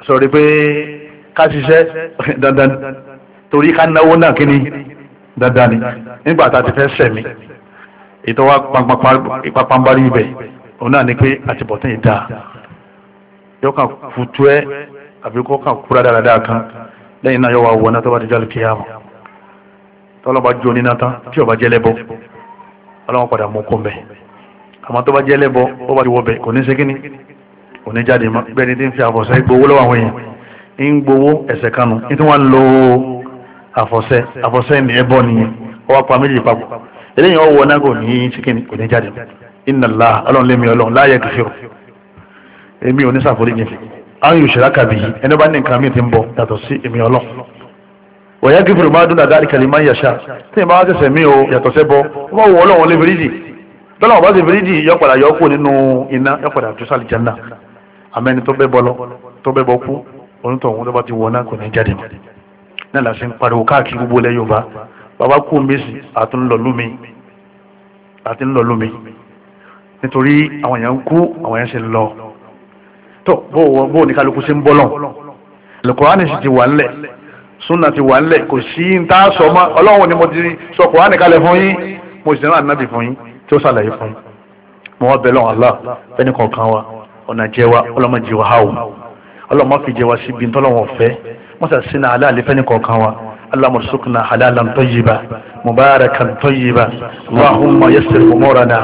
sọ̀rọ̀ pé ká ṣiṣẹ́ dandan torí ká náwó náà kí ni dandan ni nígbà tá a ti fẹ́ sẹ̀mí ètò wa pàpàǹbarì ibẹ̀ òun náà ni pé àtibọ̀tán yìí dáa yóò kàn futu ẹ àbí kó kàn kúra dáradára kan lẹ́yìn náà yóò wá wọ náà tó bá ti jáde kíyàmù tọ́lọ́ bá jó níná tán tí ò bá jẹ́lẹ́ bọ́ ọlọ́run padà mú kó mbẹ àmọ́ tó bá jẹ́ lẹ́bọ ó bá ti wọ bẹ kò ní sékíní kò ní jáde bẹ́ẹ̀ ni tí ń fi àfọ̀ṣẹ gbowó lọ́wọ́ àwọn èèyàn ń gbowó ẹ̀sẹ̀ kanu ní tí wọ́n ń lo àfọ̀ṣẹ àfọ̀ṣẹ ní ẹbọ nìyẹn ó wá pa méjì papọ̀ eléyìí ọwọ́ náà ní sékíní kò ní jáde inna Allah ọlọ́run lémi ọlọ́run láàyè kìfìrò èmi ò ní sàforíjì àwọn yòòṣèlá kàbí ẹni bá ní nǹkan mi ti ń bọ̀ yàtọ̀ sí èmi ọlọ́run òyìn kí fìrìmá dúnà dárí kẹlìmá ń yàṣà tí ìbá sẹ̀sẹ̀ mí o yàtọ̀ sẹ́bọ ó bá wù ọlọ́run lé fìrídì tọ́lá ọba sì fìrídì yọ padà yọ kú nínú iná yọ padà tó sálì jẹ́nà amẹ́ni tó bẹ́ bọ́ lọ tó bẹ́ bọ́ kú onítọ̀hún tó bá ti wọ náà kò ní jáde mọ́ náà làṣẹ ń pariwo káàkiri gbogbo ilẹ̀ Yorùbá bàbá kú mẹ́sì àti ńlọ lómi nítorí àwọn èèyàn kú àwọn èèyàn ṣe lọ tó bó ní kálukú ṣe ń bọ́ lọ lẹ́kọ̀ọ́ súnà ti wà ńlẹ̀ kò sí ń tá a sọ mọ́ ọlọ́run ni mo ti sọ kùránì kalẹ̀ fún yín mo sì fún yín tí ó fún yín mo wá fẹ́ni kọ̀ọ̀kan wa ọ̀nà jẹ wa ọlọ́mọ jẹ wa ha o ọlọ́mọ fi jẹ wa síbi ntọ́lọ́wọ̀n fẹ́ wọ́n sà fẹ́ni kọ̀ọ̀kan wa اللهم ارزقنا حلالا طيبا مباركا طيبا اللهم يسر امورنا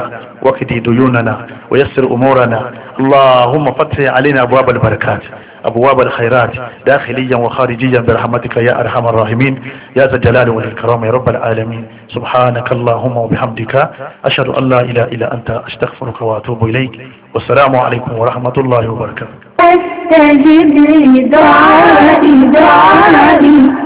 واكد ديوننا ويسر امورنا اللهم فتح علينا ابواب البركات أبواب الخيرات داخليا وخارجيا برحمتك يا أرحم الراحمين يا ذا الجلال والإكرام يا رب العالمين سبحانك اللهم وبحمدك أشهد أن لا إله إلا أنت أستغفرك وأتوب إليك والسلام عليكم ورحمة الله وبركاته
استجب لدعائي دعائي